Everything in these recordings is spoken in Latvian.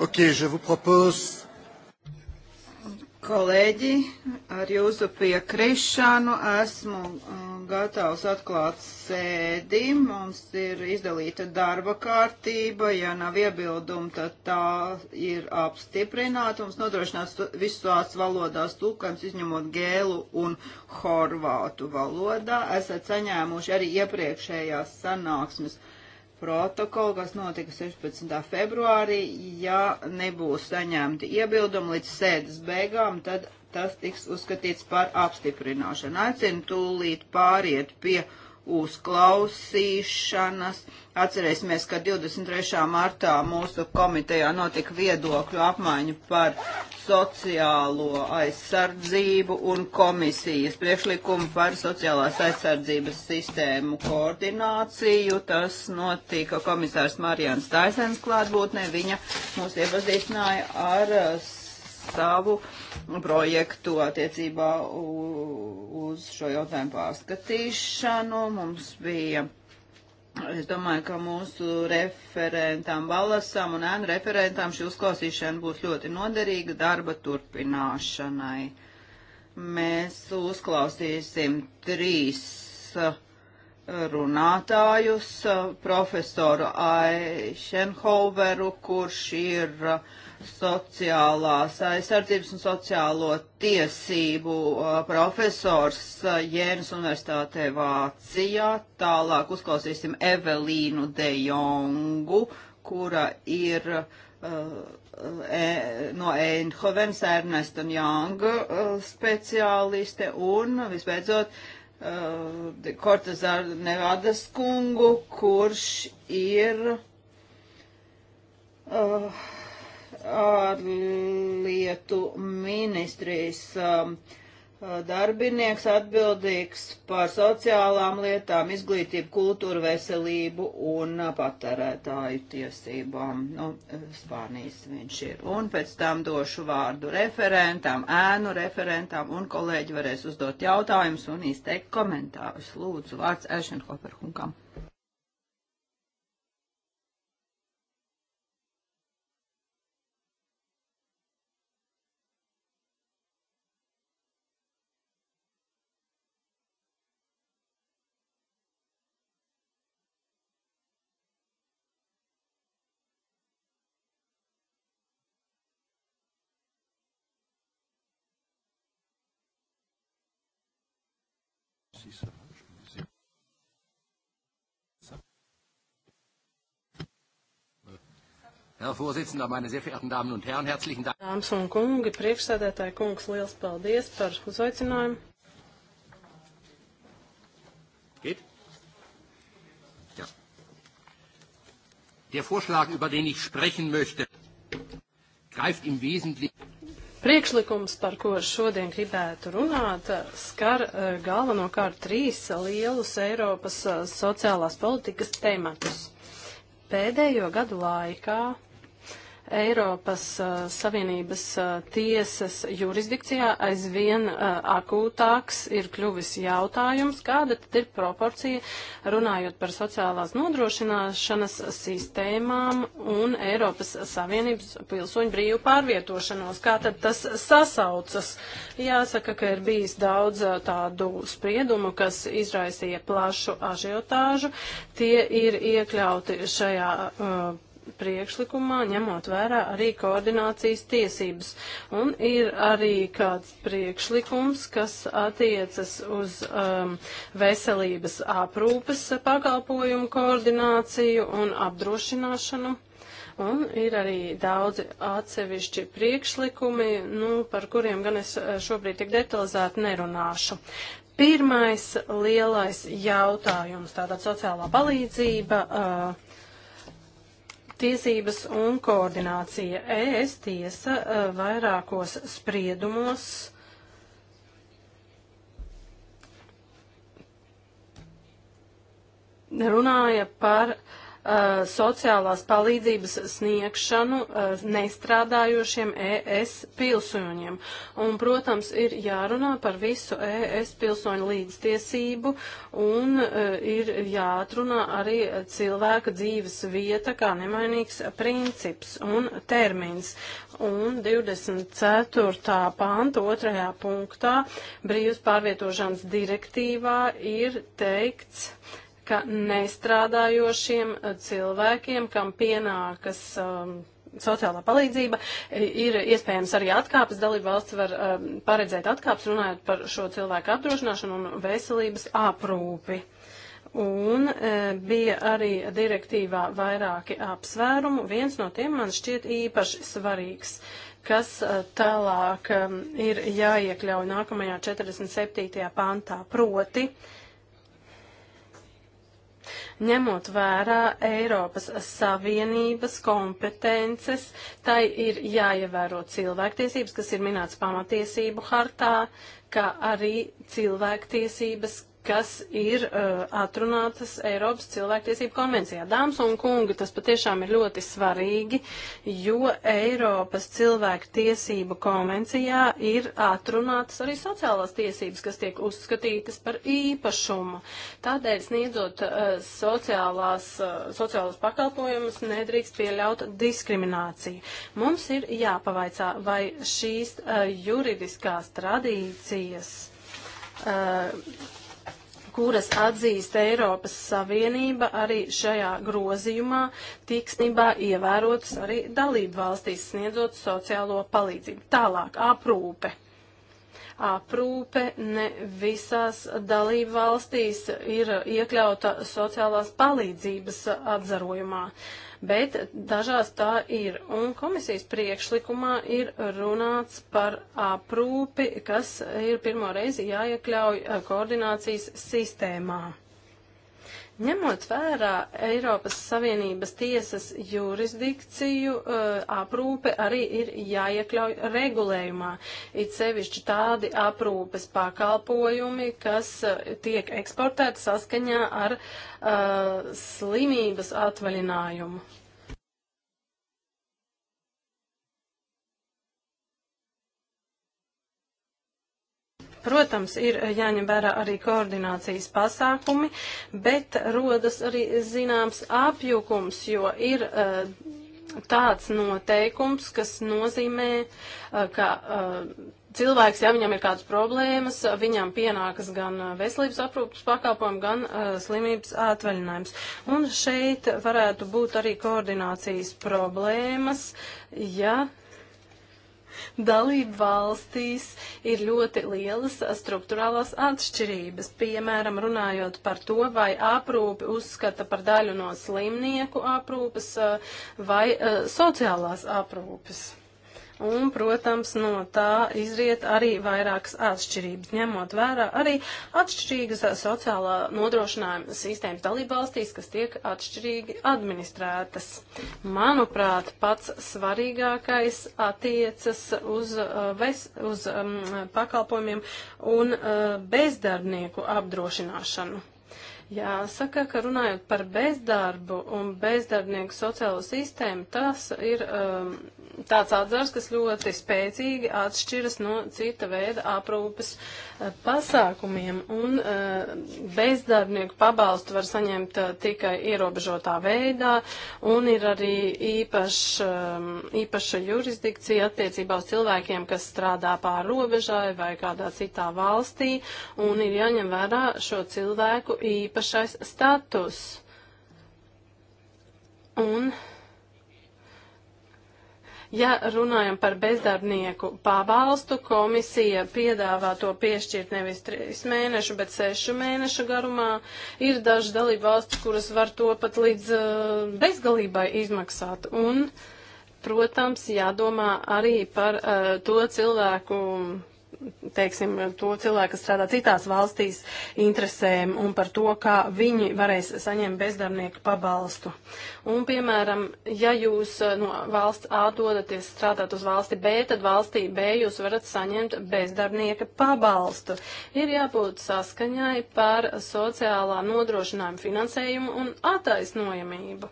Ok, je vous propose. Kolēģi, ar jūsu piekrišanu esmu um, gatavs atklāt sēdi. Mums ir izdalīta darba kārtība. Ja nav iebildumi, tad tā ir apstiprināta. Mums nodrošinās visās valodās tulkams, izņemot gēlu un horvātu valodā. Esat saņēmuši arī iepriekšējās sanāksmes protokolu, kas notika 16. februārī. Ja nebūs saņemti iebildumi līdz sēdes beigām, tad tas tiks uzskatīts par apstiprināšanu. Aicinu tūlīt pāriet pie uzklausīšanas. Atcerēsimies, ka 23. martā mūsu komitejā notika viedokļu apmaiņa par sociālo aizsardzību un komisijas priekšlikumu par sociālās aizsardzības sistēmu koordināciju. Tas notika komisārs Marijans Taisens klātbūtnē. Viņa mūs iepazīstināja ar savu projektu attiecībā uz šo jautājumu pārskatīšanu. Mums bija, es domāju, ka mūsu referentām Balasam un ēnu referentām šī uzklausīšana būs ļoti noderīga darba turpināšanai. Mēs uzklausīsim trīs runātājus, profesoru Aišenhoveru, kurš ir uh, sociālās aizsardzības un sociālo tiesību uh, profesors uh, Jēnas Universitātē Vācijā. Tālāk uzklausīsim Evelīnu De Jongu, kura ir uh, e, no Eindhovens Ernest un Janga uh, speciāliste un visbeidzot uh, Kortazāra Nevadas kungu, kurš ir uh, ārlietu ministrijas um, darbinieks atbildīgs par sociālām lietām, izglītību, kultūru, veselību un uh, patērētāju tiesībām. Nu, uh, Spānijas viņš ir. Un pēc tam došu vārdu referentām, ēnu referentām, un kolēģi varēs uzdot jautājumus un izteikt komentārus. Lūdzu, vārds Ešenhoferhunkam. qui sera. Je vous ai... Herr Vorsitzender, meine sehr verehrten Damen und Herren, herzlichen Dank. Dāmas un kungi, priekšsēdētāji kungs, liels paldies par uzaicinājumu. Geht? Ja. Der Vorschlag, über den ich sprechen möchte, greift im Wesentlichen Priekšlikums, par ko šodien gribētu runāt, skar eh, galvenokārt trīs lielus Eiropas eh, sociālās politikas tematus. Pēdējo gadu laikā Eiropas uh, Savienības uh, tiesas jurisdikcijā aizvien uh, akūtāks ir kļuvis jautājums, kāda tad ir proporcija runājot par sociālās nodrošināšanas sistēmām un Eiropas Savienības pilsoņu brīvu pārvietošanos. Kā tad tas sasaucas? Jāsaka, ka ir bijis daudz tādu spriedumu, kas izraisīja plašu ažiotāžu. Tie ir iekļauti šajā. Uh, priekšlikumā, ņemot vērā arī koordinācijas tiesības. Un ir arī kāds priekšlikums, kas attiecas uz um, veselības aprūpes pakalpojumu koordināciju un apdrošināšanu. Un ir arī daudzi atsevišķi priekšlikumi, nu, par kuriem gan es eh, šobrīd tik detalizēti nerunāšu. Pirmais lielais jautājums - tātad sociālā palīdzība. Uh, tiesības un koordinācija. ES tiesa e, vairākos spriedumos runāja par uh, uh, sociālās palīdzības sniegšanu uh, nestrādājošiem ES pilsoņiem. Un, protams, ir jārunā par visu ES pilsoņu līdztiesību un uh, ir jāatrunā arī cilvēka dzīves vieta kā nemainīgs princips un termins. Un 24. pānta otrajā punktā brīvs pārvietošanas direktīvā ir teikts, ka nestrādājošiem eh, cilvēkiem, kam pienākas um, sociālā palīdzība, eh, ir iespējams arī atkāpes. Dalība valsts var um, paredzēt atkāpes, runājot par šo cilvēku apdrošināšanu un veselības aprūpi. Un e, bija arī direktīvā vairāki apsvērumu. Viens no tiem man šķiet īpaši svarīgs, kas tālāk um, ir jāiekļauj nākamajā 47. pantā. Proti, uh, Ņemot vērā Eiropas Savienības kompetences, tai ir jāievēro cilvēktiesības, kas ir minēts pamatiesību hartā, kā arī cilvēktiesības, kas ir uh, atrunātas Eiropas cilvēktiesību konvencijā. Dāmas un kungi, tas patiešām ir ļoti svarīgi, jo Eiropas cilvēktiesību konvencijā ir atrunātas arī sociālās tiesības, kas tiek uzskatītas par īpašumu. Tādēļ sniedzot uh, sociālās, uh, sociālos pakalpojumus nedrīkst pieļaut diskrimināciju. Mums ir jāpavaicā, vai šīs uh, juridiskās tradīcijas. Uh, kuras atzīst Eiropas Savienība, arī šajā grozījumā tiksnībā ievērotas arī dalību valstīs sniedzot sociālo palīdzību. Tālāk, aprūpe aprūpe ne visās dalību valstīs ir iekļauta sociālās palīdzības atzarojumā. Uh, bet dažās tā ir. Un komisijas priekšlikumā ir runāts par aprūpi, kas ir pirmo reizi jāiekļauj eh, koordinācijas sistēmā. Ņemot vērā Eiropas Savienības tiesas jurisdikciju, eh, aprūpe arī ir jāiekļauj regulējumā. It sevišķi tādi aprūpes pakalpojumi, kas eh, tiek eksportēti saskaņā ar uh, slimības atvaļinājumu. Protams, ir jāņem vērā arī koordinācijas pasākumi, bet rodas arī zināms apjukums, jo ir eh, tāds noteikums, kas nozīmē, eh, ka eh, cilvēks, ja viņam ir kādas problēmas, viņam pienākas gan veselības aprūpas pakalpojumi, gan uh, slimības atvaļinājums. Un šeit varētu būt arī koordinācijas problēmas, ja Dalību valstīs ir ļoti lielas struktūrālās atšķirības, piemēram, runājot par to, vai aprūpi uzskata par daļu no slimnieku aprūpes eh, vai eh, sociālās aprūpes un, protams, no tā izriet arī vairākas atšķirības, ņemot vērā arī atšķirīgas sociālā nodrošinājuma sistēmas dalībvalstīs, kas tiek atšķirīgi administrētas. Manuprāt, pats svarīgākais attiecas uz, uh, ves, uz um, pakalpojumiem un uh, bezdarbnieku apdrošināšanu. Jāsaka, ka runājot par bezdarbu un bezdarbnieku sociālo sistēmu, tas ir um, tāds atzars, kas ļoti spēcīgi atšķiras no cita veida aprūpes eh, pasākumiem. Un eh, bezdarbnieku pabalstu var saņemt eh, tikai ierobežotā veidā, un ir arī īpaš, ehm, īpaša jurisdikcija attiecībā uz cilvēkiem, kas strādā pār robežai vai kādā citā valstī, un ir jāņem vērā šo cilvēku īpašais status. Un Ja runājam par bezdarbnieku pabalstu, komisija piedāvā to piešķirt nevis trīs mēnešu, bet sešu mēnešu garumā. Ir daži dalību valsts, kuras var to pat līdz uh, bezgalībai izmaksāt. Un, protams, jādomā arī par uh, to cilvēku teiksim, to cilvēku, kas strādā citās valstīs, interesēm un par to, kā viņi varēs saņemt bezdarbnieku pabalstu. Un, piemēram, ja jūs eh, no valsts A dodaties strādāt uz valsti B, tad valstī B jūs varat saņemt bezdarbnieka pabalstu. Ir jābūt saskaņai par sociālā nodrošinājuma finansējumu un attaisnojamību.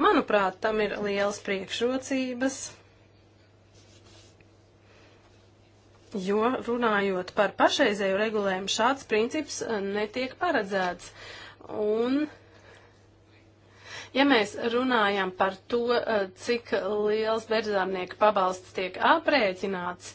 Manuprāt, tam ir liels priekšrocības jo runājot par pašreizēju regulējumu, šāds princips eh, netiek paredzēts. Un Ja mēs runājam par to, eh, cik liels berzāmnieku pabalsts tiek aprēķināts,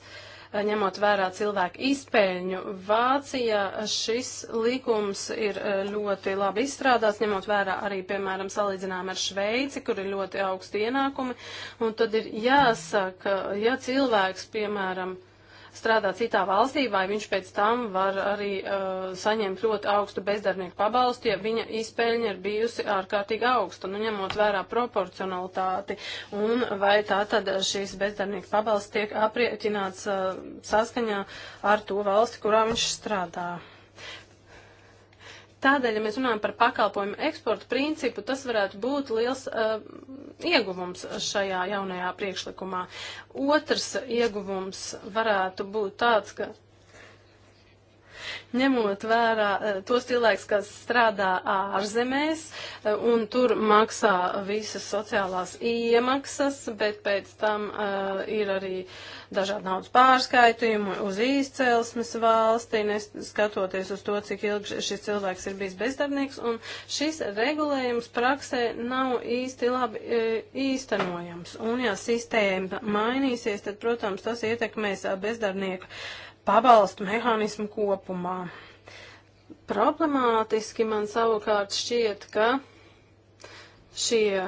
eh, ņemot vērā cilvēku izpēļņu, Vācijā šis likums ir ļoti labi izstrādāts, ņemot vērā arī, piemēram, salīdzinām ar Šveici, kur ir ļoti augsti ienākumi. Un tad ir jāsaka, ja cilvēks, piemēram, strādā citā valstī, vai viņš pēc tam var arī uh, saņemt ļoti augstu bezdarbnieku pabalstu, ja viņa izpēļņa ir bijusi ārkārtīgi augsta, nu ņemot vērā proporcionalitāti, un vai tā tad šīs bezdarbnieku pabalsts tiek aprieķināts uh, saskaņā ar to valsti, kurā viņš strādā. Tādēļ, ja mēs runājam par pakalpojumu eksportu principu, tas varētu būt liels uh, ieguvums šajā jaunajā priekšlikumā. Otrs ieguvums varētu būt tāds, ka ņemot vērā eh, tos cilvēkus, kas strādā ārzemēs eh, un tur maksā visas sociālās iemaksas, bet pēc tam uh, ir arī dažādi naudas pārskaitījumi uz izcelsmes valstī, neskatoties uz to, cik ilgi šis cilvēks ir bijis bezdarbnieks, un šis regulējums praksē nav īsti labi e, īstenojams. Un ja sistēma mainīsies, tad, protams, tas ietekmēs bezdarbnieku pabalstu mehānismu kopumā. Problemātiski man savukārt šķiet, ka šie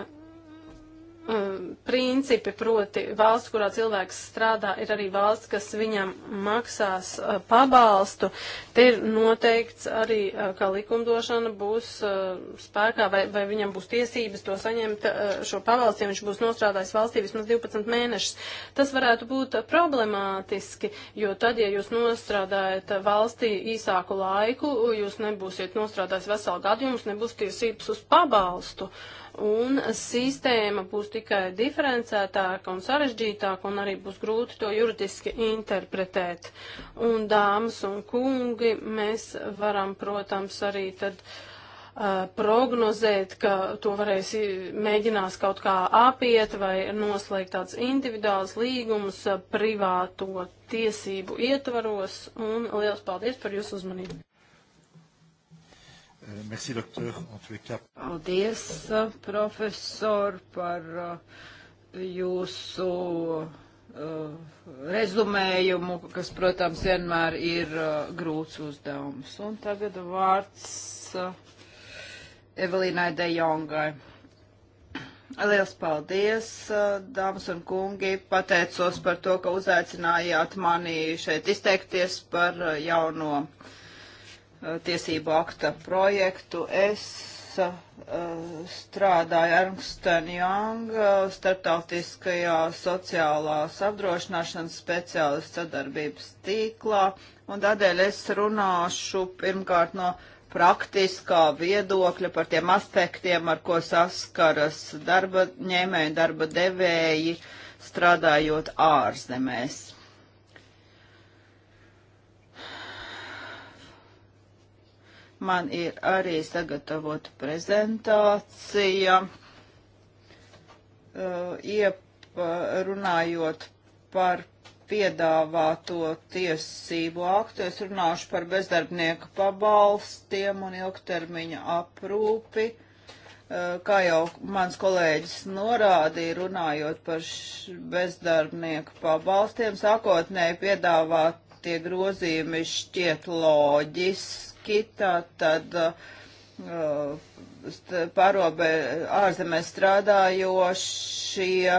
um, principi, proti valsts, kurā cilvēks strādā, ir arī valsts, kas viņam maksās uh, pabalstu, te ir noteikts arī, uh, ka likumdošana būs uh, spēkā vai, vai viņam būs tiesības to saņemt uh, šo pabalstu, ja viņš būs nostrādājis valstī vismaz 12 mēnešus. Tas varētu būt problemātiski, jo tad, ja jūs nostrādājat valstī īsāku laiku, jūs nebūsiet nostrādājis veselu gadu, jums nebūs tiesības uz pabalstu. Uh, un sistēma būs tikai diferencētāka un sarežģītāka, un arī būs grūti to juridiski interpretēt. Un dāmas un kungi, mēs varam, protams, arī tad prognozēt, ka to varēs mēģinās kaut kā apiet vai noslēgt tāds individuāls līgums privāto tiesību ietvaros. Un liels paldies par jūsu uzmanību. Euh, merci, doktor, Paldies, uh, profesor, par uh, jūsu uh, rezumējumu, kas, protams, vienmēr ir grūts uzdevums. Un tagad vārds Evelīnai De Jongai. Liels paldies, dāmas un kungi. Pateicos par to, ka uzaicinājāt mani šeit izteikties par jauno uh, tiesību akta projektu. Es uh, strādāju Ernstena Janga eh, starptautiskajā sociālās apdrošināšanas speciālistu sadarbības tīklā, un tādēļ es runāšu pirmkārt no praktiskā viedokļa par tiem aspektiem, ar ko saskaras darba ņēmēji, darba devēji, strādājot ārzemēs Man ir arī sagatavota prezentācija, uh, ieprunājot par piedāvāto tiesību aktu. Es runāšu par bezdarbnieku pabalstiem un ilgtermiņa aprūpi. Uh, kā jau mans kolēģis norādīja, runājot par bezdarbnieku pabalstiem, sākotnēji piedāvātie grozījumi šķiet loģiski kitā, tad uh, pārobe ārzemēs strādājošie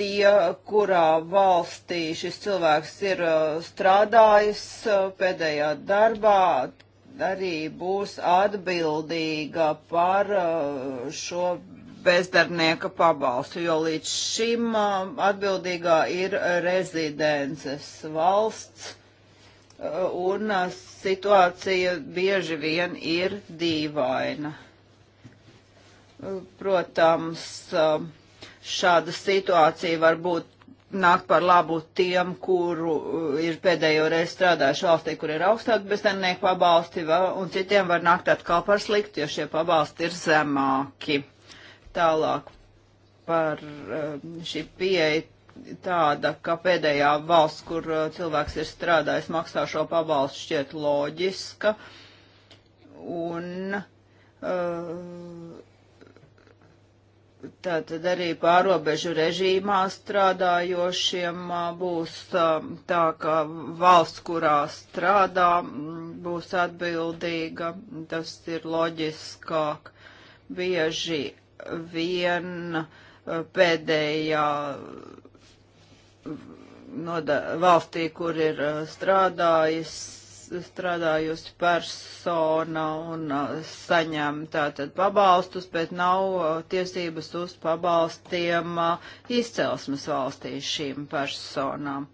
tie, kurā valstī šis cilvēks ir uh, strādājis uh, pēdējā darbā, arī būs atbildīga par uh, šo bezdarbnieka pabalstu, jo līdz šim atbildīgā ir rezidences valsts un uh, situācija bieži vien ir dīvaina. Uh, protams, um, šāda situācija var būt nākt par labu tiem, kuru uh, ir pēdējo reizi strādājuši valstī, kur ir augstāk bezdennieku pabalsti, un citiem var nākt atkal par sliktu, jo šie pabalsti ir zemāki. Tālāk par um, šī pieeja tāda, ka pēdējā valsts, kur uh, cilvēks ir strādājis, maksā šo pabalstu šķiet loģiska. Un uh, tātad arī pārobežu režīmā strādājošiem uh, būs um, tā, ka valsts, kurā strādā, mm, būs atbildīga. Tas ir loģiskāk. Bieži vien pēdējā noda, valstī, kur ir uh, strādājis, strādājusi persona un uh, saņem tātad pabalstus, bet nav uh, tiesības uz pabalstiem izcelsmes valstī šīm personām.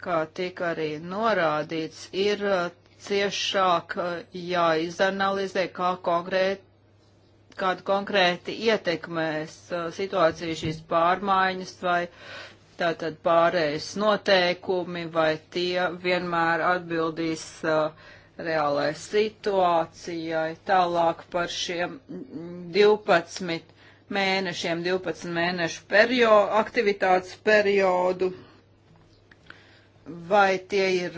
Kā tika arī norādīts, ir ciešāk jāizanalizē, kā konkrēti kādu konkrēti ietekmēs uh, situāciju šīs pārmaiņas vai tātad pārējais noteikumi, vai tie vienmēr atbildīs uh, reālai situācijai. Tālāk par šiem 12 mēnešiem, 12 mēnešu periodu, aktivitātes periodu vai tie ir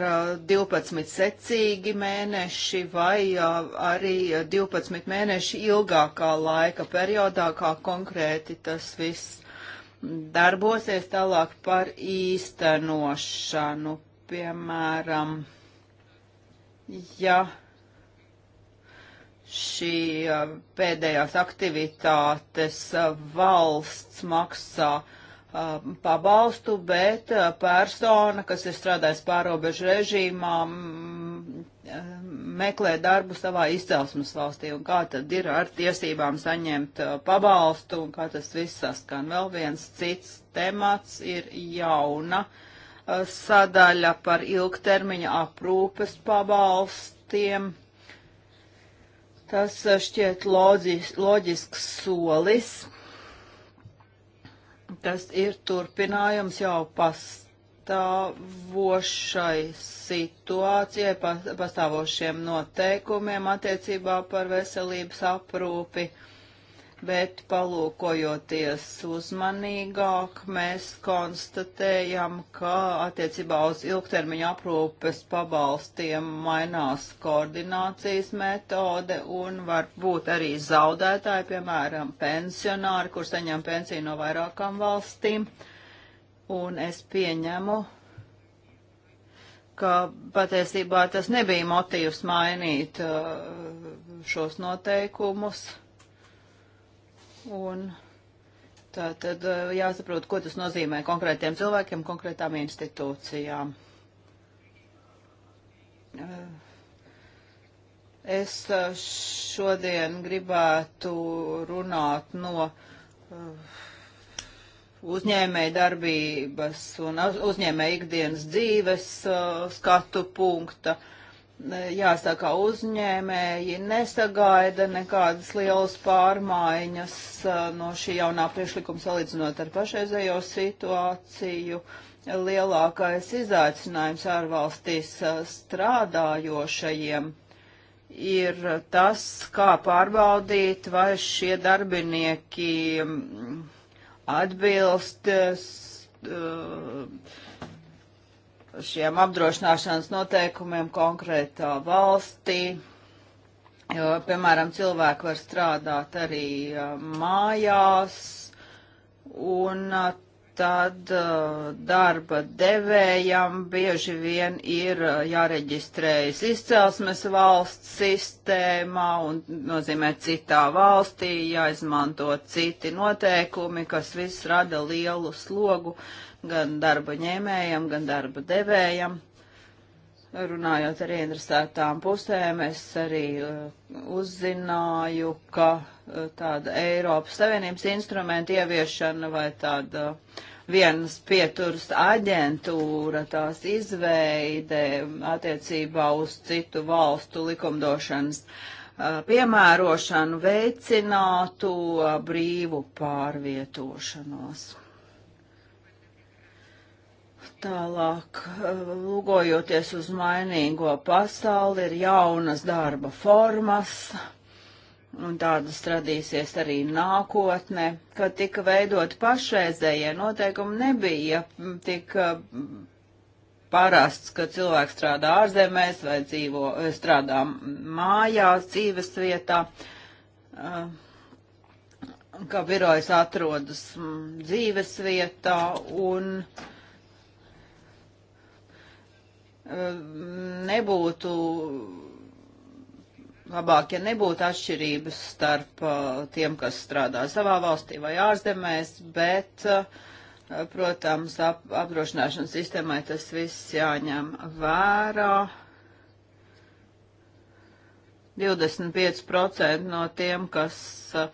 12 secīgi mēneši vai arī 12 mēneši ilgākā laika periodā, kā konkrēti tas viss darbosies tālāk par īstenošanu. Piemēram, ja šī pēdējās aktivitātes valsts maksā Um, pabalstu, bet uh, persona, kas ir strādājis pārobežu režīmā, um, meklē darbu savā izcelsmes valstī un kā tad ir ar tiesībām saņemt uh, pabalstu un kā tas viss saskan. Vēl viens cits temats ir jauna uh, sadaļa par ilgtermiņa aprūpes pabalstiem. Tas šķiet loģis, loģisks solis Tas ir turpinājums jau pastāvošai situācijai, pastāvošiem noteikumiem attiecībā par veselības aprūpi. Uh, bet palūkojoties uzmanīgāk, mēs konstatējam, ka attiecībā uz ilgtermiņa aprūpes pabalstiem mainās koordinācijas metode un var būt arī zaudētāji, piemēram, pensionāri, kur saņem pensiju no vairākām valstīm. Un es pieņemu, ka patiesībā tas nebija motīvs mainīt uh, šos noteikumus Un tā tad eh, jāsaprot, ko tas nozīmē konkrētiem cilvēkiem, konkrētām institūcijām. Eh, es eh, šodien gribētu runāt no uzņēmēja darbības un uzņēmēja ikdienas dzīves skatu punkta. Uh, jāsaka, uzņēmēji nesagaida nekādas lielas pārmaiņas uh, no šī jaunā priekšlikuma salīdzinot ar pašreizējo situāciju. Lielākais izaicinājums ārvalstīs uh, strādājošajiem ir tas, kā pārbaudīt, vai šie darbinieki mm, atbilst uh, šiem apdrošināšanas noteikumiem konkrētā valstī. Jo, piemēram, cilvēki var strādāt arī mājās, un tad darba devējam bieži vien ir jāreģistrējas izcelsmes valsts sistēmā, un nozīmē citā valstī jāizmanto citi noteikumi, kas viss rada lielu slogu uh, gan darba ņēmējam, gan darba devējam. Runājot ar ieinteresētām pusēm, es arī uh, uzzināju, ka uh, tāda Eiropas Savienības instrumenta ieviešana vai tāda vienas pieturas aģentūra tās izveide attiecībā uz citu valstu likumdošanas uh, piemērošanu veicinātu uh, brīvu pārvietošanos. Tālāk, eh, lūgojoties uz mainīgo pasauli, ir jaunas darba formas, un tādas radīsies arī nākotnē. Kad tika veidot pašreizējie noteikumi, nebija mm, tik eh, parasts, ka cilvēks strādā ārzemēs vai dzīvo, eh, strādā mājās, dzīves vietā, ka birojas atrodas mm, dzīves vietā un Ehm, nebūtu labāk, ja nebūtu atšķirības starp eh, tiem, kas strādā savā valstī vai ārzemēs, bet, eh, protams, ap, apdrošināšanas sistēmai tas viss jāņem vērā. 25% no tiem, kas uh,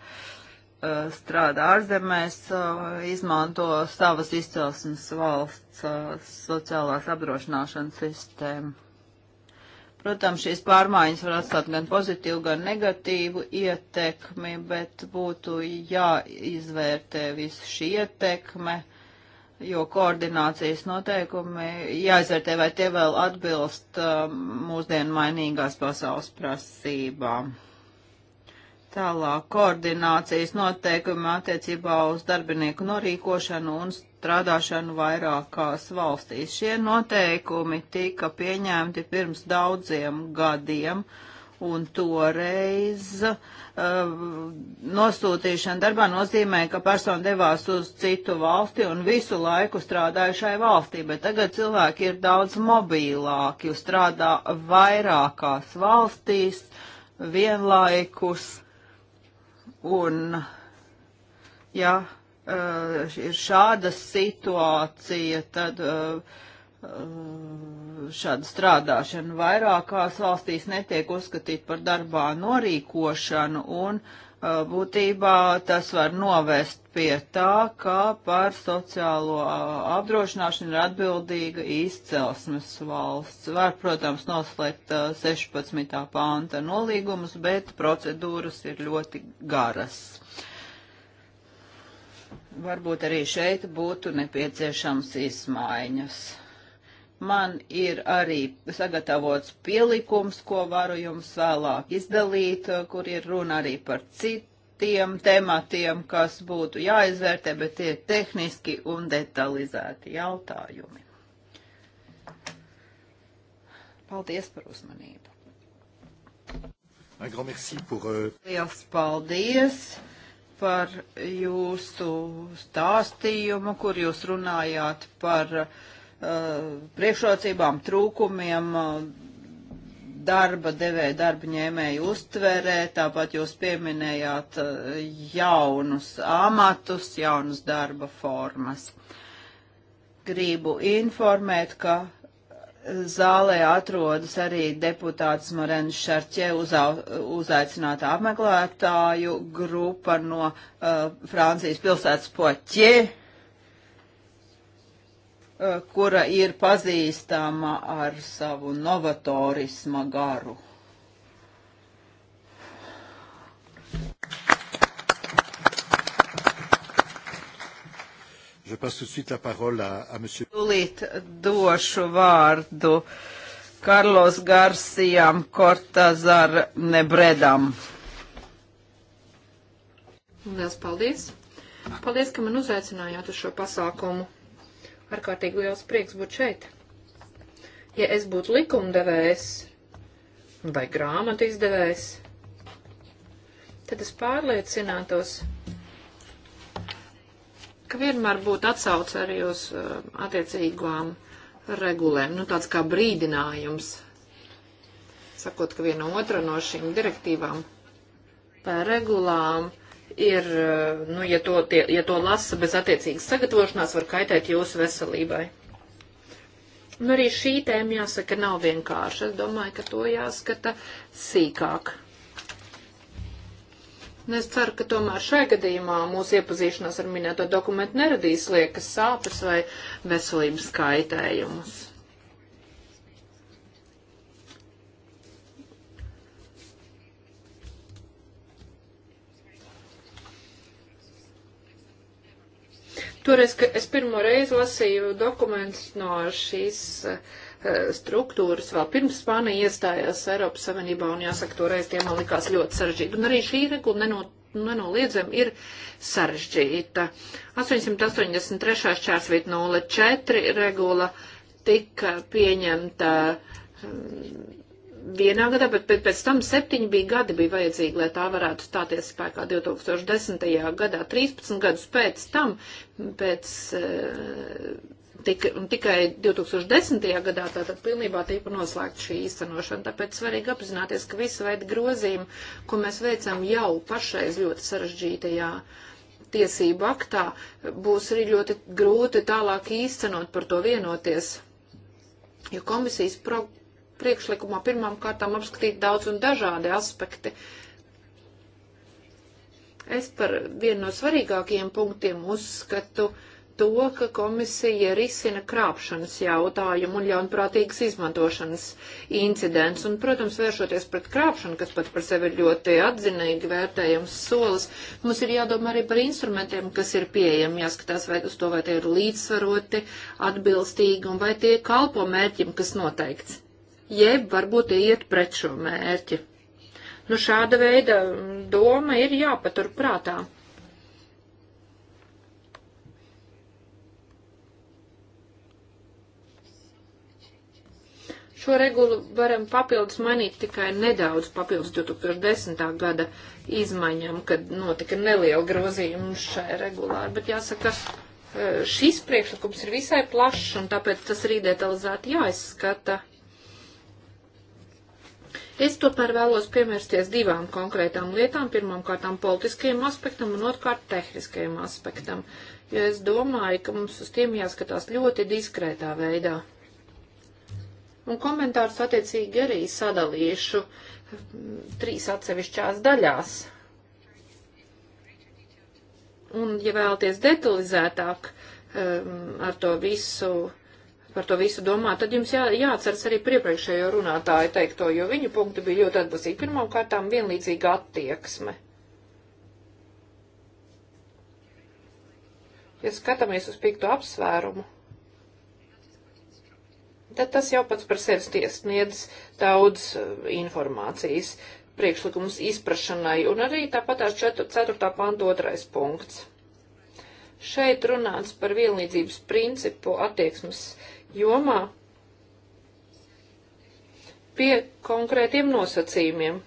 Uh, strādā ārzemēs, uh, izmanto savas izcelsmes valsts uh, sociālās apdrošināšanas sistēmu. Protams, šīs pārmaiņas var atstāt gan pozitīvu, gan negatīvu ietekmi, bet būtu jāizvērtē visu šī ietekme jo koordinācijas noteikumi jāizvērtē, vai tie vēl atbilst um, mūsdienu mainīgās pasaules prasībām. Tālāk koordinācijas noteikumi attiecībā uz darbinieku norīkošanu un strādāšanu vairākās valstīs. Šie noteikumi tika pieņemti pirms daudziem gadiem, un toreiz uh, nosūtīšana darbā nozīmē, ka persona devās uz citu valsti un visu laiku strādāja šai valstī, bet tagad cilvēki ir daudz mobīlāki, strādā vairākās valstīs vienlaikus Un, ja eh, ir šāda situācija, tad eh, šāda strādāšana vairākās valstīs netiek uzskatīta par darbā norīkošanu un uh, būtībā tas var novest pie tā, ka par sociālo apdrošināšanu ir atbildīga izcelsmes valsts. Var, protams, noslēgt 16. pānta nolīgumus, bet procedūras ir ļoti garas. Varbūt arī šeit būtu nepieciešams izmaiņas. Man ir arī sagatavots pielikums, ko varu jums vēlāk izdalīt, kur ir runa arī par citiem tematiem, kas būtu jāizvērtē, bet tie ir tehniski un detalizēti jautājumi. Paldies par uzmanību. Euh, Liels paldies par jūsu stāstījumu, kur jūs runājāt par uh, Uh, priekšrocībām, trūkumiem, uh, darba devēja, darba ņēmēja uztverē, tāpat jūs pieminējāt uh, jaunus amatus, jaunas darba formas. Gribu informēt, ka zālē atrodas arī deputāts Morens Šarķē uzā, uzaicināta apmeklētāju grupa no uh, Francijas pilsētas Poķie Eh, kura ir pazīstama ar savu novatorisma garu. Je passe tout de suite la parole à, à monsieur. Tūlīt došu vārdu Karlos Garcijam Kortazar Nebredam. Liels paldies! Paldies, ka man uzaicinājāt uz šo pasākumu ārkārtīgi liels prieks būt šeit. Ja es būtu likumdevējs vai grāmatu izdevējs, tad es pārliecinātos, ka vienmēr būtu atsauce arī uz uh, attiecīgām regulēm, nu tāds kā brīdinājums, sakot, ka viena otra no šīm direktīvām vai regulām uh, ir, eh, nu, ja to, tie, ja to lasa bez attiecīgas sagatavošanās, var kaitēt jūsu veselībai. Nu, arī šī tēma jāsaka nav vienkārša. Es domāju, ka to jāskata sīkāk. Un nu, es ceru, ka tomēr šai gadījumā mūsu iepazīšanās ar minēto dokumentu neradīs liekas sāpes vai veselības kaitējumus. Toreiz, kad es pirmo reizi lasīju dokumentus no šīs eh, struktūras vēl pirms Spānija iestājās Eiropas Savienībā, un jāsaka, toreiz tie man likās ļoti sarežģīti. Un arī šī regula nenot nenoliedzami ir sarežģīta. 883. šķērsvīt 04 regula tika pieņemta um, vienā gadā, bet, bet pēc tam septiņi bija gadi bija vajadzīgi, lai tā varētu stāties spēkā 2010. gadā, 13 gadus pēc tam, pēc, eh, tik, tikai 2010. gadā tātad pilnībā tika noslēgta šī īstenošana. Tāpēc svarīgi apzināties, ka visa veida grozījumi, ko mēs veicam jau pašreiz ļoti sarežģītajā tiesību aktā, būs arī ļoti grūti tālāk īstenot par to vienoties. Jo komisijas pro priekšlikumā pirmām kārtām apskatīt daudz un dažādi aspekti. Es par vienu no svarīgākajiem punktiem uzskatu to, ka komisija risina krāpšanas jautājumu un ļaunprātīgas izmantošanas incidents. Un, protams, vēršoties pret krāpšanu, kas pat par sevi ir ļoti atzinīgi vērtējams solis, mums ir jādomā arī par instrumentiem, kas ir pieejami, jāskatās vai uz to, vai tie ir līdzsvaroti, atbilstīgi un vai tie kalpo mērķim, kas noteikts jeb varbūt iet pret šo mērķi. Nu, šāda veida doma ir jāpatur prātā. Šo regulu varam papildus mainīt tikai nedaudz papildus 2010. gada izmaiņām, kad notika neliela grozījuma šai regulāri, bet jāsaka, eh, šis priekšlikums ir visai plašs un tāpēc tas arī detalizēti jāizskata. Ja Es tomēr vēlos pievērsties divām konkrētām lietām, pirmām kārtām politiskajam aspektam un otrkārt tehniskajam aspektam, jo es domāju, ka mums uz tiem jāskatās ļoti diskrētā veidā. Un komentārus attiecīgi arī sadalīšu mm, trīs atsevišķās daļās. Un, ja vēlaties detalizētāk um, ar to visu par to visu domā, tad jums jā, jāatceras arī priepriekšējo runātāju teikto, jo viņu punkti bija ļoti atbalstīgi. Pirmām kārtām vienlīdzīga attieksme. Ja skatāmies uz piekto apsvērumu, tad tas jau pats par sevi sniedz daudz eh, informācijas priekšlikums izprašanai, un arī tāpat tās 4. pantu otrais punkts. Šeit runāts par vienlīdzības principu attieksmes jomā pie konkrētiem nosacījumiem.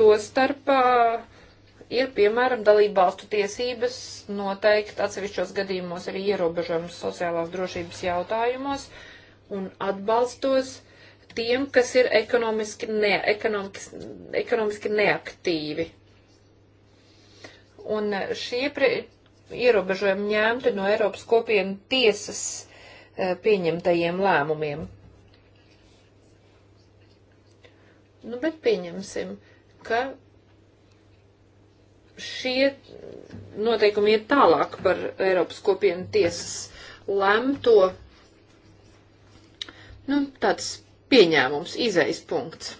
Tostarpā ir, piemēram, dalība valstu tiesības noteikt atsevišķos gadījumos arī ierobežojumus sociālās drošības jautājumos un atbalstos tiem, kas ir ekonomiski, ne, ekonomiski, ekonomiski neaktīvi. Un šie pre, ierobežojumi ņemti no Eiropas kopienu tiesas Eh, pieņemtajiem lēmumiem. Nu, bet pieņemsim, ka šie noteikumi iet tālāk par Eiropas kopienu tiesas lemto. Nu, tāds pieņēmums, izejas punkts.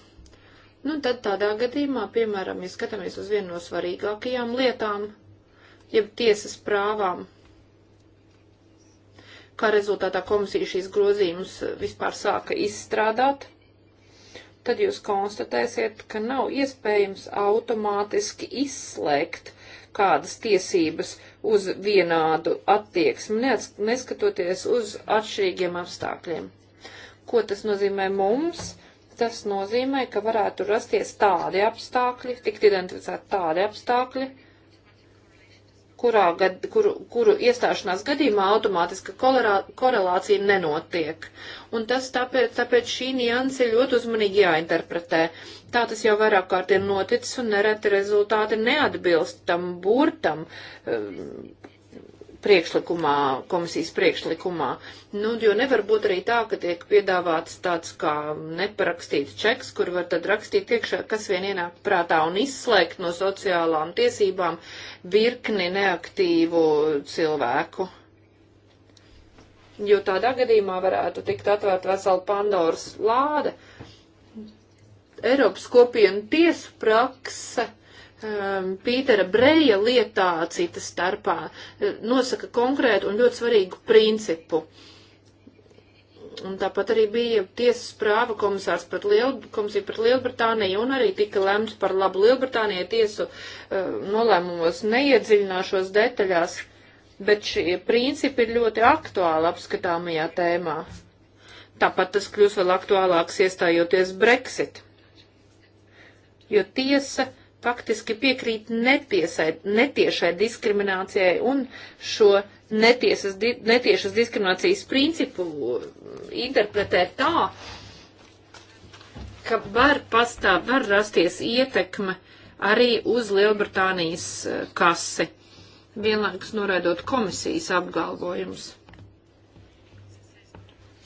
Nu, tad tādā gadījumā, piemēram, ja skatāmies uz vienu no svarīgākajām lietām, jeb tiesas prāvām, kā rezultātā komisija šīs grozījumus vispār sāka izstrādāt, tad jūs konstatēsiet, ka nav iespējams automātiski izslēgt kādas tiesības uz vienādu attieksmi, neskatoties uz atšķirīgiem apstākļiem. Ko tas nozīmē mums? Tas nozīmē, ka varētu rasties tādi apstākļi, tikt identificēti tādi apstākļi, kurā gad, kuru, kuru iestāšanās gadījumā automātiska kolerā, korelācija nenotiek. Un tas tāpēc, tāpēc šī nianse ļoti uzmanīgi jāinterpretē. Tā tas jau vairāk kārt ir noticis un nereti rezultāti neatbilst tam burtam, um, priekšlikumā, komisijas priekšlikumā. Nu, jo nevar būt arī tā, ka tiek piedāvāts tāds kā neparakstīts čeks, kur var tad rakstīt iekšā, kas vien ienāk prātā un izslēgt no sociālām tiesībām virkni neaktīvu cilvēku. Jo tādā gadījumā varētu tikt atvērta vesela Pandoras lāde. Eiropas kopienu tiesu prakse um, Pītera Breja lietā cita starpā uh, nosaka konkrētu un ļoti svarīgu principu. Un tāpat arī bija tiesas prāva komisārs pret, Liel, komisija pret Lielbritāniju un arī tika lemts par labu Lielbritānijai tiesu uh, nolēmumos neiedziļināšos detaļās, bet šie principi ir ļoti aktuāli apskatāmajā tēmā. Tāpat tas kļūs vēl aktuālāks iestājoties Brexit. Jo tiesa faktiski piekrīt netiesai, netiešai diskriminācijai un šo netiesas, di, netiešas diskriminācijas principu mm, interpretē tā, ka var pastāv, var rasties ietekme arī uz Lielbritānijas eh, kasi, vienlaikus noraidot komisijas apgalvojumus.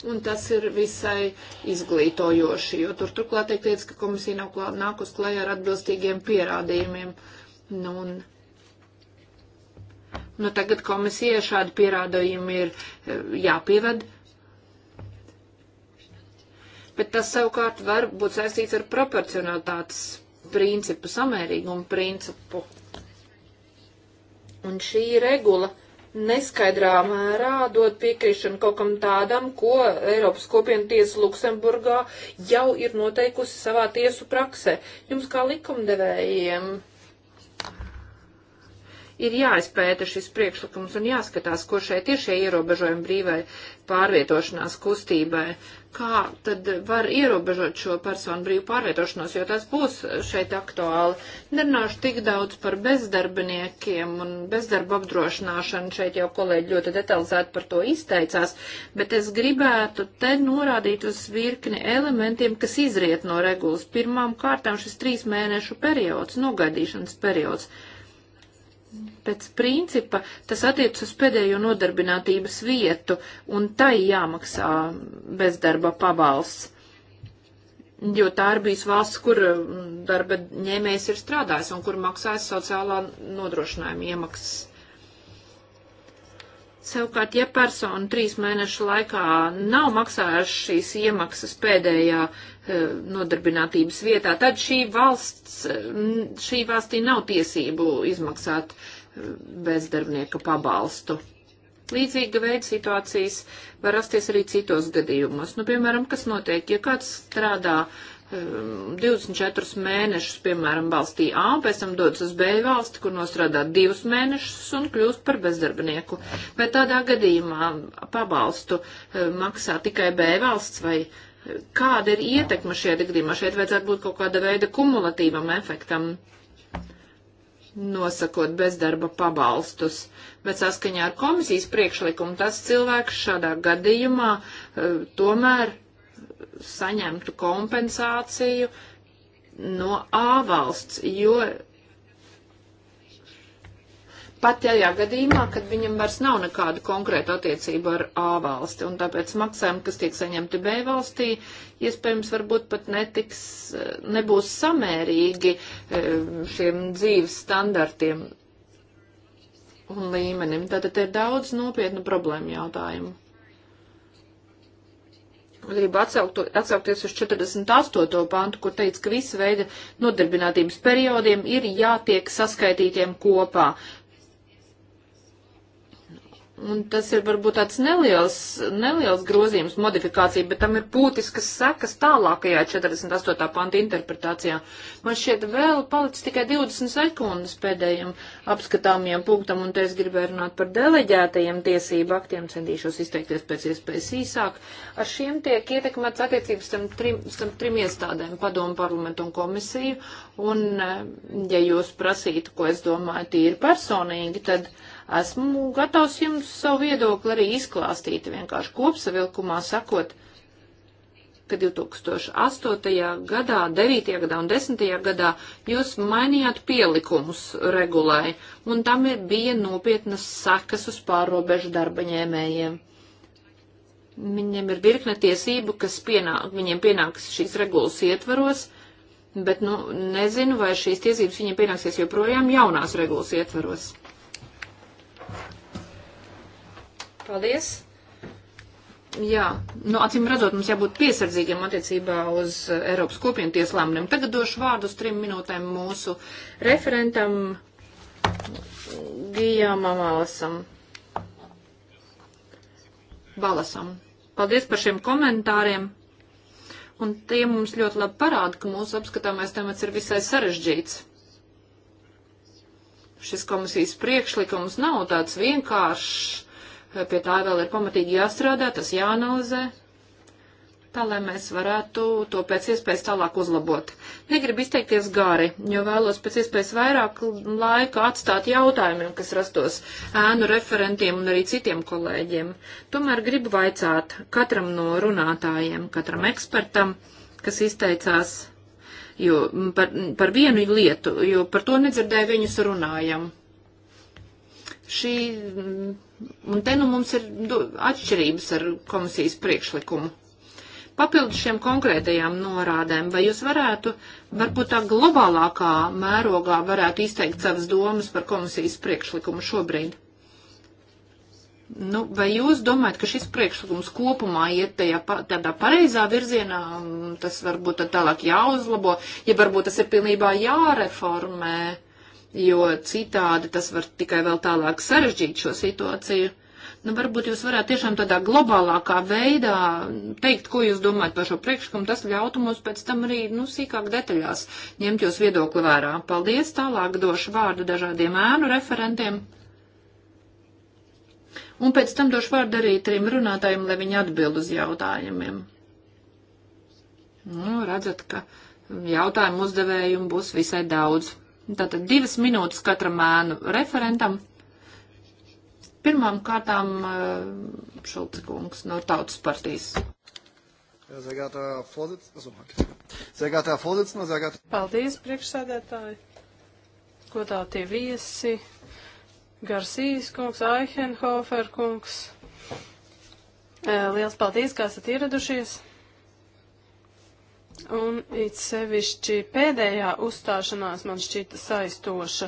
Un tas ir visai izglītojoši, jo tur turklāt tiek teicis, ka komisija nav klā, nākus klajā ar atbilstīgiem pierādījumiem. Nu, un, nu, tagad komisija šādi pierādījumi ir eh, jāpieved. Bet tas savukārt var būt saistīts ar proporcionalitātes principu, samērīgumu principu. Un šī regula neskaidrā mērā dod piekrišanu kaut kam tādam, ko Eiropas kopienu tiesa Luksemburgā jau ir noteikusi savā tiesu praksē. Jums kā likumdevējiem ir jāizpēta šis priekšlikums un jāskatās, kur šeit ir šie ierobežojumi brīvai pārvietošanās kustībai. Kā tad var ierobežot šo personu brīvu pārvietošanos, jo tas būs šeit aktuāli. Nerunāšu tik daudz par bezdarbiniekiem un bezdarba apdrošināšanu. Šeit jau kolēģi ļoti detalizēti par to izteicās, bet es gribētu te norādīt uz virkni elementiem, kas izriet no regulas. Pirmām kārtām šis trīs mēnešu periods, nogaidīšanas periods pēc principa tas attiec uz pēdējo nodarbinātības vietu, un tai jāmaksā bezdarba pabalsts. Jo tā ir bijusi valsts, kur mm, darba ņēmējs ir strādājis un kur maksājas sociālā nodrošinājuma iemaksas. Savukārt, ja persona trīs mēnešu laikā nav maksājuši šīs iemaksas pēdējā e, nodarbinātības vietā, tad šī valsts, šī valstī nav tiesību izmaksāt bezdarbnieka pabalstu. Līdzīga veida situācijas var rasties arī citos gadījumos. Nu, piemēram, kas notiek, ja kāds strādā 24 um, mēnešus, piemēram, valstī A, pēc tam dodas uz B valsti, kur nostrādā 2 mēnešus un kļūst par bezdarbnieku. Vai tādā gadījumā pabalstu um, maksā tikai B valsts vai uh, kāda ir ietekma šajā gadījumā? Šeit vajadzētu būt kaut kāda veida kumulatīvam efektam. Uh, nosakot bezdarba pabalstus, bet saskaņā ar komisijas priekšlikumu tas cilvēks šādā gadījumā uh, tomēr saņemtu kompensāciju no A valsts, jo pat tajā gadījumā, kad viņam vairs nav nekādu konkrētu attiecību ar A valsti, un tāpēc maksājumi, kas tiek saņemti B valstī, iespējams, varbūt pat netiks, nebūs samērīgi e, šiem dzīves standartiem un līmenim. Tātad ir daudz nopietnu problēmu jautājumu. Gribu atsaukt, atsaukties uz 48. pantu, kur teica, ka visi veidi nodarbinātības periodiem ir jātiek saskaitītiem kopā. Un tas ir varbūt tāds neliels, neliels grozījums, modifikācija, bet tam ir būtiskas sekas tālākajā 48. panta interpretācijā. Man šķiet vēl palicis tikai 20 sekundes pēdējiem apskatāmajam punktam, un te es gribēju runāt par deleģētajiem tiesību aktiem, centīšos izteikties pēc iespējas īsāk. Ar šiem tiek ietekmēts attiecības tam trim, tam trim iestādēm - padomu parlamentu un komisiju, un eh, ja jūs prasītu, ko es domāju tīri personīgi, tad Esmu gatavs jums savu viedokli arī izklāstīt, vienkārši kopsavilkumā sakot, ka 2008. gadā, 9. gadā un 10. gadā jūs mainījāt pielikumus regulai, un tam bija nopietnas sakas uz pārrobežu darba ņēmējiem. Viņiem ir virkne tiesību, kas pienāk, viņiem pienāks šīs regulas ietvaros, bet, nu, nezinu, vai šīs tiesības viņiem pienāksies joprojām jaunās regulas ietvaros. Paldies! Jā, nu, acīm redzot, mums jābūt piesardzīgiem attiecībā uz Eiropas kopienu tieslēmumiem. Tagad došu vārdu uz trim minūtēm mūsu referentam Gijām Amalasam. Balasam. Paldies par šiem komentāriem. Un tie mums ļoti labi parāda, ka mūsu apskatāmais temats ir visai sarežģīts. Šis komisijas priekšlikums nav tāds vienkāršs pie tā vēl ir pamatīgi jāstrādā, tas jāanalizē, tā lai mēs varētu to pēc iespējas tālāk uzlabot. Negribu izteikties gari, jo vēlos pēc iespējas vairāk laika atstāt jautājumiem, kas rastos ēnu referentiem un arī citiem kolēģiem. Tomēr gribu vaicāt katram no runātājiem, katram ekspertam, kas izteicās jo, par, par vienu lietu, jo par to nedzirdēju viņus runājam. Šī Un te nu mums ir atšķirības ar komisijas priekšlikumu. Papildus šiem konkrētajām norādēm, vai jūs varētu, varbūt tā globālākā mērogā, varētu izteikt savas domas par komisijas priekšlikumu šobrīd? Nu, vai jūs domājat, ka šis priekšlikums kopumā iet tajā, tādā pareizā virzienā, tas varbūt tad tālāk jāuzlabo, ja varbūt tas ir pilnībā jāreformē? jo citādi tas var tikai vēl tālāk sarežģīt šo situāciju. Nu, varbūt jūs varētu tiešām tādā globālākā veidā teikt, ko jūs domājat par šo priekšlikumu. Tas ļautu mums pēc tam arī, nu, sīkāk detaļās ņemt jūs viedokli vērā. Paldies, tālāk došu vārdu dažādiem ēnu referentiem. Un pēc tam došu vārdu arī trim runātājiem, lai viņi atbild uz jautājumiem. Nu, redzat, ka jautājumu uzdevējiem būs visai daudz. Tātad divas minūtes katram ēnu referentam. Pirmām kārtām uh, Šulca kungs no Tautas partijas. Sehr geehrter Herr Vorsitzender, sehr geehrter Paldies, priekšsēdētāji, godātie viesi, Garcijas kungs, Aihenhofer kungs. Eh, liels paldies, ka esat ieradušies. Un it sevišķi pēdējā uzstāšanās man šķita saistoša.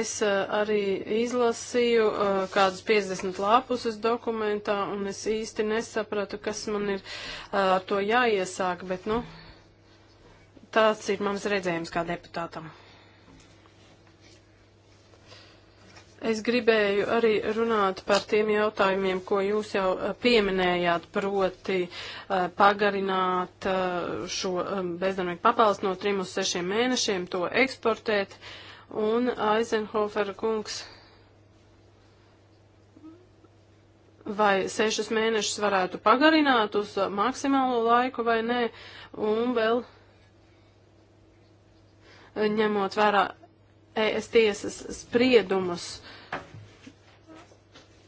Es uh, arī izlasīju uh, kādus 50 lāpusus dokumentā, un es īsti nesapratu, kas man ir uh, ar to jāiesāk, bet, nu, tāds ir mans redzējums kā deputātam. Es gribēju arī runāt par tiem jautājumiem, ko jūs jau eh, pieminējāt, proti eh, pagarināt eh, šo bezdarbnieku pabalstu no 3 uz 6 mēnešiem, to eksportēt. Un Eisenhofer kungs vai sešus mēnešus varētu pagarināt uz maksimālo laiku vai nē, un vēl ņemot vērā ES tiesas spriedumus,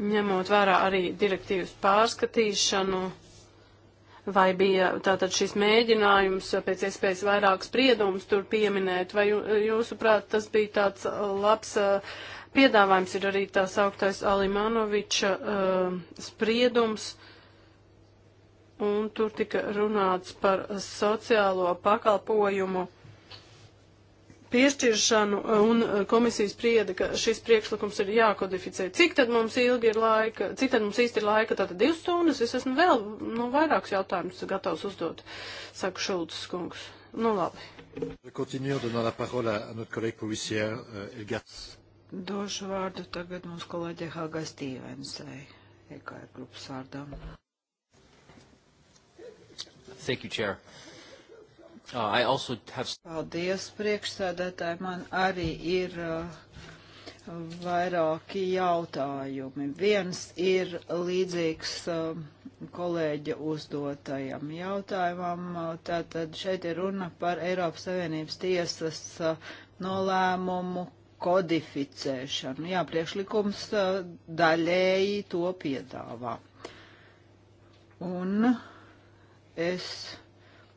ņemot vērā arī direktīvas pārskatīšanu, vai bija tātad šis mēģinājums pēc iespējas vairāk spriedumus tur pieminēt, vai jūsuprāt tas bija tāds uh, labs uh, piedāvājums, ir arī tā sauktais Alimanoviča uh, spriedums, un tur tika runāts par sociālo pakalpojumu piešķiršanu, e, un e, komisija sprieda, ka šis priekšlikums ir jākodificē. Cik tad mums ilgi ir laika, cik tad mums īsti ir laika, tātad divas stundas, es esmu vēl, nu, vairākus jautājumus gatavs uzdot, saka Šulcis kungs. Nu, labi. Euh, Došu vārdu tagad mums kolēģe Haga Stīvensai, EKR grupas vārdām. Thank you, Chair. Uh, Uh, have... Paldies, priekšsēdētāji. Man arī ir uh, vairāki jautājumi. Viens ir līdzīgs uh, kolēģa uzdotajam jautājumam. Uh, tātad šeit ir runa par Eiropas Savienības tiesas uh, nolēmumu kodificēšanu. Jā, priekšlikums uh, daļēji to piedāvā. Un es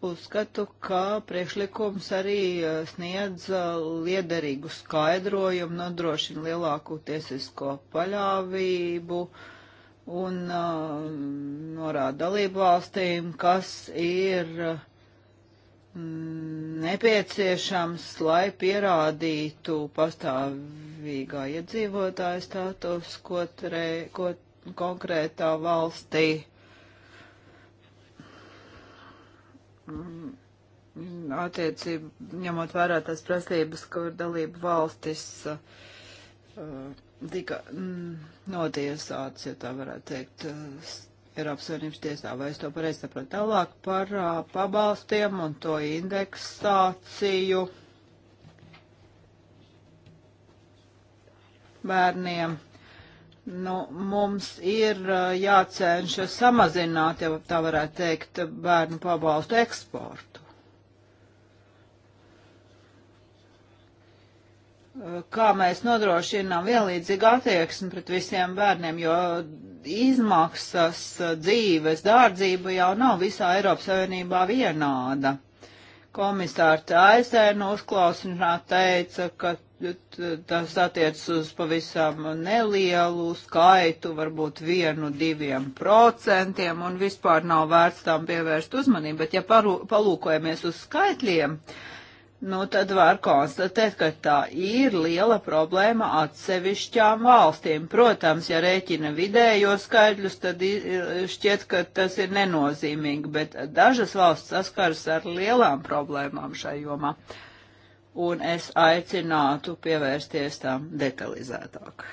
Uzskatu, ka priekšlikums arī eh, sniedz eh, liederīgu skaidrojumu, nodrošina lielāku tiesisko paļāvību un uh, norāda dalību valstīm, kas ir mm, nepieciešams, lai pierādītu pastāvīgā iedzīvotāja status, ko, tre, ko konkrētā valstī. Uh, Mm, attiecību, ņemot vērā tās prasības, kur dalību valstis uh, tika mm, notiesāts, ja tā varētu teikt, uh, Eiropas Savienības tiesā, vai es to pareizi saprotu tālāk par uh, pabalstiem un to indeksāciju bērniem. Nu, mums ir uh, jācenšas samazināt, ja tā varētu teikt, bērnu pabalstu eksportu. Uh, kā mēs nodrošinām vienlīdzīgu attieksmi pret visiem bērniem, jo izmaksas uh, dzīves dārdzība jau nav visā Eiropas Savienībā vienāda komisāra Taisēna uzklausīšanā teica, ka tas attiec uz pavisam nelielu skaitu, varbūt vienu, diviem procentiem, un vispār nav vērts tām pievērst uzmanību. Bet ja palūkojamies uz skaitļiem, uh, nu tad var konstatēt, ka tā ir liela problēma atsevišķām valstīm. Protams, ja rēķina vidējo skaidrļus, tad šķiet, ka tas ir nenozīmīgi, bet dažas valsts saskaras ar lielām problēmām šai jomā. Un es aicinātu pievērsties tām detalizētāk.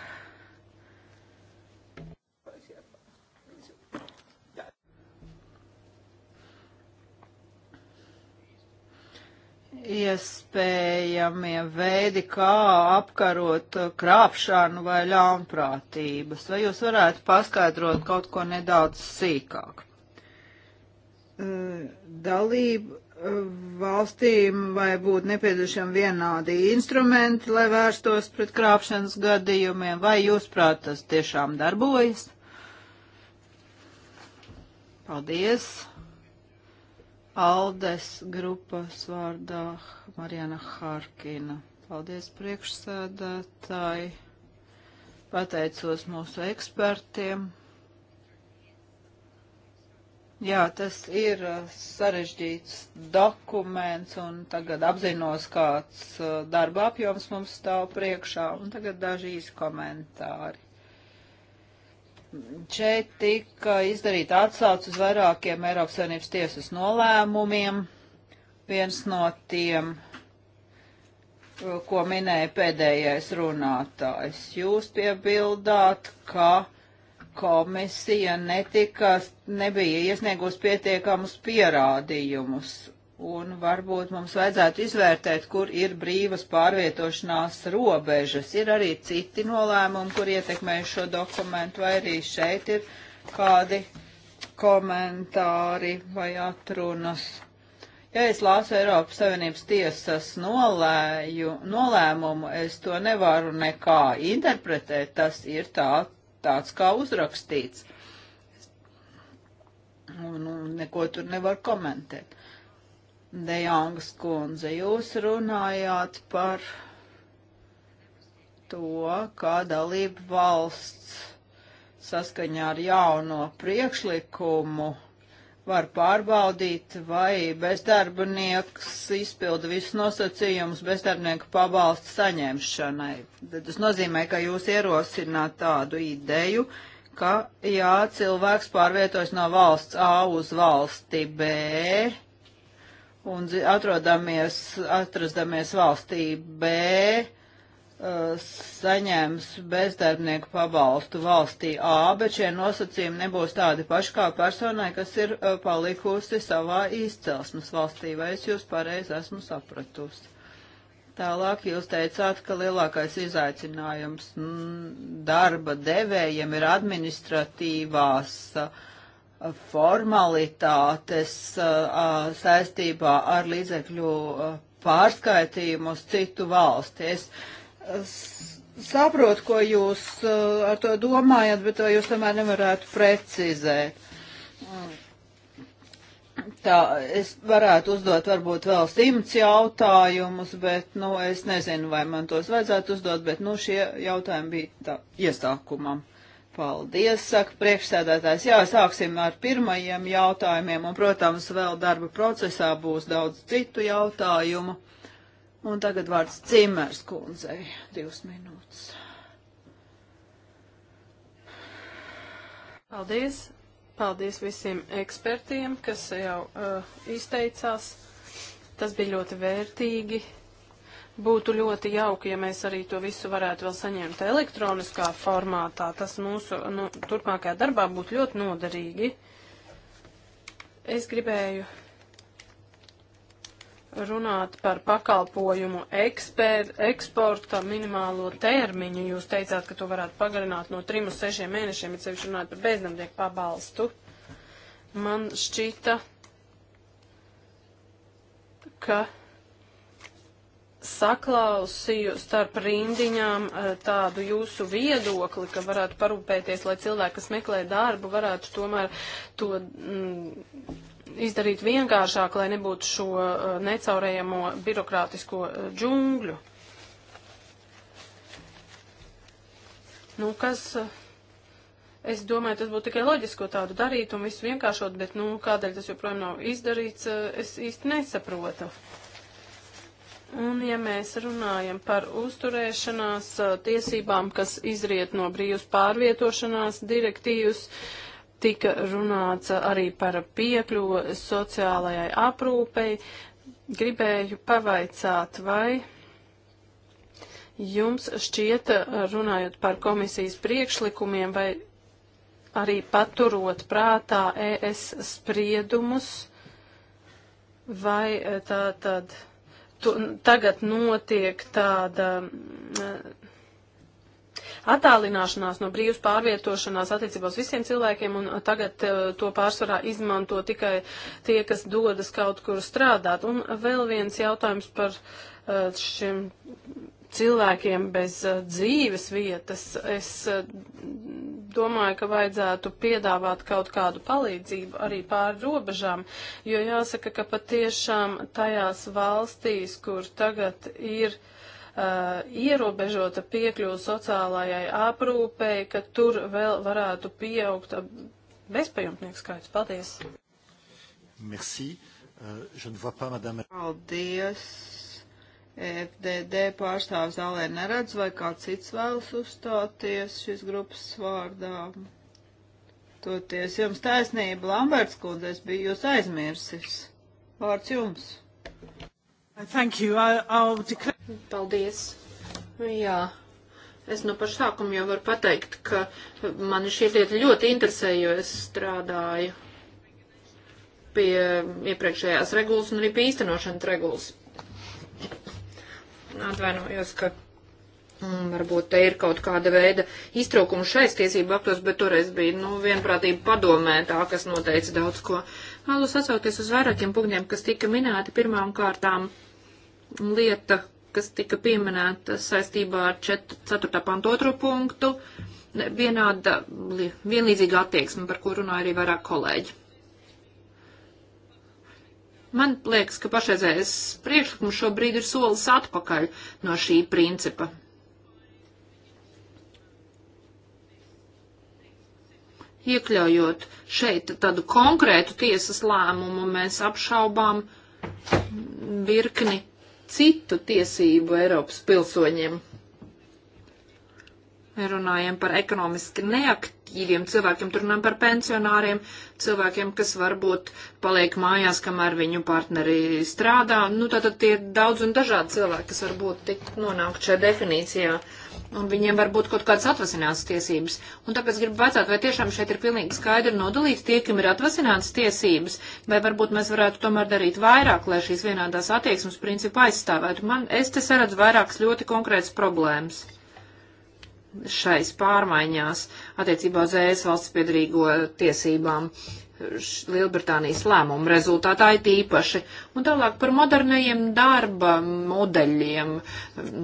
iespējamie veidi, kā apkarot krāpšanu vai ļaunprātības? Vai jūs varētu paskaidrot kaut ko nedaudz sīkāk? Dalību valstīm vai būtu nepieciešami vienādi instrumenti, lai vērstos pret krāpšanas gadījumiem, vai jūs prāt tas tiešām darbojas? Paldies! Aldes grupas vārdā Marijana Harkina. Paldies priekšsēdētāji. Pateicos mūsu ekspertiem. Jā, tas ir uh, sarežģīts dokuments, un tagad apzinos, kāds uh, darba apjoms mums stāv priekšā, un tagad daži īsi komentāri. Šeit tika izdarīta atsauca uz vairākiem Eiropas Savienības tiesas nolēmumiem. Viens no tiem, ko minēja pēdējais runātājs, jūs piebildāt, ka komisija netika, nebija iesniegus pietiekamus pierādījumus Un varbūt mums vajadzētu izvērtēt, kur ir brīvas pārvietošanās robežas. Ir arī citi nolēmumi, kur ietekmējuši šo dokumentu, vai arī šeit ir kādi komentāri vai atrunas. Ja es lasu Eiropas Savienības tiesas nolēju, nolēmumu, es to nevaru nekā interpretēt, tas ir tā, tāds kā uzrakstīts. Un, nu, neko tur nevar komentēt. Dejongas kundze, jūs runājāt par to, kā dalība valsts saskaņā ar jauno priekšlikumu var pārbaudīt, vai bezdarbnieks izpilda visus nosacījumus bezdarbnieku pabalstu saņemšanai. Tas nozīmē, ka jūs ierosināt tādu ideju, ka jā, cilvēks pārvietojas no valsts A uz valsti B, un atrodamies, atrodamies valstī B, uh, saņems bezdarbnieku pabalstu valstī A, bet šie nosacījumi nebūs tādi paši kā personai, kas ir uh, palikusi savā izcelsmes valstī, vai es jūs pareizi esmu sapratusi. Tālāk jūs teicāt, ka lielākais izaicinājums darba devējiem ir administratīvās uh, formalitātes saistībā ar līdzekļu pārskaitījumu uz citu valsti. Es saprotu, ko jūs ar to domājat, bet to jūs tomēr nevarētu precizēt. Tā, es varētu uzdot varbūt vēl simts jautājumus, bet, nu, es nezinu, vai man tos vajadzētu uzdot, bet, nu, šie jautājumi bija tā iesākumam. Paldies, saka priekšsēdētājs. Jā, sāksim ar pirmajiem jautājumiem, un, protams, vēl darba procesā būs daudz citu jautājumu. Un tagad vārds Cimers kundzei, divas minūtes. Paldies, paldies visiem ekspertiem, kas jau uh, izteicās. Tas bija ļoti vērtīgi Būtu ļoti jauki, ja mēs arī to visu varētu vēl saņemt elektroniskā formātā. Tas mūsu nu, turpmākajā darbā būtu ļoti noderīgi. Es gribēju runāt par pakalpojumu eksper, eksporta minimālo termiņu. Jūs teicāt, ka to varētu pagarināt no trim uz sešiem mēnešiem, ja sevišķi runājot par bezdarbnieku pabalstu. Man šķita, ka saklausīju starp rindiņām eh, tādu jūsu viedokli, ka varētu parūpēties, lai cilvēki, kas meklē darbu, varētu tomēr to mm, izdarīt vienkāršāk, lai nebūtu šo eh, necaurējamo birokrātisko eh, džungļu. Nu, kas, es domāju, tas būtu tikai loģiski, ko tādu darīt un visu vienkāršot, bet, nu, kādēļ tas joprojām nav izdarīts, es īsti nesaprotu. Uh, Un ja mēs runājam par uzturēšanās tiesībām, kas izriet no brīvas pārvietošanās direktīvas, tika runāts arī par piekļuvu sociālajai aprūpei. Gribēju pavaicāt, vai jums šķiet, runājot par komisijas priekšlikumiem, vai arī paturot prātā ES spriedumus, vai tā tad. tad tu, tagad notiek tāda mm, attālināšanās no brīvas pārvietošanās attiecībā uz visiem cilvēkiem, un tagad eh, to pārsvarā izmanto tikai tie, kas dodas kaut kur strādāt. Un vēl viens jautājums par eh, šiem cilvēkiem bez uh, dzīves vietas, es uh, domāju, ka vajadzētu piedāvāt kaut kādu palīdzību arī pāri robežām, jo jāsaka, ka patiešām tajās valstīs, kur tagad ir uh, ierobežota piekļuva sociālajai aprūpei, ka tur vēl varētu pieaugt uh, bezpajumtnieku skaits. Paldies! Merci. Uh, je ne vois pas, madame. Paldies. FDD pārstāvs zālē neredz, vai kāds cits vēlas uzstāties šīs grupas vārdā. Toties jums taisnība, Lamberts kundze, es biju jūs aizmirsis. Vārds jums. Thank you. I, I'll declare... Paldies. Jā. Es no paša sākuma jau varu pateikt, ka mani šī lieta ļoti interesē, jo es strādāju pie iepriekšējās regulas un arī pie īstenošanas regulas. Atvainojos, ka mm, varbūt te ir kaut kāda veida iztraukuma šais tiesību aktos, bet toreiz bija, nu, vienprātība padomē tā, kas noteica daudz ko. Vēlos atsaukties uz vairākiem punktiem, kas tika minēti pirmām kārtām lieta, kas tika pieminēta saistībā ar 4. pantu otro punktu, vienāda, vienlīdzīga attieksme, par ko runāja arī vairāk kolēģi. Man liekas, ka pašreizējais priekšlikums šobrīd ir solis atpakaļ no šī principa. Iekļaujot šeit tādu konkrētu tiesas lēmumu, mēs apšaubām virkni citu tiesību Eiropas pilsoņiem runājam par ekonomiski neaktīviem cilvēkiem, tur runājam par pensionāriem, cilvēkiem, kas varbūt paliek mājās, kamēr viņu partneri strādā. Nu, tātad tie ir daudz un dažādi cilvēki, kas varbūt tik nonākt šajā definīcijā. Un viņiem var būt kaut kādas atvasinās tiesības. Un tāpēc gribu vecāt, vai tiešām šeit ir pilnīgi skaidri nodalīts tie, kam ir atvasināts tiesības, vai varbūt mēs varētu tomēr darīt vairāk, lai šīs vienādās attieksmes principu aizstāvētu. Man, es te saredzu vairākas ļoti konkrētas problēmas šais pārmaiņās attiecībā uz ES valsts piedarīgo tiesībām. Uh, Lielbritānijas lēmumu rezultātā ir īpaši. Un tālāk par modernajiem darba modeļiem.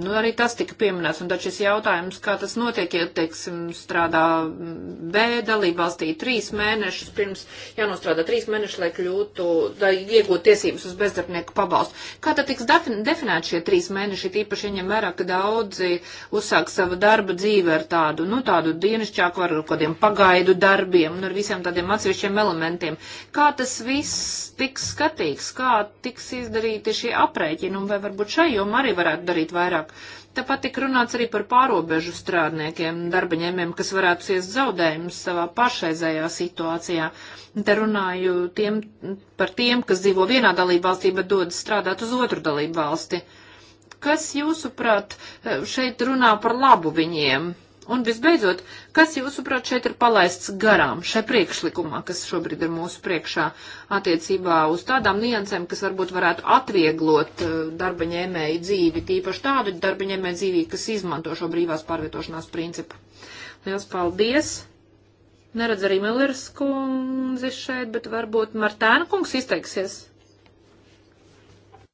Nu, arī tas tika pieminēts, un tad šis jautājums, kā tas notiek, ja, teiksim, strādā B dalība valstī trīs mēnešus, pirms jānostrādā trīs mēnešus, lai kļūtu, lai iegūtu tiesības uz bezdarbnieku pabalstu. Kā tad tiks definēti šie trīs mēneši, īpaši ieņem vērā, ka daudzi uzsāk savu darba dzīvi ar tādu, nu, tādu dienišķāku, ar kādiem pagaidu darbiem un nu, ar visiem tādiem atsevišķiem elementiem dokumentiem. Kā tas viss tiks skatīts, kā tiks izdarīti šie aprēķini un vai varbūt šai jomā arī varētu darīt vairāk. Tāpat tika runāts arī par pārobežu strādniekiem, darbaņēmiem, kas varētu ciest zaudējumus savā pašreizējā situācijā. Te runāju tiem, par tiem, kas dzīvo vienā dalību valstī, bet dodas strādāt uz otru dalību valsti. Kas, jūsuprāt, šeit runā par labu viņiem? Un visbeidzot, kas jūsuprāt šeit ir palaists garām šai priekšlikumā, kas šobrīd ir mūsu priekšā attiecībā uz tādām niansēm, kas varbūt varētu atvieglot eh, darba ņēmēju dzīvi, tīpaši tādu darba ņēmēju dzīvi, kas izmanto šo brīvās pārvietošanās principu. Liels paldies! Neredz arī Millers kundzi šeit, bet varbūt Martēna kungs izteiksies.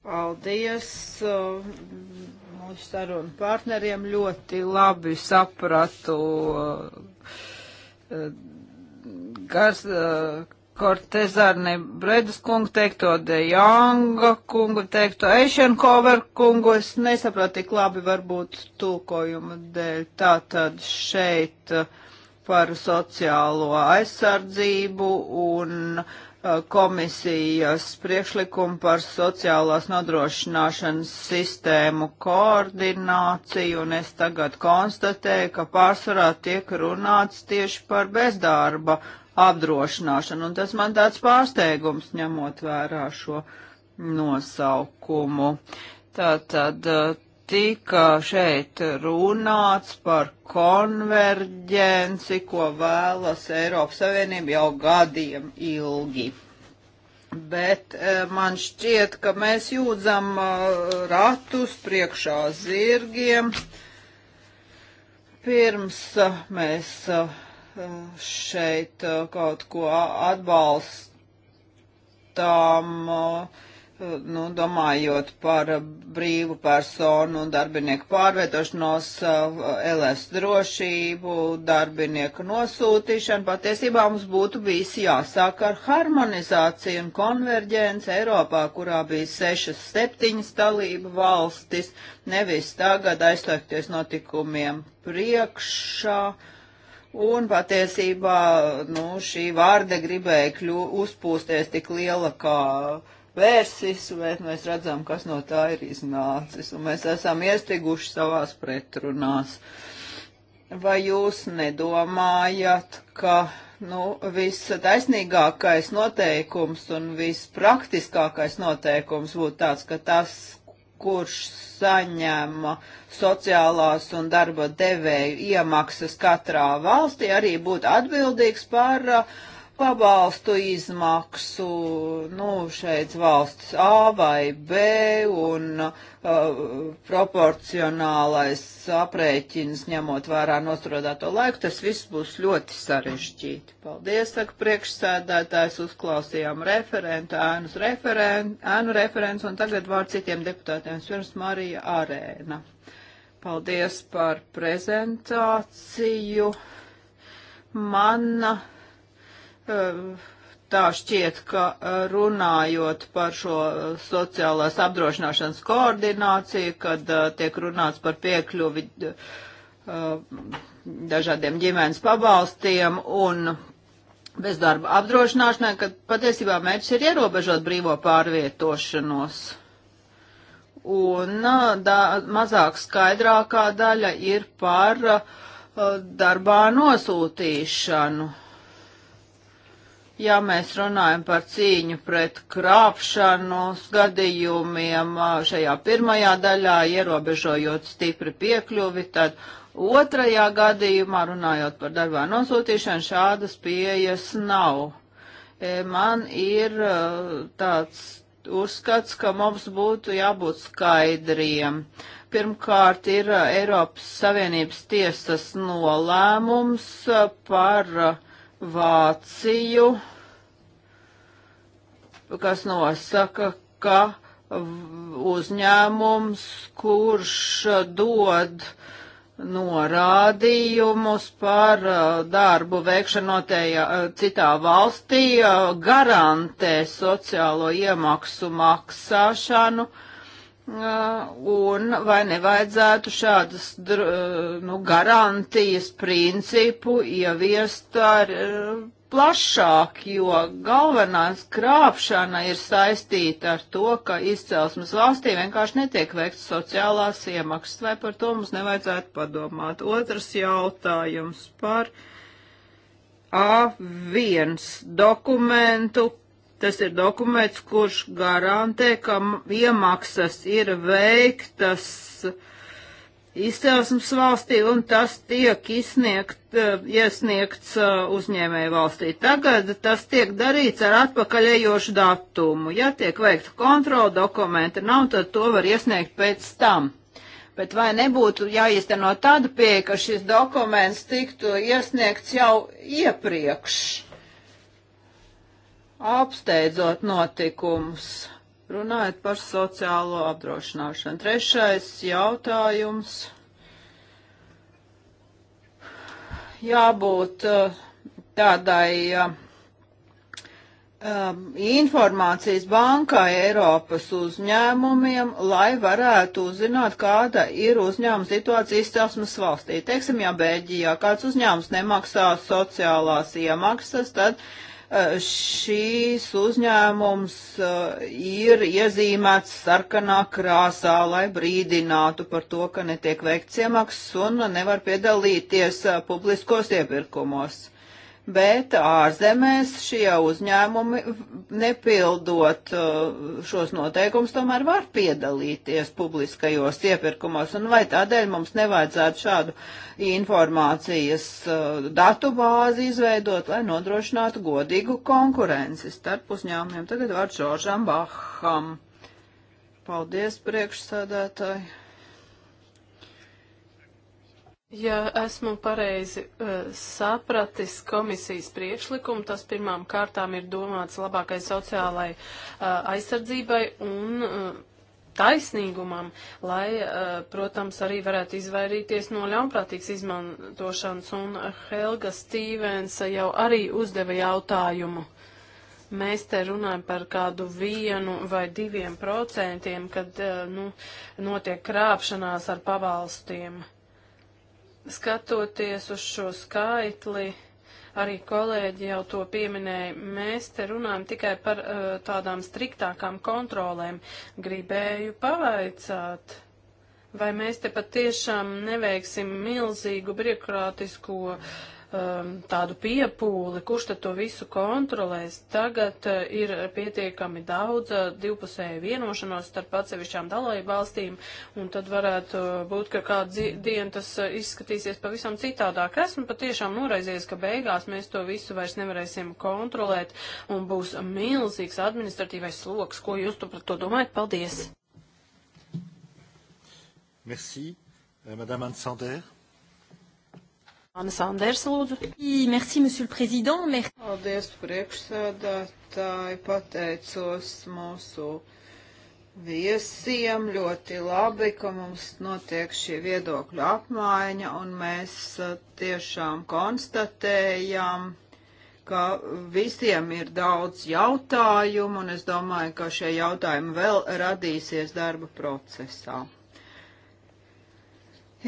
Paldies! mūsu sarunu partneriem ļoti labi sapratu uh, Gars uh, Kortezarni Bredus kungu teikto, De Janga kungu teikto, Eišenkover kungu, es nesapratu tik labi varbūt tūkojuma dēļ. Tātad šeit uh, par sociālo aizsardzību un uh, Uh, komisijas priekšlikumu par sociālās nodrošināšanas sistēmu koordināciju, un es tagad konstatēju, ka pārsvarā tiek runāts tieši par bezdarba apdrošināšanu, un tas man tāds pārsteigums ņemot vērā šo nosaukumu. Tātad uh, tika šeit runāts par konverģenci, ko vēlas Eiropas Savienība jau gadiem ilgi. Bet eh, man šķiet, ka mēs jūdzam eh, ratus priekšā zirgiem. Pirms eh, mēs šeit kaut ko atbalstām, nu, domājot par brīvu personu un darbinieku pārvietošanos, eh, LS drošību, darbinieku nosūtīšanu, patiesībā mums būtu bijis jāsāk ar harmonizāciju un konverģenci Eiropā, kurā bija sešas, septiņas dalība valstis, nevis tagad aizstākties notikumiem priekšā. Un patiesībā nu, šī vārda gribēja kļu, uzpūsties tik liela kā uh, vērsis, bet mēs redzam, kas no tā ir iznācis, un mēs esam iestriguši savās pretrunās. Vai jūs nedomājat, ka nu, vistaisnīgākais noteikums un vispraktiskākais noteikums būtu tāds, ka tas, kurš saņēma sociālās un darba devēju iemaksas katrā valstī, arī būtu atbildīgs par uh, pabalstu izmaksu, nu, šeit valsts A vai B un uh, proporcionālais aprēķins ņemot vērā nostrādāto laiku, tas viss būs ļoti sarežģīti. Paldies, saka priekšsēdētājs, uzklausījām referentu, ēnus referen, ēnu referents un tagad vārds citiem deputātiem. Pirms Marija Arēna. Paldies par prezentāciju. Mana tā šķiet, ka e, runājot par šo sociālās apdrošināšanas koordināciju, kad e, tiek runāts par piekļuvi e, dažādiem ģimenes pabalstiem un bezdarba apdrošināšanai, kad patiesībā mērķis ir ierobežot brīvo pārvietošanos. Un da, mazāk skaidrākā daļa ir par darbā nosūtīšanu. Uh, ja mēs runājam par cīņu pret krāpšanos gadījumiem šajā pirmajā daļā, ierobežojot stipri piekļuvi, tad otrajā gadījumā, runājot par darbā nosūtīšanu, šādas pieejas nav. E, man ir tāds uzskats, ka mums būtu jābūt skaidriem. Pirmkārt, ir Eiropas Savienības tiesas nolēmums par Vāciju, kas nosaka, ka uzņēmums, kurš dod norādījumus par uh, darbu veikšanu notējā, uh, citā valstī, uh, garantē sociālo iemaksu maksāšanu Uh, un vai nevajadzētu šādas uh, nu, garantijas principu ieviest ar uh, plašāk, jo galvenās krāpšana ir saistīta ar to, ka izcelsmes valstī vienkārši netiek veikts sociālās iemaksas, vai par to mums nevajadzētu padomāt. Otrs jautājums par A1 dokumentu Tas ir dokuments, kurš garantē, ka iemaksas ir veiktas izcelsmes valstī un tas tiek izsniegt, eh, iesniegts eh, uzņēmēju valstī. Tagad tas tiek darīts ar atpakaļējošu datumu. Ja tiek veikta kontrola dokumenta nav, tad to var iesniegt pēc tam. Bet vai nebūtu jāizteno tāda pieeja, ka šis dokuments tiktu iesniegts jau iepriekš? apsteidzot notikumus, runājot par sociālo apdrošināšanu. Trešais jautājums. Jābūt uh, tādai uh, um, informācijas bankai Eiropas uzņēmumiem, lai varētu uzzināt, kāda ir uzņēmuma situācija izcelsmes valstī. Teiksim, ja Bēļģijā kāds uzņēmums nemaksā sociālās iemaksas, tad šīs uzņēmums eh, ir iezīmēts sarkanā krāsā, lai brīdinātu par to, ka netiek veikts iemaksas un nevar piedalīties eh, publiskos iepirkumos bet ārzemēs šie uzņēmumi, nepildot uh, šos noteikumus, tomēr var piedalīties publiskajos iepirkumos. Un vai tādēļ mums nevajadzētu šādu informācijas uh, datu bāzi izveidot, lai nodrošinātu godīgu konkurenci starp uzņēmumiem? Tagad vārds Žoržam Baham. Paldies, priekšsādātāji! Ja esmu pareizi uh, sapratis komisijas priekšlikumu, tas pirmām kārtām ir domāts labākai sociālai uh, aizsardzībai un uh, taisnīgumam, lai, protams, arī varētu izvairīties no ļaunprātīgas izmantošanas. Un Helga Stīvensa jau arī uzdeva jautājumu. Mēs te runājam par kādu vienu vai diviem procentiem, kad nu, notiek krāpšanās ar pabalstiem. Uh, Skatoties uz šo skaitli, arī kolēģi jau to pieminēja, mēs te runājam tikai par uh, tādām striktākām kontrolēm. Gribēju pavaicāt, vai mēs te patiešām neveiksim milzīgu birokrātisko uh, um, tādu piepūli, kurš tad to visu kontrolēs. Tagad uh, ir pietiekami daudz uh, divpusēju vienošanos starp atsevišķām dalību valstīm, un tad varētu uh, būt, ka kādu dienu tas uh, izskatīsies pavisam citādāk. Esmu patiešām noraizies, ka beigās mēs to visu vairs nevarēsim kontrolēt, un būs milzīgs administratīvais sloks. Ko jūs tu par to domājat? Paldies! Merci. Euh, Madame Anne Sander. Anna Sanders, lūdzu. Merci, monsieur le président. Merci. Paldies, priekšsēdētāji, pateicos mūsu viesiem. Ļoti labi, ka mums notiek šī viedokļu apmaiņa, un mēs tiešām konstatējam, ka visiem ir daudz jautājumu, un es domāju, ka šie jautājumi vēl radīsies darba procesā.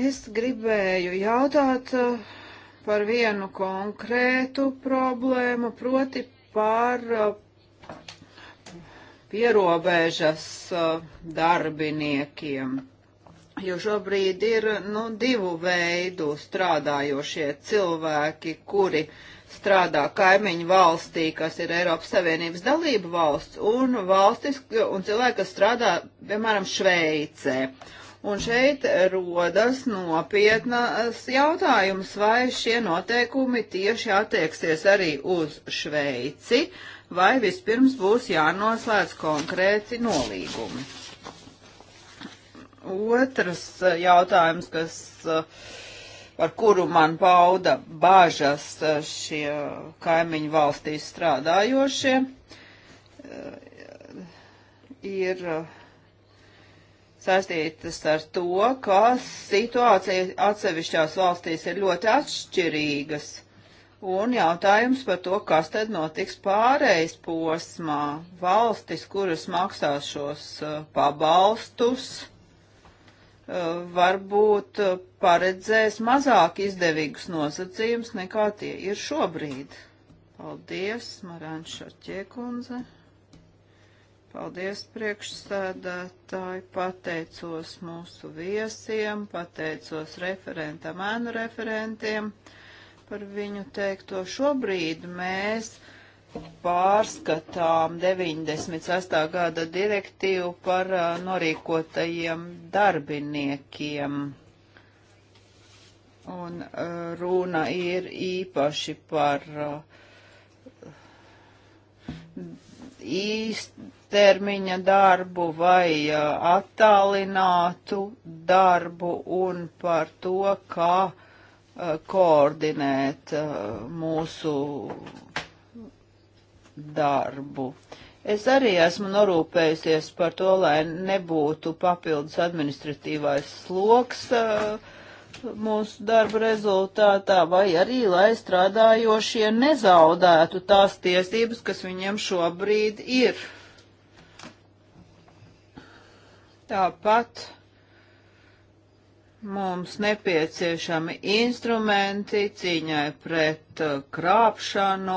Es gribēju jautāt. Uh, par vienu konkrētu problēmu, proti par uh, pierobežas uh, darbiniekiem. Jo šobrīd ir nu, divu veidu strādājošie cilvēki, kuri strādā kaimiņu valstī, kas ir Eiropas Savienības dalība valsts, un, valstis, un cilvēki, kas strādā, piemēram, Šveicē. Uh, Un šeit rodas nopietnas jautājums, vai šie noteikumi tieši attieksies arī uz Šveici, vai vispirms būs jānoslēdz konkrēti nolīgumi. Otrs jautājums, kas, par kuru man pauda bāžas šie kaimiņu valstīs strādājošie, ir saistītas ar to, ka situācija atsevišķās valstīs ir ļoti atšķirīgas. Un jautājums par to, kas tad notiks pārējais posmā. Valstis, kuras maksās šos uh, pabalstus, uh, varbūt uh, paredzēs mazāk izdevīgus nosacījumus nekā tie ir šobrīd. Paldies, Marāņš Šarķiekundze. Paldies priekšsēdētāji, pateicos mūsu viesiem, pateicos referentam, ēnu referentiem par viņu teikto. Šobrīd mēs pārskatām 96. gada direktīvu par uh, norīkotajiem darbiniekiem. Un uh, runa ir īpaši par uh, īst, īstermiņa darbu vai attālinātu darbu un par to, kā koordinēt mūsu darbu. Es arī esmu norūpējusies par to, lai nebūtu papildus administratīvais sloks uh, mūsu darba rezultātā, vai arī, lai strādājošie nezaudētu tās tiesības, kas viņiem šobrīd ir. Tāpat mums nepieciešami instrumenti cīņai pret uh, krāpšanu,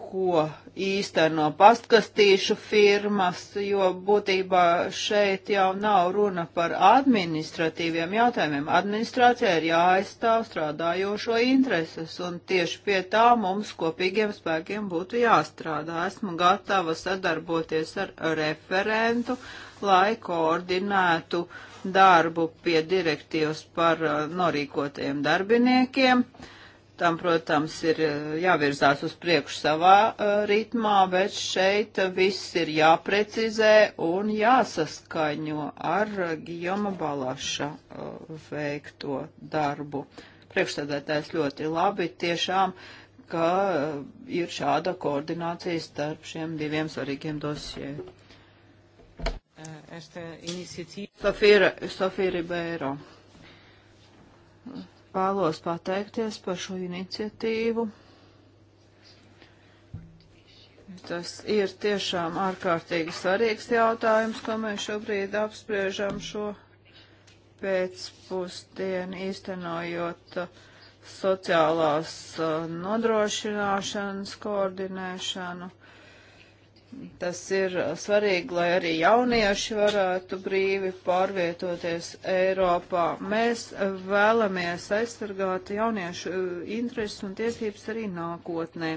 ko īsteno pastkastīšu firmas, jo būtībā šeit jau nav runa par administratīviem jautājumiem. Administrācija ir jāaizstāv strādājošo intereses, un tieši pie tā mums kopīgiem spēkiem būtu jāstrādā. Esmu gatava sadarboties ar referentu, lai koordinētu darbu pie direktīvas par uh, norīkotajiem darbiniekiem. Uh, tam, protams, ir eh, jāvirzās uz priekšu savā eh, ritmā, bet šeit viss ir jāprecizē un jāsaskaņo ar Gijoma Balaša eh, veikto darbu. Priekšsēdētājs ļoti labi tiešām, ka ir šāda koordinācija starp šiem diviem svarīgiem dosjiem. Sofija Ribeiro vēlos pateikties par šo iniciatīvu. Tas ir tiešām ārkārtīgi svarīgs jautājums, ko mēs šobrīd apspriežam šo pēcpusdienu īstenojot uh, sociālās uh, nodrošināšanas koordinēšanu Tas ir svarīgi, lai arī jaunieši varētu brīvi pārvietoties Eiropā. Mēs vēlamies aizsargāt jauniešu intereses un tiesības arī nākotnē.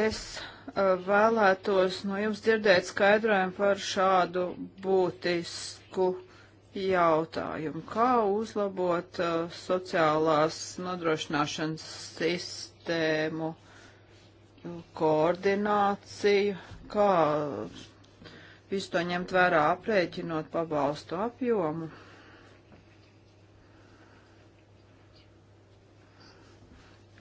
Es uh, vēlētos no jums dzirdēt skaidrojumu par šādu būtisku jautājumu. Kā uzlabot uh, sociālās nodrošināšanas sistēmu? Uh, koordināciju, kā visu to ņemt vērā aprēķinot pabalstu apjomu.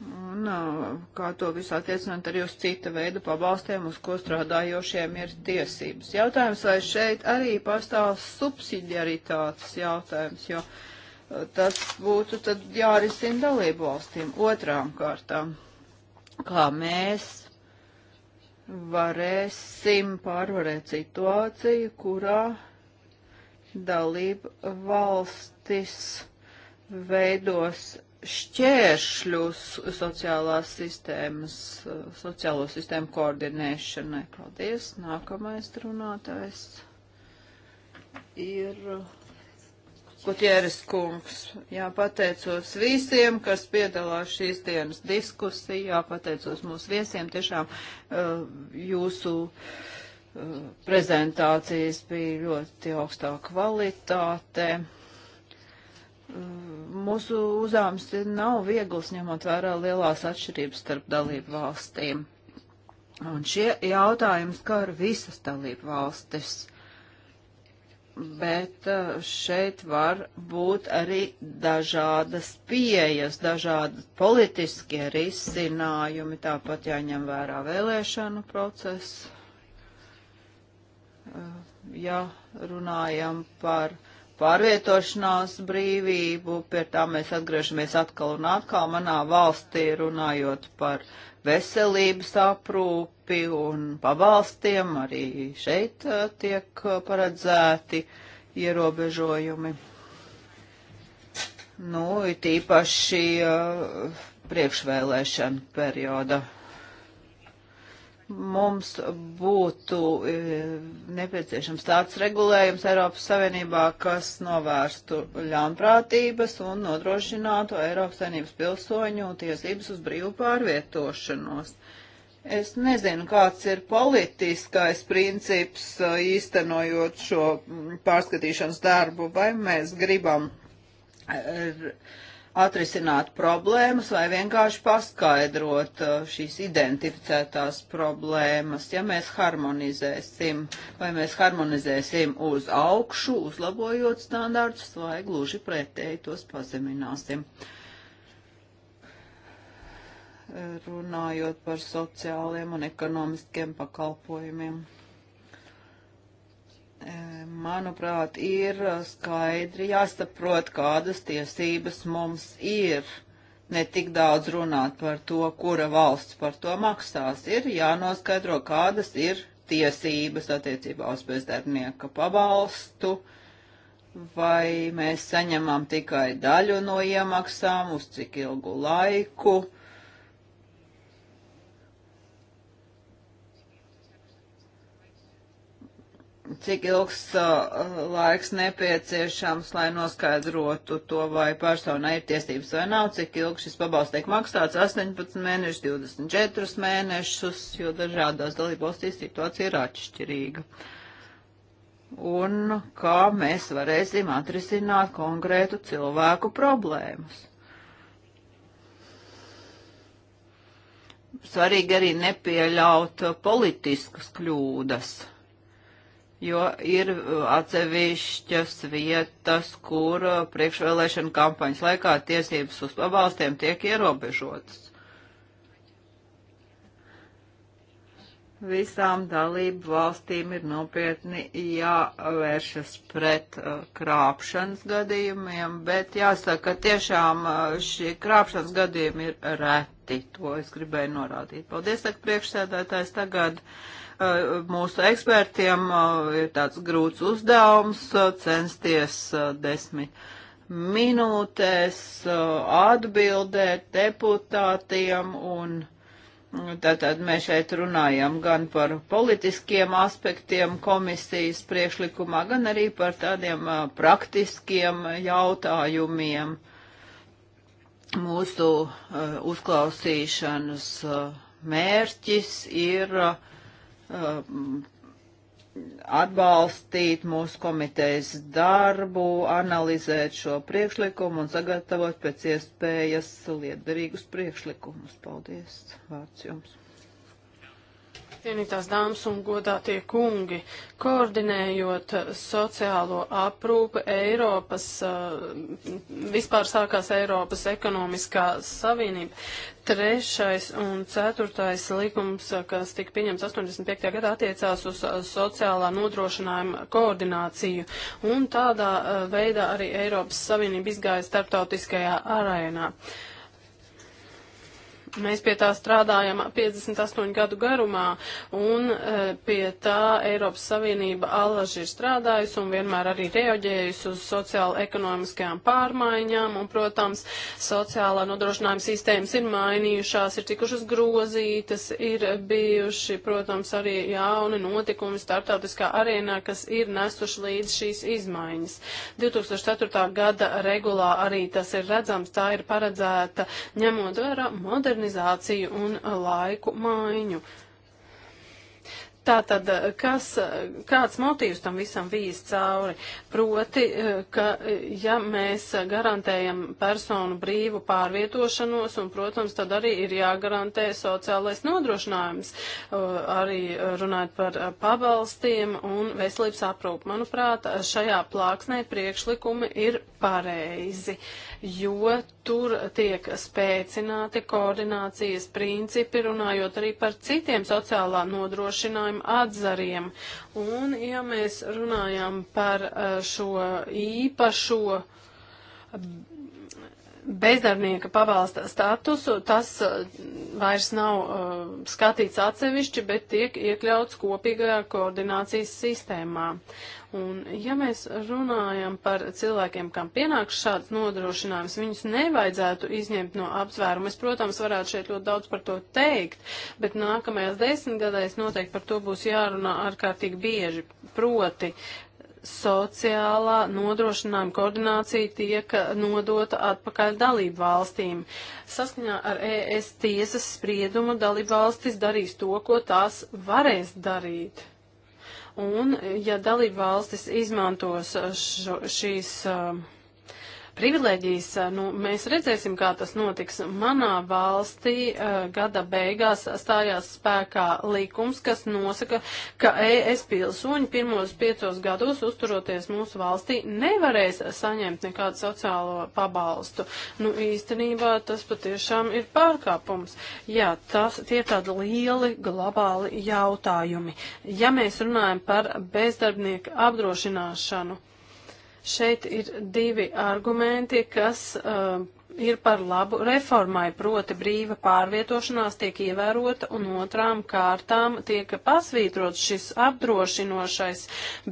Un uh, kā to visu attiecināt arī uz cita veida pabalstiem, uz ko strādājošiem ir tiesības. Jautājums, vai šeit arī pastāv subsidiaritātes jautājums, jo uh, tas būtu tad jārisina dalību valstīm otrām kārtām kā mēs varēsim pārvarēt situāciju, kurā dalība valstis veidos šķēršļus sociālās sistēmas, sociālo sistēmu koordinēšanai. Paldies. Nākamais runātājs ir. Kutieris kungs. Jā, pateicos visiem, kas piedalās šīs dienas diskusijā, pateicos mūsu viesiem, tiešām eh, jūsu eh, prezentācijas bija ļoti augstā kvalitāte eh, mūsu uzdevums nav viegls, ņemot vērā lielās atšķirības starp dalību valstīm. Un šie jautājums skar visas dalību valstis bet eh, šeit var būt arī dažādas pieejas, dažādi politiskie risinājumi, tāpat jāņem vērā vēlēšanu procesu. Eh, ja runājam par pārvietošanās brīvību, pie tā mēs atgriežamies atkal un atkal manā valstī runājot par uh, veselības aprūpi un pabalstiem arī šeit eh, tiek eh, paredzēti ierobežojumi. Nu, it īpaši eh, priekšvēlēšana perioda mums būtu e, nepieciešams tāds regulējums Eiropas Savienībā, kas novērstu ļaunprātības un nodrošinātu Eiropas Savienības pilsoņu tiesības uz brīvu pārvietošanos. Es nezinu, kāds ir politiskais princips e, īstenojot šo pārskatīšanas darbu, vai mēs gribam e, atrisināt problēmas vai vienkārši paskaidrot uh, šīs identificētās problēmas, ja mēs harmonizēsim, vai mēs harmonizēsim uz augšu, uzlabojot standārtus, vai gluži pretēji tos pazemināsim. Runājot par sociāliem un ekonomiskiem pakalpojumiem. E, manuprāt, ir e, skaidri jāsaprot, kādas tiesības mums ir. Ne tik daudz runāt par to, kura valsts par to maksās. Ir jānoskaidro, kādas ir tiesības attiecībā uz bezdarbnieka pabalstu, vai mēs saņemam tikai daļu no iemaksām, uz cik ilgu laiku cik ilgs uh, laiks nepieciešams, lai noskaidrotu to, vai personai ir tiesības vai nav, cik ilgi šis pabalsts tiek maksāts - 18 mēnešus, 24 mēnešus, jo dažādās dalībvalstīs situācija ir atšķirīga. Un kā mēs varēsim atrisināt konkrētu cilvēku problēmas. Svarīgi arī nepieļaut politiskas kļūdas jo ir uh, atsevišķas vietas, kur uh, priekšvēlēšana kampaņas laikā tiesības uz pabalstiem tiek ierobežotas. Visām dalību valstīm ir nopietni jāvēršas pret uh, krāpšanas gadījumiem, bet jāsaka, ka tiešām uh, šie krāpšanas gadījumi ir reti. To es gribēju norādīt. Paldies, saka priekšsēdētājs. Tagad uh, Eh, mūsu ekspertiem eh, ir tāds grūts uzdevums eh, censties desmit minūtēs atbildēt deputātiem un Tātad mm, mēs šeit runājam gan par politiskiem aspektiem komisijas priekšlikumā, gan arī par tādiem uh, praktiskiem jautājumiem mūsu uh, uzklausīšanas uh, mērķis ir uh, Uh, atbalstīt mūsu komitejas darbu, analizēt šo priekšlikumu un sagatavot pēc iespējas liederīgus priekšlikumus. Paldies! Vārds jums! Cienītās dāmas un godātie kungi, koordinējot sociālo aprūpu Eiropas, eh, vispār sākās Eiropas ekonomiskā savienība. Trešais un ceturtais likums, eh, kas tika pieņemts 85. gadā, attiecās uz eh, sociālā nodrošinājuma koordināciju. Un tādā veidā arī Eiropas Savienība izgāja starptautiskajā arēnā. Uh, Mēs pie tā strādājam 58 gadu garumā, un e, pie tā Eiropas Savienība allaži ir strādājusi un vienmēr arī reaģējusi uz sociāla-ekonomiskajām pārmaiņām, un, protams, sociālā nodrošinājuma sistēmas ir mainījušās, ir tikušas grozītas, ir bijuši, protams, arī jauni notikumi startautiskā arēnā, kas ir nesuši līdz šīs izmaiņas. 2004. gada regulā arī tas ir redzams, tā ir paredzēta ņemot vērā modernu modernizāciju un laiku maiņu. Tātad, eh, kas, eh, kāds motīvs tam visam vīz cauri? Proti, eh, ka ja mēs garantējam personu brīvu pārvietošanos, un, protams, tad arī ir jāgarantē sociālais nodrošinājums, arī runājot par pabalstiem un veselības aprūpu. Manuprāt, šajā plāksnē priekšlikumi ir pareizi, jo tur tiek spēcināti koordinācijas principi, runājot arī par citiem sociālā nodrošinājuma šiem atzariem. Un, ja mēs runājam par eh, šo īpašo bezdarnieka pabalsta statusu, tas uh, vairs nav uh, skatīts atsevišķi, bet tiek iekļauts kopīgajā koordinācijas sistēmā. Un, ja mēs runājam par cilvēkiem, kam pienāks šāds nodrošinājums, viņus nevajadzētu izņemt no apsvērumu. Es, protams, varētu šeit ļoti daudz par to teikt, bet nākamajās desmitgadēs noteikti par to būs jārunā ārkārtīgi bieži. Proti, uh, sociālā nodrošinājuma koordinācija tiek nodota atpakaļ dalību valstīm. Saskaņā ar ES tiesas spriedumu dalību valstis darīs to, ko tās varēs darīt. Un, ja dalību valstis izmantos šo, šīs uh, privilēģijas. Nu, mēs redzēsim, kā tas notiks. Manā valstī gada beigās stājās spēkā likums, kas nosaka, ka ES pilsoņi pirmos piecos gados uzturoties mūsu valstī nevarēs saņemt nekādu sociālo pabalstu. Nu, īstenībā tas patiešām ir pārkāpums. Jā, tas tie ir tādi lieli globāli jautājumi. Ja mēs runājam par bezdarbnieku apdrošināšanu, Šeit ir divi argumenti, kas uh, ir par labu reformai, proti brīva pārvietošanās tiek ievērota un otrām kārtām tiek pasvītrots šis apdrošinošais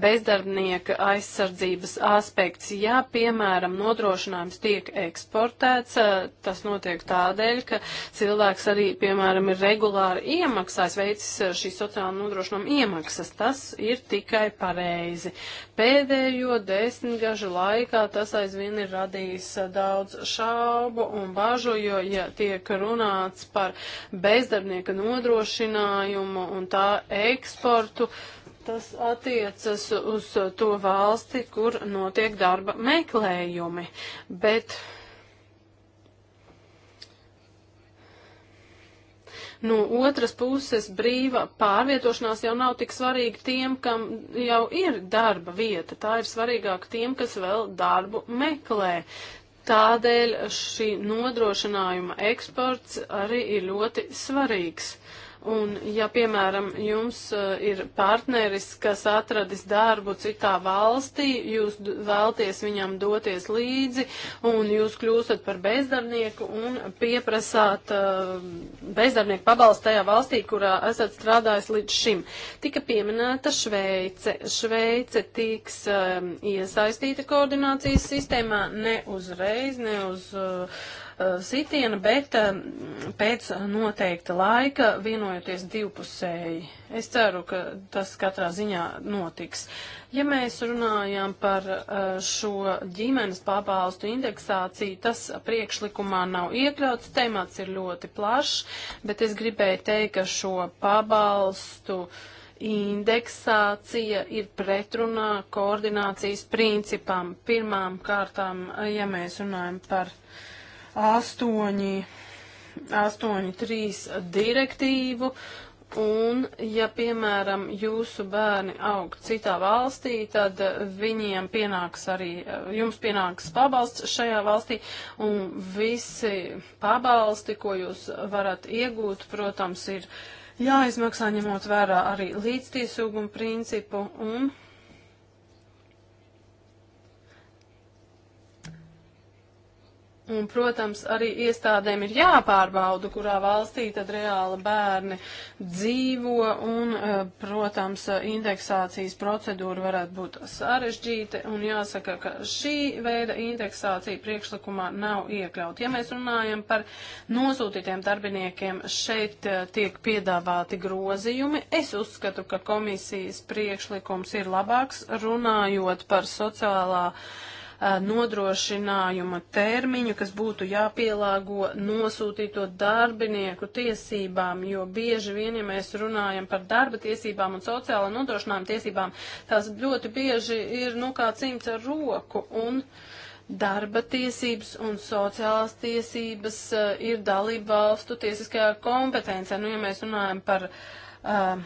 bezdarbnieka aizsardzības aspekts. Ja, piemēram, nodrošinājums tiek eksportēts, eh, tas notiek tādēļ, ka cilvēks arī, piemēram, ir regulāri iemaksājis, veicis eh, šī sociāla nodrošinājuma iemaksas. Tas ir tikai pareizi. Pēdējo desmitgažu laikā tas aizvien ir radījis eh, daudz šaubu šaubu un bažu, jo, ja tiek runāts par bezdarbnieka nodrošinājumu un tā eksportu, tas attiecas uz to valsti, kur notiek darba meklējumi. Bet No otras puses, brīva pārvietošanās jau nav tik svarīga tiem, kam jau ir darba vieta. Tā ir svarīgāka tiem, kas vēl darbu meklē. Uh, Tādēļ šī nodrošinājuma eksports arī ir ļoti svarīgs. Uh, Un, ja, piemēram, jums eh, ir partneris, kas atradis darbu citā valstī, jūs vēlties viņam doties līdzi, un jūs kļūstat par bezdarbnieku un pieprasāt eh, bezdarbnieku pabalstu tajā valstī, kurā esat strādājis līdz šim. Tika pieminēta Šveice. Šveice tiks eh, iesaistīta koordinācijas sistēmā ne uzreiz, ne uz Eh, sitiena, bet eh, pēc noteikta laika vienojoties divpusēji. Es ceru, ka tas katrā ziņā notiks. Ja mēs runājam par eh, šo ģimenes pabalstu indeksāciju, tas priekšlikumā nav iekļauts, temats ir ļoti plašs, bet es gribēju teikt, ka šo pabalstu indeksācija ir pretrunā koordinācijas principam. Pirmām kārtām, ja mēs runājam par uh, 8, 8, 3 direktīvu. Un, ja, piemēram, jūsu bērni aug citā valstī, tad viņiem pienāks arī, jums pienāks pabalsts šajā valstī, un visi pabalsti, ko jūs varat iegūt, protams, ir jāizmaksā ņemot vērā arī līdztiesīgumu principu un Un, protams, arī iestādēm ir jāpārbauda, kurā valstī tad reāli bērni dzīvo, un, eh, protams, indeksācijas procedūra varētu būt sarežģīta, un jāsaka, ka šī veida indeksācija priekšlikumā nav iekļaut. Ja mēs runājam par nosūtītiem darbiniekiem, šeit eh, tiek piedāvāti grozījumi. Es uzskatu, ka komisijas priekšlikums ir labāks, runājot par sociālā nodrošinājuma termiņu, kas būtu jāpielāgo nosūtīto darbinieku tiesībām, jo bieži vien, ja mēs runājam par darba tiesībām un sociāla nodrošinājuma tiesībām, tās ļoti bieži ir, nu, kā cimts ar roku. Un, Darba tiesības un sociālās tiesības uh, ir dalība valstu tiesiskajā kompetencijā. Nu, ja mēs runājam par uh,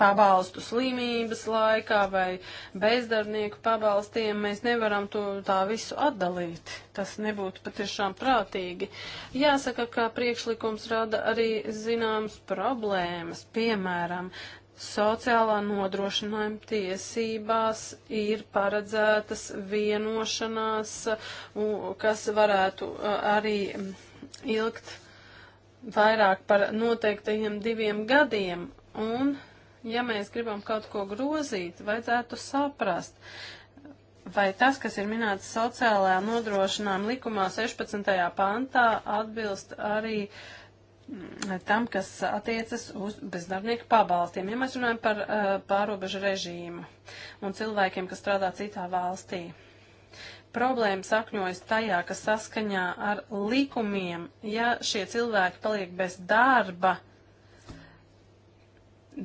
pabalstu slimības laikā vai bezdarbnieku pabalstiem, mēs nevaram to tā visu atdalīt. Tas nebūtu patiešām prātīgi. Jāsaka, ka priekšlikums rada arī zināmas problēmas. Piemēram, sociālā nodrošinājuma tiesībās ir paredzētas vienošanās, kas varētu uh, arī ilgt vairāk par noteiktajiem diviem gadiem. Un ja mēs gribam kaut ko grozīt, vajadzētu saprast, vai tas, kas ir minēts sociālajā nodrošinājuma likumā 16. pantā, atbilst arī mm, tam, kas attiecas uz bezdarbnieku pabalstiem. Ja mēs runājam par uh, pārobežu režīmu un cilvēkiem, kas strādā citā valstī, problēma sakņojas tajā, ka saskaņā ar likumiem, ja šie cilvēki paliek bez darba,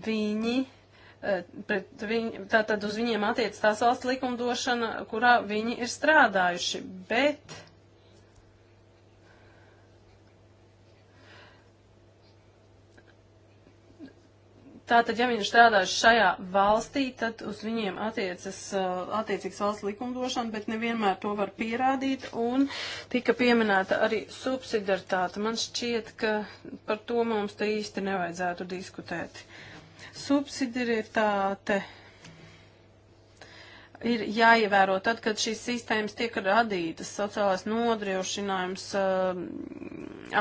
viņi eh, pret viņu, tātad uz viņiem attiec tās valsts likumdošana, kurā viņi ir strādājuši, bet tātad, ja viņi ir strādājuši šajā valstī, tad uz viņiem attiecas eh, attiecīgs valsts likumdošana, bet nevienmēr to var pierādīt, un tika pieminēta arī subsidiartāte. Man šķiet, ka par to mums te īsti nevajadzētu diskutēt. Uh, Subsidiaritāte ir jāievēro tad, kad šīs sistēmas tiek radītas, sociālās nodrošinājums, eh,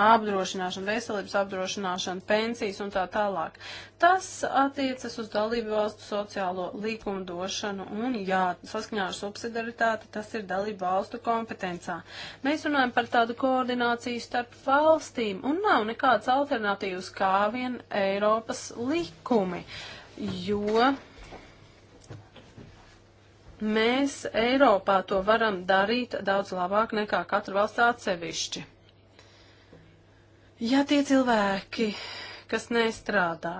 apdrošināšana, veselības apdrošināšana, pensijas un tā tālāk. Tas attiecas uz dalību valstu sociālo likumdošanu un, jā, saskaņā ar subsidaritāti, tas ir dalību valstu kompetencā. Mēs runājam par tādu koordināciju starp valstīm un nav nekādas alternatīvas kā vien Eiropas likumi, jo Mēs Eiropā to varam darīt daudz labāk nekā katra valsts atsevišķi. Ja tie cilvēki, kas nestrādā,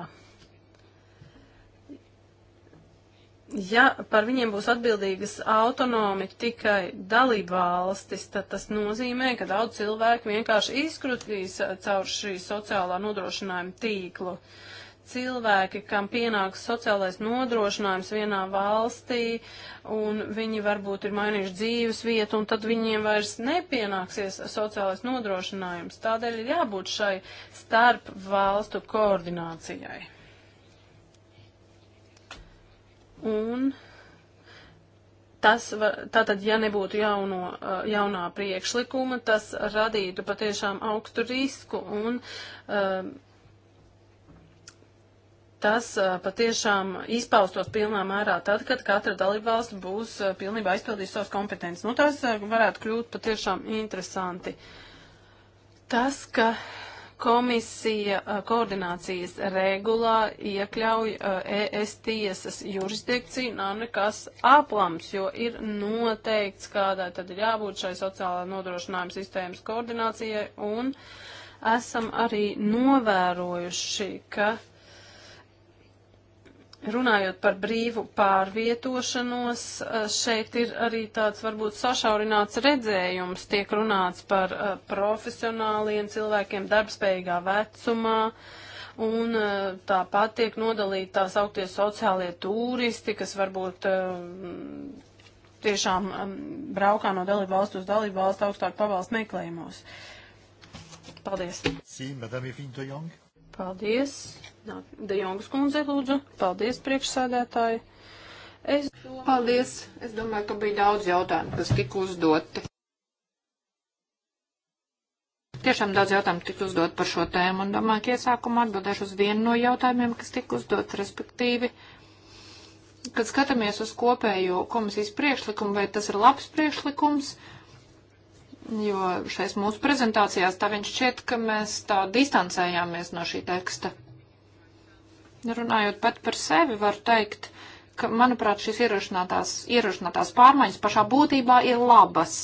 ja par viņiem būs atbildīgas autonomi tikai dalībvalstis, tad tas nozīmē, ka daudz cilvēku vienkārši izkrutīs caur šī sociālā nodrošinājuma tīklu. Uh, cilvēki, kam pienāks sociālais nodrošinājums vienā valstī, un viņi varbūt ir mainījuši dzīves vietu, un tad viņiem vairs nepienāksies sociālais nodrošinājums. Tādēļ ir jābūt šai starp valstu koordinācijai. Un tas, tātad, ja nebūtu jauno, uh, jaunā priekšlikuma, tas radītu patiešām augstu risku un uh, tas patiešām izpaustos pilnā mērā tad, kad katra dalībvalsts būs pilnībā aizpildījusi savas kompetences. Nu, tas varētu kļūt patiešām interesanti. Tas, ka komisija koordinācijas regulā iekļauj ES tiesas jurisdikciju, nav nekas aplams, jo ir noteikts, kādai tad ir jābūt šai sociālā nodrošinājuma sistēmas koordinācijai, un esam arī novērojuši, ka Runājot par brīvu pārvietošanos, eh, šeit ir arī tāds varbūt sašaurināts redzējums, tiek runāts par eh, profesionāliem cilvēkiem darbspējīgā vecumā, un eh, tāpat tiek nodalīti tās augtie sociālie turisti, kas varbūt tiešām mm, braukā no dalību valstu uz dalību valstu augstāk pabalstu meklējumos. Paldies. Paldies. De Jongas kundze, lūdzu. Paldies, priekšsēdētāji. Es... Paldies. Es domāju, ka bija daudz jautājumu, kas tika uzdoti. Tiešām daudz jautājumu tika uzdot par šo tēmu, un domāju, ka iesākumā atbildēšu uz vienu no jautājumiem, kas tika uzdot, respektīvi, kad skatāmies uz kopējo komisijas priekšlikumu, vai tas ir labs priekšlikums, jo šais mūsu prezentācijās tā viņš šķiet, ka mēs tā distancējāmies no šī teksta. Runājot pat par sevi, var teikt, ka, manuprāt, šīs ierošanātās, ierošanātās pārmaiņas pašā būtībā ir labas,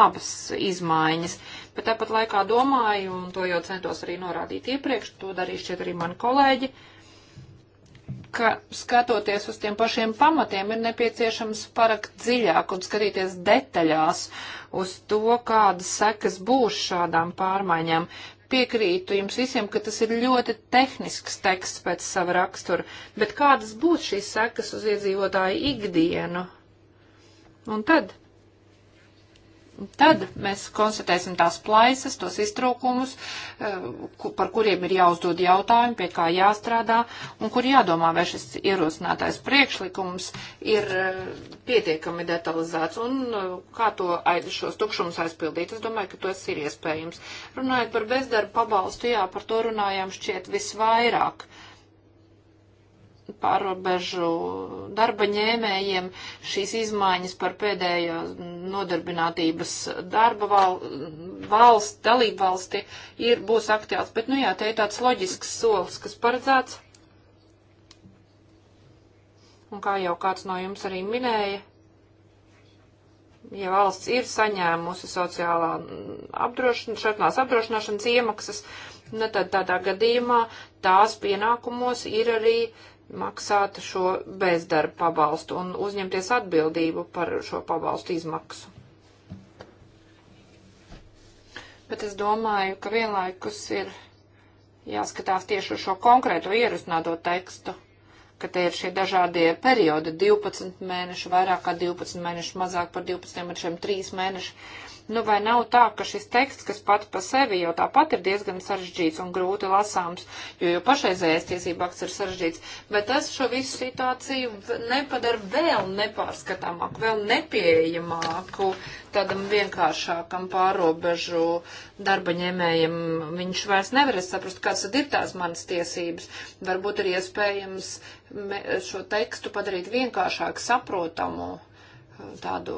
labas izmaiņas. Bet tāpat laikā domāju, un to jau centos arī norādīt iepriekš, to darīs šķiet arī mani kolēģi, ka skatoties uz tiem pašiem pamatiem, ir nepieciešams parakt dziļāk un skatīties detaļās uz to, kādas sekas būs šādām pārmaiņām piekrītu jums visiem, ka tas ir ļoti tehnisks teksts pēc sava rakstura, bet kādas būtu šīs sekas uz iedzīvotāju ikdienu? Un tad Tad mēs konstatēsim tās plaisas, tos iztrūkumus, eh, par kuriem ir jāuzdod jautājumi, pie kā jāstrādā un kur jādomā, vai šis ierosinātais priekšlikums ir eh, pietiekami detalizēts un eh, kā to šos tukšumus aizpildīt. Es domāju, ka tas ir iespējams. Runājot par bezdarba pabalstu, jā, par to runājām šķiet visvairāk. Uh, pārobežu darba ņēmējiem šīs izmaiņas par pēdējo nodarbinātības darba val, valsts, dalību valsti ir, būs aktuāls. Bet, nu jā, te ir tāds loģisks solis, kas paredzēts. Un kā jau kāds no jums arī minēja, ja valsts ir saņēmusi sociālā apdrošināšanās, apdrošināšanas iemaksas, nu tad tādā gadījumā tās pienākumos ir arī uh, maksāt šo bezdarba pabalstu un uzņemties atbildību par šo pabalstu izmaksu. Bet es domāju, ka vienlaikus ir jāskatās tieši uz šo konkrēto ierosināto tekstu, ka te ir šie dažādie periodi - 12 mēneši, vairāk kā 12 mēneši, mazāk par 12 mēnešiem, 3 mēneši. Nu, vai nav tā, ka šis teksts, kas pat pa sevi jau tāpat ir diezgan sarežģīts un grūti lasāms, jo jau pašreizējais tiesība akts ir sarežģīts, vai tas šo visu situāciju nepadara vēl nepārskatāmāku, vēl nepieejamāku tādam vienkāršākam pārobežu darba ņēmējam? Viņš vairs nevarēs saprast, kāds tad ir tās manas tiesības. Varbūt ir iespējams šo tekstu padarīt vienkāršāku, saprotamu tādu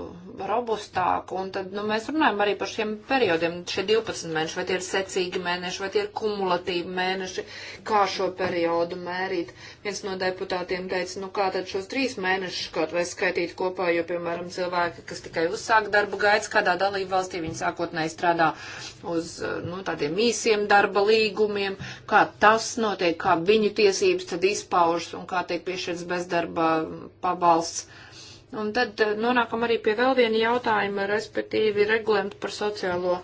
robustāku, un tad, nu, mēs runājam arī par šiem periodiem, šie 12 mēneši, vai tie ir secīgi mēneši, vai tie ir kumulatīvi mēneši, kā šo periodu mērīt. Viens no deputātiem teica, nu, kā tad šos trīs mēnešus kaut vai skaitīt kopā, jo, piemēram, cilvēki, kas tikai uzsāk darbu gaids, kādā dalību valstī viņi sākotnēji strādā uz, nu, tādiem īsiem darba līgumiem, kā tas notiek, kā viņu tiesības tad izpaužas un kā tiek piešķirts bezdarba pabalsts Un tad eh, nonākam arī pie vēl viena jautājuma, respektīvi regulējumu par sociālo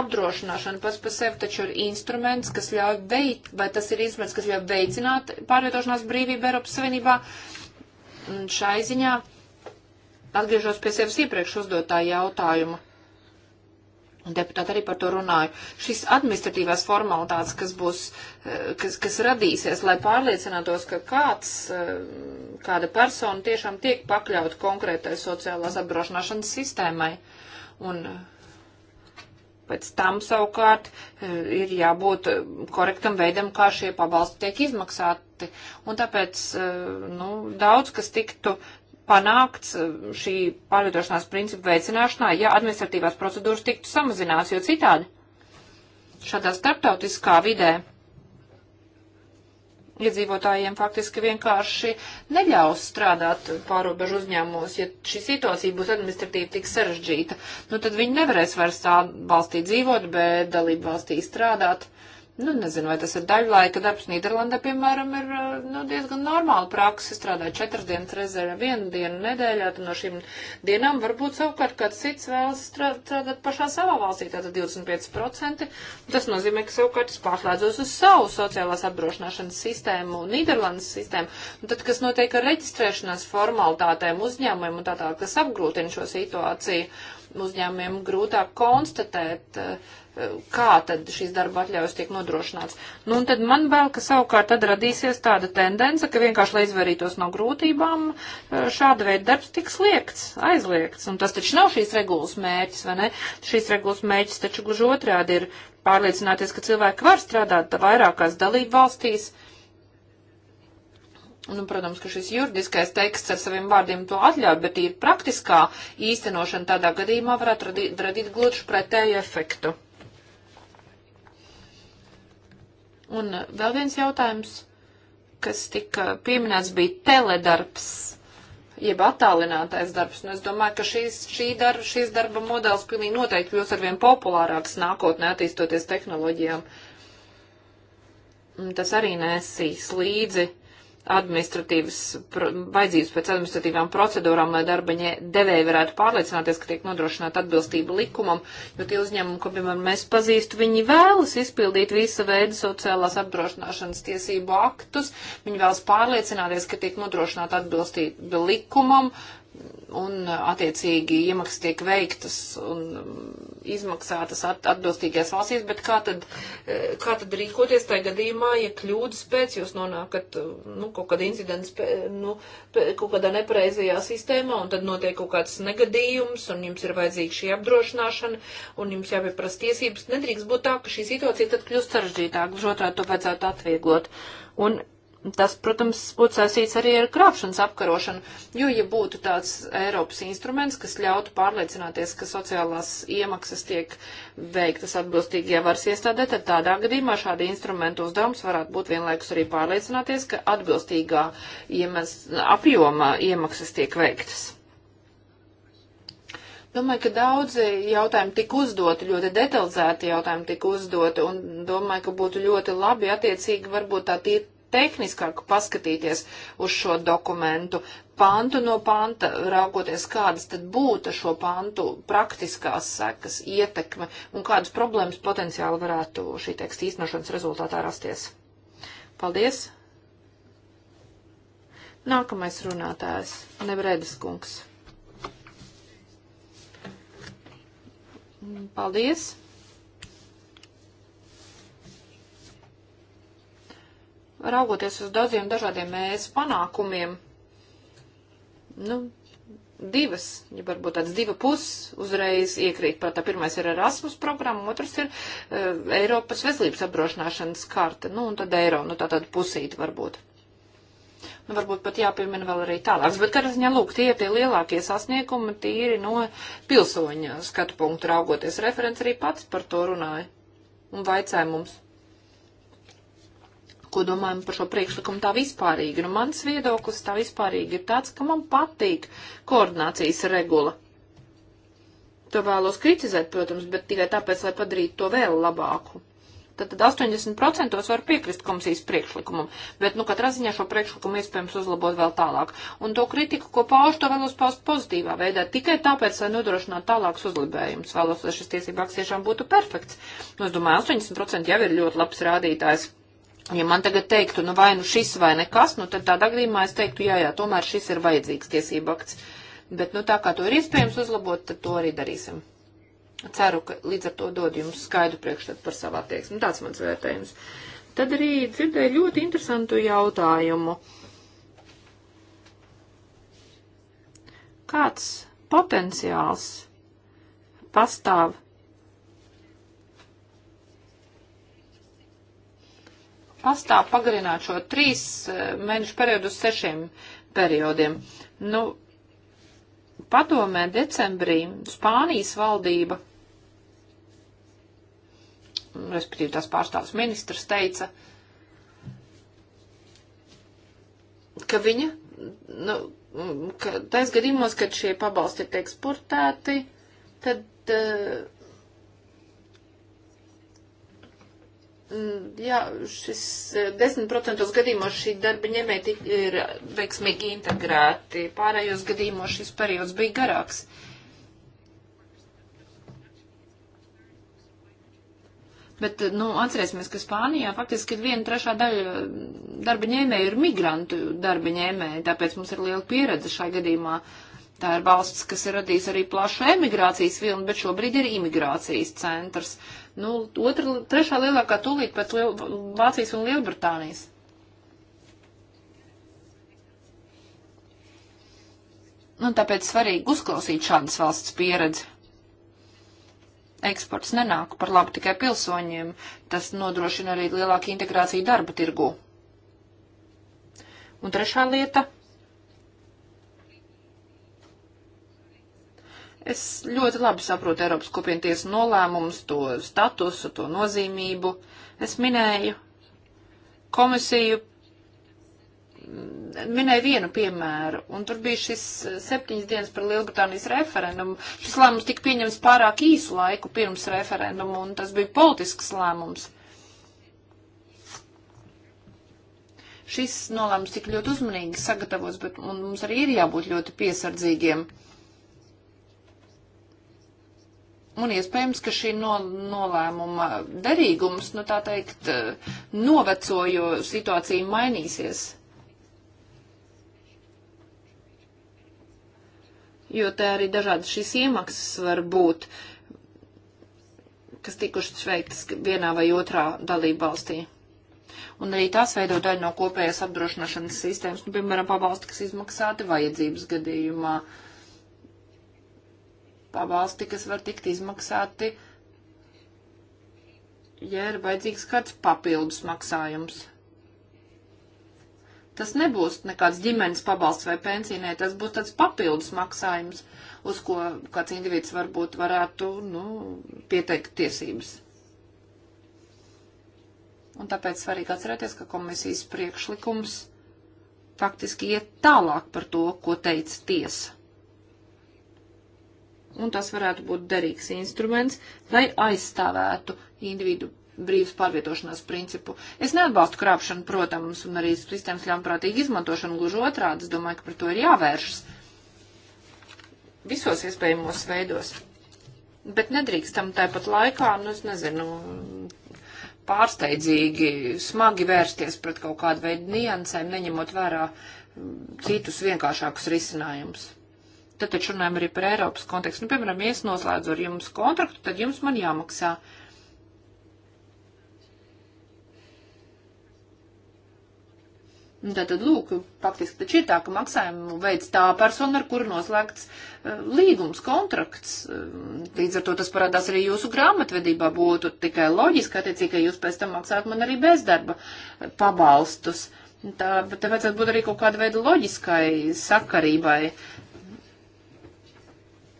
apdrošināšanu. Pats par sevi taču ir instruments, kas ļauj veikt, vai tas ir instruments, kas ļauj veicināt pārvietošanās brīvību Eiropas Savienībā. Un šai ziņā atgriežos pie sevis iepriekš uzdotā jautājuma. Un deputāti arī par to runāja. Šis administratīvās formalitātes, kas būs, eh, kas, kas radīsies, lai pārliecinātos, ka kāds, eh, kāda persona tiešām tiek pakļaut konkrētai sociālās apdrošināšanas sistēmai. Un eh, pēc tam savukārt ir jābūt korektam veidam, kā šie pabalsti tiek izmaksāti. Un tāpēc, nu, daudz, kas tiktu panākts eh, šī pārvietošanās principu veicināšanā, ja administratīvās procedūras tiktu samazināts, jo citādi šādā starptautiskā vidē iedzīvotājiem faktiski vienkārši neļaus strādāt pārobežu uzņēmumos, ja šī situācija būs administratīvi tik sarežģīta. Nu, tad viņi nevarēs vairs tā valstī dzīvot, bet dalību valstī strādāt. Nu, nezinu, vai tas ir daļlaika darbs. Nīderlandē, piemēram, ir eh, nu, diezgan normāla praksa strādāt četras dienas reizē, vienu dienu nedēļā. Tad no šīm dienām varbūt savukārt kāds cits vēlas strādāt pašā savā valstī, tātad 25%. Tas nozīmē, ka savukārt es pārslēdzos uz savu sociālās apdrošināšanas sistēmu, Nīderlandes sistēmu. Un tad, kas notiek ar reģistrēšanās formalitātēm uzņēmumiem un tā tālāk, kas apgrūtina šo situāciju, uzņēmumiem grūtāk konstatēt. Uh, kā tad šīs darba atļaujas tiek nodrošināts. Nu, un tad man vēl, ka savukārt tad radīsies tāda tendence, ka vienkārši, lai izvairītos no grūtībām, eh, šāda veida darbs tiks liekts, aizliegts. Un tas taču nav šīs regulas mērķis, vai ne? Šīs regulas mērķis taču gluži otrādi ir pārliecināties, ka cilvēki var strādāt vairākās dalību valstīs. Nu, protams, ka šis juridiskais teksts ar saviem vārdiem to atļauj, bet ir praktiskā īstenošana tādā gadījumā varētu radīt, radīt gluži pretēju efektu. Un uh, vēl viens jautājums, kas tika pieminēts, bija teledarbs, jeb attālinātais darbs. Un nu, es domāju, ka šīs, šī darba, šīs darba modelis pilnīgi noteikti kļūs arvien populārāks nākotnē attīstoties tehnoloģijām. Un tas arī nesīs līdzi administratīvas, vajadzības pēc administratīvām procedūrām, lai darba devēji varētu pārliecināties, ka tiek nodrošināta atbilstība likumam, jo tie uzņēmumi, ko, piemēram, mēs pazīstu, viņi vēlas izpildīt visa veida sociālās apdrošināšanas tiesību aktus, viņi vēlas pārliecināties, ka tiek nodrošināta atbilstība likumam, uh, un attiecīgi iemaksas tiek veiktas un um, izmaksātas at, atbilstīgajās valstīs, bet kā tad, eh, kā tad rīkoties tajā gadījumā, ja kļūdas pēc jūs nonākat, um, nu, kaut kāda incidents, nu, kaut kādā nepareizajā sistēmā, un tad notiek kaut kāds negadījums, un jums ir vajadzīga šī apdrošināšana, un jums jāpieprasa tiesības. Nedrīkst būt tā, ka šī situācija tad kļūst sarežģītāka, otrā to vajadzētu atvieglot. Un tas, protams, būtu saistīts arī ar krāpšanas apkarošanu, jo, ja būtu tāds Eiropas instruments, kas ļautu pārliecināties, ka sociālās iemaksas tiek veiktas atbilstīgajā varas iestādē, tad tādā gadījumā šāda instrumenta uzdevums varētu būt vienlaikus arī pārliecināties, ka atbilstīgā iemes, apjoma iemaksas tiek veiktas. Domāju, ka daudzi jautājumi tika uzdoti, ļoti detalizēti jautājumi tika uzdoti, un domāju, ka būtu ļoti labi attiecīgi varbūt tā tie tehniskāk paskatīties uz šo dokumentu, pantu no panta, raugoties, kādas tad būtu šo pantu praktiskās sekas, ietekme un kādas problēmas potenciāli varētu šī teksta īstenošanas rezultātā rasties. Paldies! Nākamais runātājs - Nevredes kungs. Paldies! raugoties uz daudziem dažādiem mēs panākumiem, nu, divas, ja varbūt tāds divi puses uzreiz iekrīt. Protams, pirmais ir Erasmus programma, otrs ir uh, Eiropas veselības apdrošināšanas karta, nu, un tad eiro, nu, tā tad pusīti varbūt. Nu, varbūt pat jāpiemina vēl arī tālāks, bet katrā ziņā, lūk, tie ir tie lielākie sasniegumi tīri no pilsoņa skatu punktu raugoties. Referents arī pats par to runāja un vaicāja mums ko domājam par šo priekšlikumu tā vispārīgi. Nu, mans viedoklis tā vispārīgi ir tāds, ka man patīk koordinācijas regula. To vēlos kritizēt, protams, bet tikai tāpēc, lai padarītu to vēl labāku. Tad, tad 80% var piekrist komisijas priekšlikumam, bet, nu, katrā ziņā šo priekšlikumu iespējams uzlabot vēl tālāk. Un to kritiku, ko pauž, to vēlos paust pozitīvā veidā, tikai tāpēc, lai nodrošinātu tālākus uzlabējumus. Vēlos, lai šis tiesība akts tiešām būtu perfekts. Nu, es domāju, 80% jau ir ļoti labs rādītājs. Ja man tagad teiktu, nu vai nu šis vai nekas, nu tad tādā gadījumā es teiktu, jā, jā, tomēr šis ir vajadzīgs tiesība akts. Bet, nu tā kā to ir iespējams uzlabot, tad to arī darīsim. Ceru, ka līdz ar to dod jums skaidru priekšstatu par savā tieksmi. Tāds mans vērtējums. Tad arī dzirdēju ļoti interesantu jautājumu. Kāds potenciāls pastāv pastāv pagarināt šo trīs eh, mēnešu periodu uz sešiem periodiem. Nu, padomē decembrī Spānijas valdība, respektīvi tās pārstāvs ministrs teica, ka viņa, nu, ka taisa gadījumos, kad šie pabalsti tiek eksportēti, tad uh, Mm, jā, šis 10% eh, gadījumos šī darba ņemēji ir veiksmīgi integrēti, pārējos gadījumos šis periods bija garāks. Bet, eh, nu, atcerēsimies, ka Spānijā faktiski viena trešā daļa mm, darba ņēmēja ir migrantu darba ņēmēja, tāpēc mums ir liela pieredze šai gadījumā. Tā ir valsts, kas ir radījis arī plašu emigrācijas vilni, bet šobrīd ir imigrācijas centrs. Uh, nu, otra, trešā lielākā tūlīt pēc Liel Vācijas un Lielbritānijas. Nu, un tāpēc svarīgi uzklausīt šādas valsts pieredzi. Eksports nenāk par labu tikai pilsoņiem, tas nodrošina arī lielāku integrāciju darba tirgu. Un trešā lieta Es ļoti labi saprotu Eiropas kopienu tiesu nolēmumus, to statusu, to nozīmību. Es minēju komisiju, mm, minēju vienu piemēru, un tur bija šis eh, septiņas dienas par Lielbritānijas referendumu. Šis lēmums tika pieņems pārāk īsu laiku pirms referendumu, un tas bija politisks lēmums. Šis nolēmums tika ļoti uzmanīgi sagatavots, bet mums arī ir jābūt ļoti piesardzīgiem. Uh, Un iespējams, ka šī no, nolēmuma derīgums, nu tā teikt, noveco, jo situācija mainīsies. Jo te arī dažādi šīs iemaksas var būt, kas tikušas veiktas vienā vai otrā dalība valstī. Un arī tās veido daļu no kopējās apdrošināšanas sistēmas, nu, piemēram, pabalsti, kas izmaksāti vajadzības gadījumā. Uh, pabalsti, kas var tikt izmaksāti, ja ir vajadzīgs kāds papildus maksājums. Tas nebūs nekāds ģimenes pabalsts vai pensīnē, tas būs tāds papildus maksājums, uz ko kāds individs varbūt varētu, nu, pieteikt tiesības. Un tāpēc svarīgi atcerēties, ka komisijas priekšlikums faktiski iet tālāk par to, ko teica tiesa un tas varētu būt derīgs instruments, lai aizstāvētu individu brīvas pārvietošanās principu. Es neatbalstu krāpšanu, protams, un arī sistēmas ļaunprātīgu izmantošanu, gluži otrādi, es domāju, ka par to ir jāvēršas visos iespējamos veidos. Bet nedrīkstam tāpat laikā, nu, es nezinu, pārsteidzīgi, smagi vērsties pret kaut kādu veidu niansēm, neņemot vērā citus vienkāršākus risinājumus. Te taču runājam arī par Eiropas kontekstu. Nu, piemēram, ja es noslēdzu ar jums kontraktu, tad jums man jāmaksā. Tātad, lūk, faktiski taču ir tā, ka maksājumu veids tā persona, ar kuru noslēgts uh, līgums, kontrakts. Uh, līdz ar to tas parādās arī jūsu grāmatvedībā. Būtu tikai loģiski, attiecīgi, ka jūs pēc tam maksātu man arī bezdarba eh, pabalstus. Tā, bet te vajadzētu būt arī kaut kāda veida loģiskai sakarībai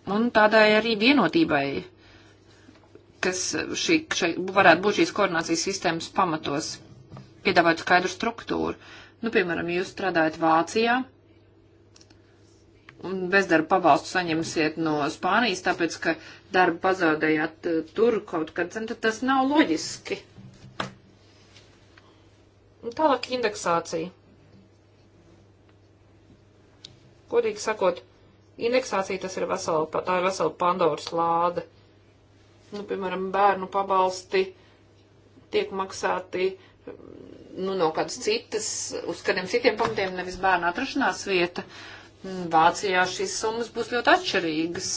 Un tādai arī vienotībai, kas šī, šai, varētu būt šīs koordinācijas sistēmas pamatos, piedāvāt skaidru struktūru. Nu, piemēram, jūs strādājat Vācijā, un bezdarba pabalstu saņemsiet no Spānijas, tāpēc, ka darbu pazaudējāt eh, tur kaut kad, tad tas nav loģiski. Un tālāk indeksācija. Godīgi sakot, Indeksācija tas ir vesela, tā ir vesela Pandoras lāde. Nu, piemēram, bērnu pabalsti tiek maksāti nu, no kādas citas, uz kādiem citiem pamatiem, nevis bērnu atrašanās vieta. Mm, Vācijā šīs summas būs ļoti atšķirīgas.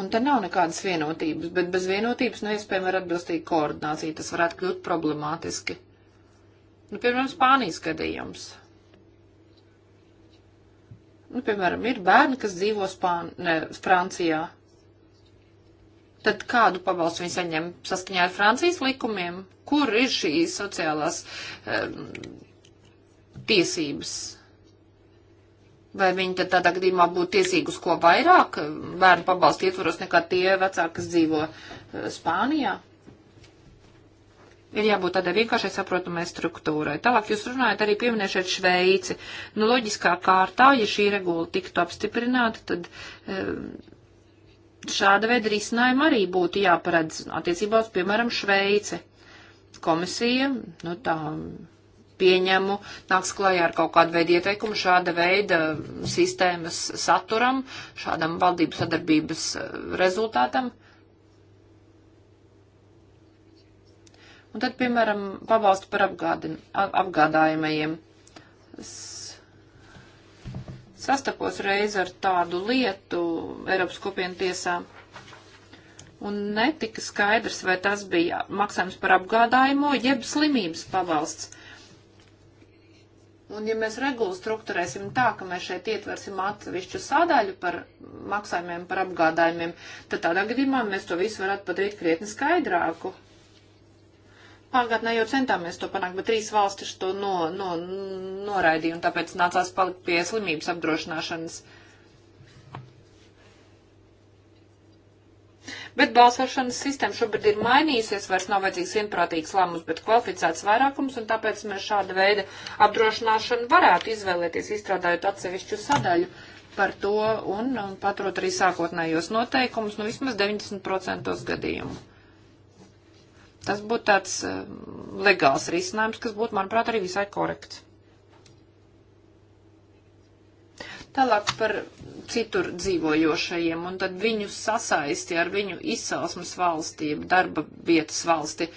Un te nav nekādas vienotības, bet bez vienotības neiespējama ar atbilstīgu koordināciju. Tas varētu kļūt problemātiski. Nu, piemēram, Spānijas gadījums. Nu, piemēram, ir bērni, kas dzīvo Spān... ne, Francijā. Tad kādu pabalstu viņi saņem saskaņā ar Francijas likumiem? Kur ir šīs sociālās um, tiesības? Vai viņi tad tādā gadījumā būtu tiesīgi uz ko vairāk bērnu pabalstu ietvaros nekā tie vecāki, kas dzīvo eh, Spānijā? ir jābūt tādai vienkāršai saprotamai struktūrai. Tālāk jūs runājat arī pieminēšot Šveici. Nu, loģiskā kārtā, ja šī regula tiktu apstiprināta, tad eh, šāda veida risinājuma arī būtu jāparedz attiecībā uz, piemēram, Šveici. Komisija, nu tā pieņemu, nāks klajā ar kaut kādu veidu ieteikumu šāda veida sistēmas saturam, šādam valdības sadarbības eh, rezultātam. Uh, Un tad, piemēram, pabalstu par apgādi, apgādājumajiem. Sastapos reiz ar tādu lietu Eiropas kopienu tiesā, un netika skaidrs, vai tas bija maksājums par apgādājumu, jeb slimības pabalsts. Un ja mēs regulu struktūrēsim tā, ka mēs šeit ietversim atsevišķu sādaļu par maksājumiem, par apgādājumiem, tad tādā gadījumā mēs to visu varētu padarīt krietni skaidrāku. Pagātnē jau centāmies to panākt, bet trīs valstis to no, no, noraidīja un tāpēc nācās palikt pie slimības apdrošināšanas. Bet balsošanas sistēma šobrīd ir mainījusies, vairs nav vajadzīgs vienprātīgs lēmums, bet kvalificēts vairākums, un tāpēc mēs šāda veida apdrošināšanu varētu izvēlēties, izstrādājot atsevišķu sadaļu par to un, un paturot arī sākotnējos noteikumus, nu vismaz 90% gadījumu. Tas būtu tāds eh, legāls risinājums, kas būtu, manuprāt, arī visai korekts. Tālāk par citur dzīvojošajiem un tad viņu sasaisti ar viņu izcelsmes valstīm, darba vietas valsti.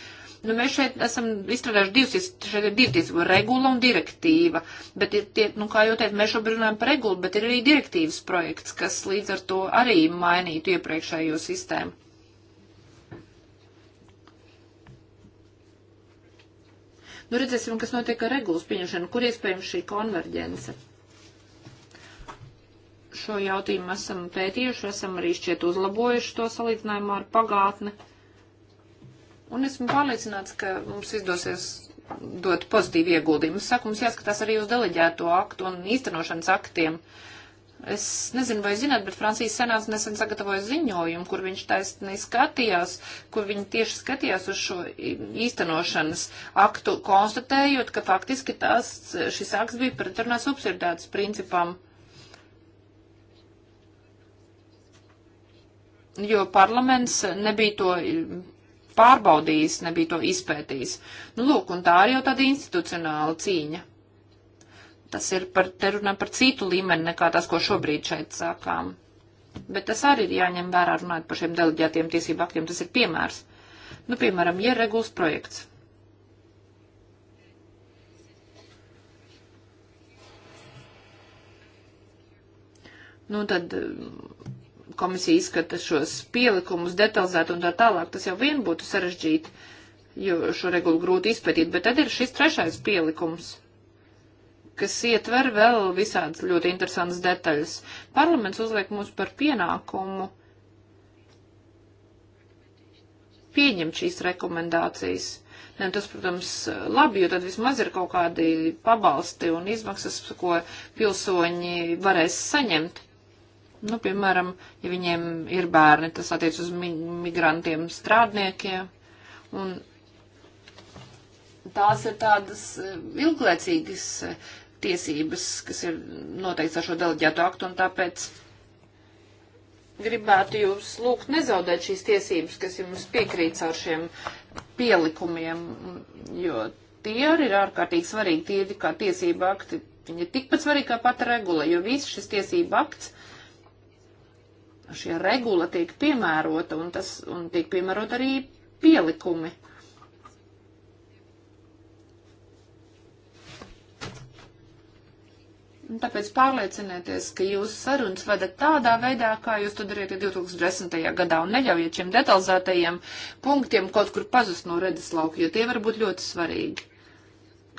Nu, mēs šeit esam izstrādājuši divas, šeit ir divi tiesību regula un direktīva, bet ir tie, nu, kā jau teicu, mēs šobrīd runājam par regulu, bet ir arī direktīvas projekts, kas līdz ar to arī mainītu iepriekšējo sistēmu. Nu, redzēsim, kas notiek ar regulas pieņemšanu, kur iespējams šī konverģence. Šo jautājumu esam pētījuši, esam arī šķiet uzlabojuši to salīdzinājumā ar pagātni. Un esmu pārliecināts, ka mums izdosies dot pozitīvu ieguldījumu. Es saku, mums jāskatās arī uz deleģēto aktu un īstenošanas aktiem. Uh, Es nezinu, vai zināt, bet Francijas senāts nesen sagatavoja ziņojumu, kur viņš taisnīgi skatījās, kur viņi tieši skatījās uz šo īstenošanas aktu, konstatējot, ka faktiski tās, šis akts bija pretrunā subsidētas principam. Jo parlaments nebija to pārbaudījis, nebija to izpētījis. Nu, lūk, un tā ir jau tāda institucionāla cīņa. Tas ir par, te runājam par citu līmeni nekā tas, ko šobrīd šeit sākām. Bet tas arī ir jāņem vērā runājot par šiem deleģētiem tiesību aktiem. Tas ir piemērs. Nu, piemēram, ja regulas projekts. Nu, tad mm, komisija izskata šos pielikumus detalizēt un tā tālāk. Tas jau vien būtu sarežģīti, jo šo regulu grūti izpētīt. Bet tad ir šis trešais pielikums kas ietver vēl visādas ļoti interesantas detaļas. Parlaments uzliek mums par pienākumu pieņemt šīs rekomendācijas. Ne, tas, protams, labi, jo tad vismaz ir kaut kādi pabalsti un izmaksas, ko pilsoņi varēs saņemt. Nu, piemēram, ja viņiem ir bērni, tas attiec uz mi migrantiem strādniekiem. Un tās ir tādas eh, ilglēcīgas eh, tiesības, kas ir noteikts ar šo deleģētu aktu, un tāpēc gribētu jūs lūgt nezaudēt šīs tiesības, kas jums piekrīt ar šiem pielikumiem, jo tie arī ir ārkārtīgi svarīgi, tie ir kā tiesība akti, viņi ir tikpat svarīgi kā pata regula, jo viss šis tiesība akts, šie regula tiek piemērota, un, tas, un tiek piemērota arī pielikumi. Un tāpēc pārliecinieties, ka jūs sarunas vedat tādā veidā, kā jūs to darījat 2010. gadā, un neļaujiet šiem detalizētajiem punktiem kaut kur pazust no redzeslauka, jo tie var būt ļoti svarīgi.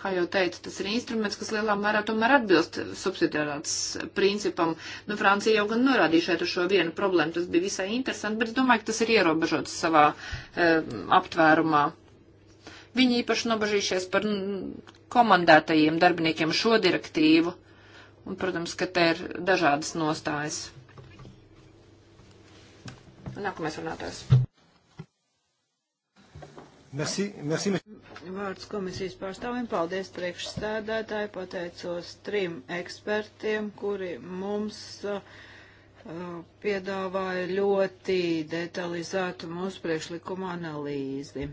Kā jau teicu, tas ir instruments, kas lielā mērā tomēr atbilst subsidiarāts principam. Nu, Francija jau gan norādīja šeit uz šo vienu problēmu, tas bija visai interesanti, bet es domāju, ka tas ir ierobežots savā e, aptvērumā. Viņi īpaši nobažījušies par mm, komandētajiem darbiniekiem šo direktīvu Un, protams, ka te ir dažādas nostājas. Nākamais runātājs. Merci, merci, merci. Vārds komisijas pārstāvim, paldies priekšstādētāji, pateicos trim ekspertiem, kuri mums uh, piedāvāja ļoti detalizētu mūsu priekšlikumu analīzi.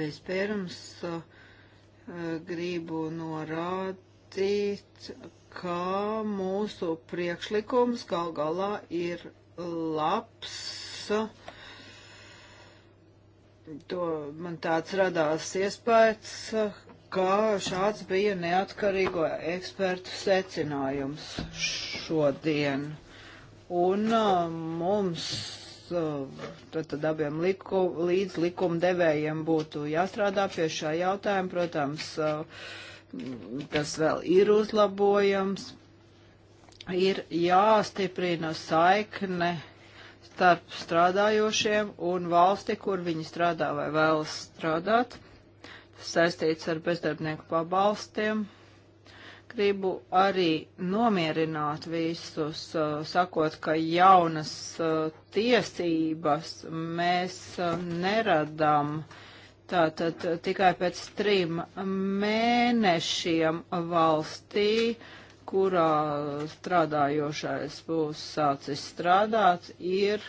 Vispirms uh, gribu norādīt sacīt, ka mūsu priekšlikums gal galā ir labs. To man tāds radās iespējas, ka šāds bija neatkarīgo ekspertu secinājums šodien. Un uh, mums uh, tad, tad abiem liku, līdz likumdevējiem būtu jāstrādā pie šā jautājuma, protams, uh, kas vēl ir uzlabojams, ir jāstiprina saikne starp strādājošiem un valsti, kur viņi strādā vai vēlas strādāt. Tas saistīts ar bezdarbnieku pabalstiem. Gribu arī nomierināt visus, uh, sakot, ka jaunas uh, tiesības mēs neradām uh, Tātad tikai pēc trim mēnešiem valstī, kurā strādājošais būs sācis strādāt, ir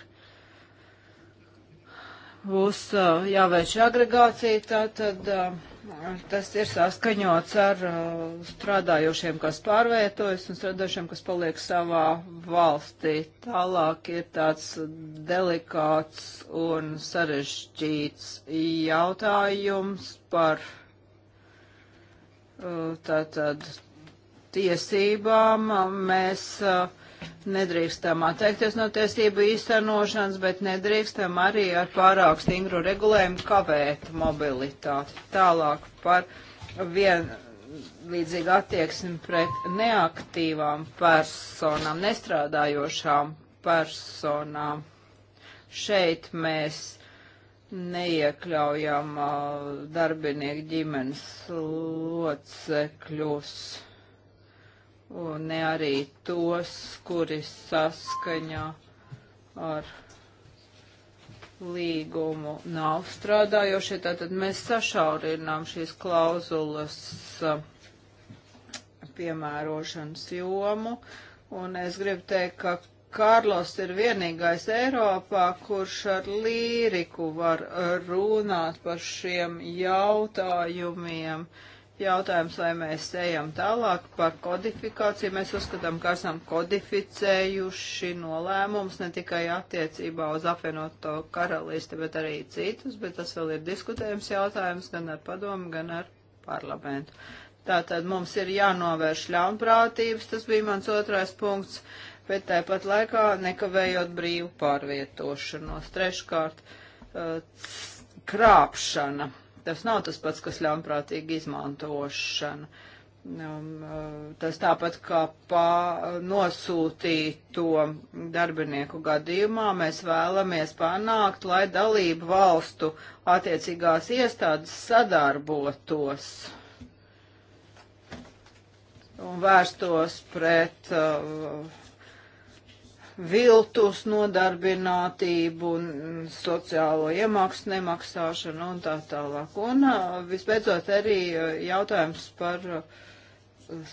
būs uh, jāveic agregācija, tātad. Uh, Tas ir saskaņots ar uh, strādājošiem, kas pārvietojas un strādājošiem, kas paliek savā valstī. Tālāk ir tāds delikāts un sarežģīts jautājums par uh, tātad tiesībām. Mēs uh, nedrīkstam atteikties no tiesību īstenošanas, bet nedrīkstam arī ar pārāk stingru regulējumu kavēt mobilitāti. Tālāk par vien līdzīgu attieksmi pret neaktīvām personām, nestrādājošām personām. Šeit mēs neiekļaujam uh, darbinieku ģimenes locekļus. Uh, un ne arī tos, kuri saskaņā ar līgumu nav strādājošie. Tātad mēs sašaurinām šīs klauzulas piemērošanas jomu, un es gribu teikt, ka Kārlos ir vienīgais Eiropā, kurš ar līriku var runāt par šiem jautājumiem. Uh, jautājums, vai mēs ejam tālāk par kodifikāciju. Mēs uzskatām, ka esam kodificējuši nolēmums ne tikai attiecībā uz apvienoto karalisti, bet arī citus, bet tas vēl ir diskutējums jautājums gan ar padomu, gan ar parlamentu. Tātad mums ir jānovērš ļaunprātības, tas bija mans otrais punkts, bet tāpat laikā nekavējot brīvu pārvietošanos. Treškārt, uh, krāpšana Tas nav tas pats, kas ļaunprātīga izmantošana. Um, uh, tas tāpat kā nosūtīto darbinieku gadījumā mēs vēlamies panākt, lai dalību valstu attiecīgās iestādes sadarbotos un vērstos pret uh, viltus nodarbinātību un sociālo iemaksu nemaksāšanu un tā tālāk. Un visbeidzot arī jautājums par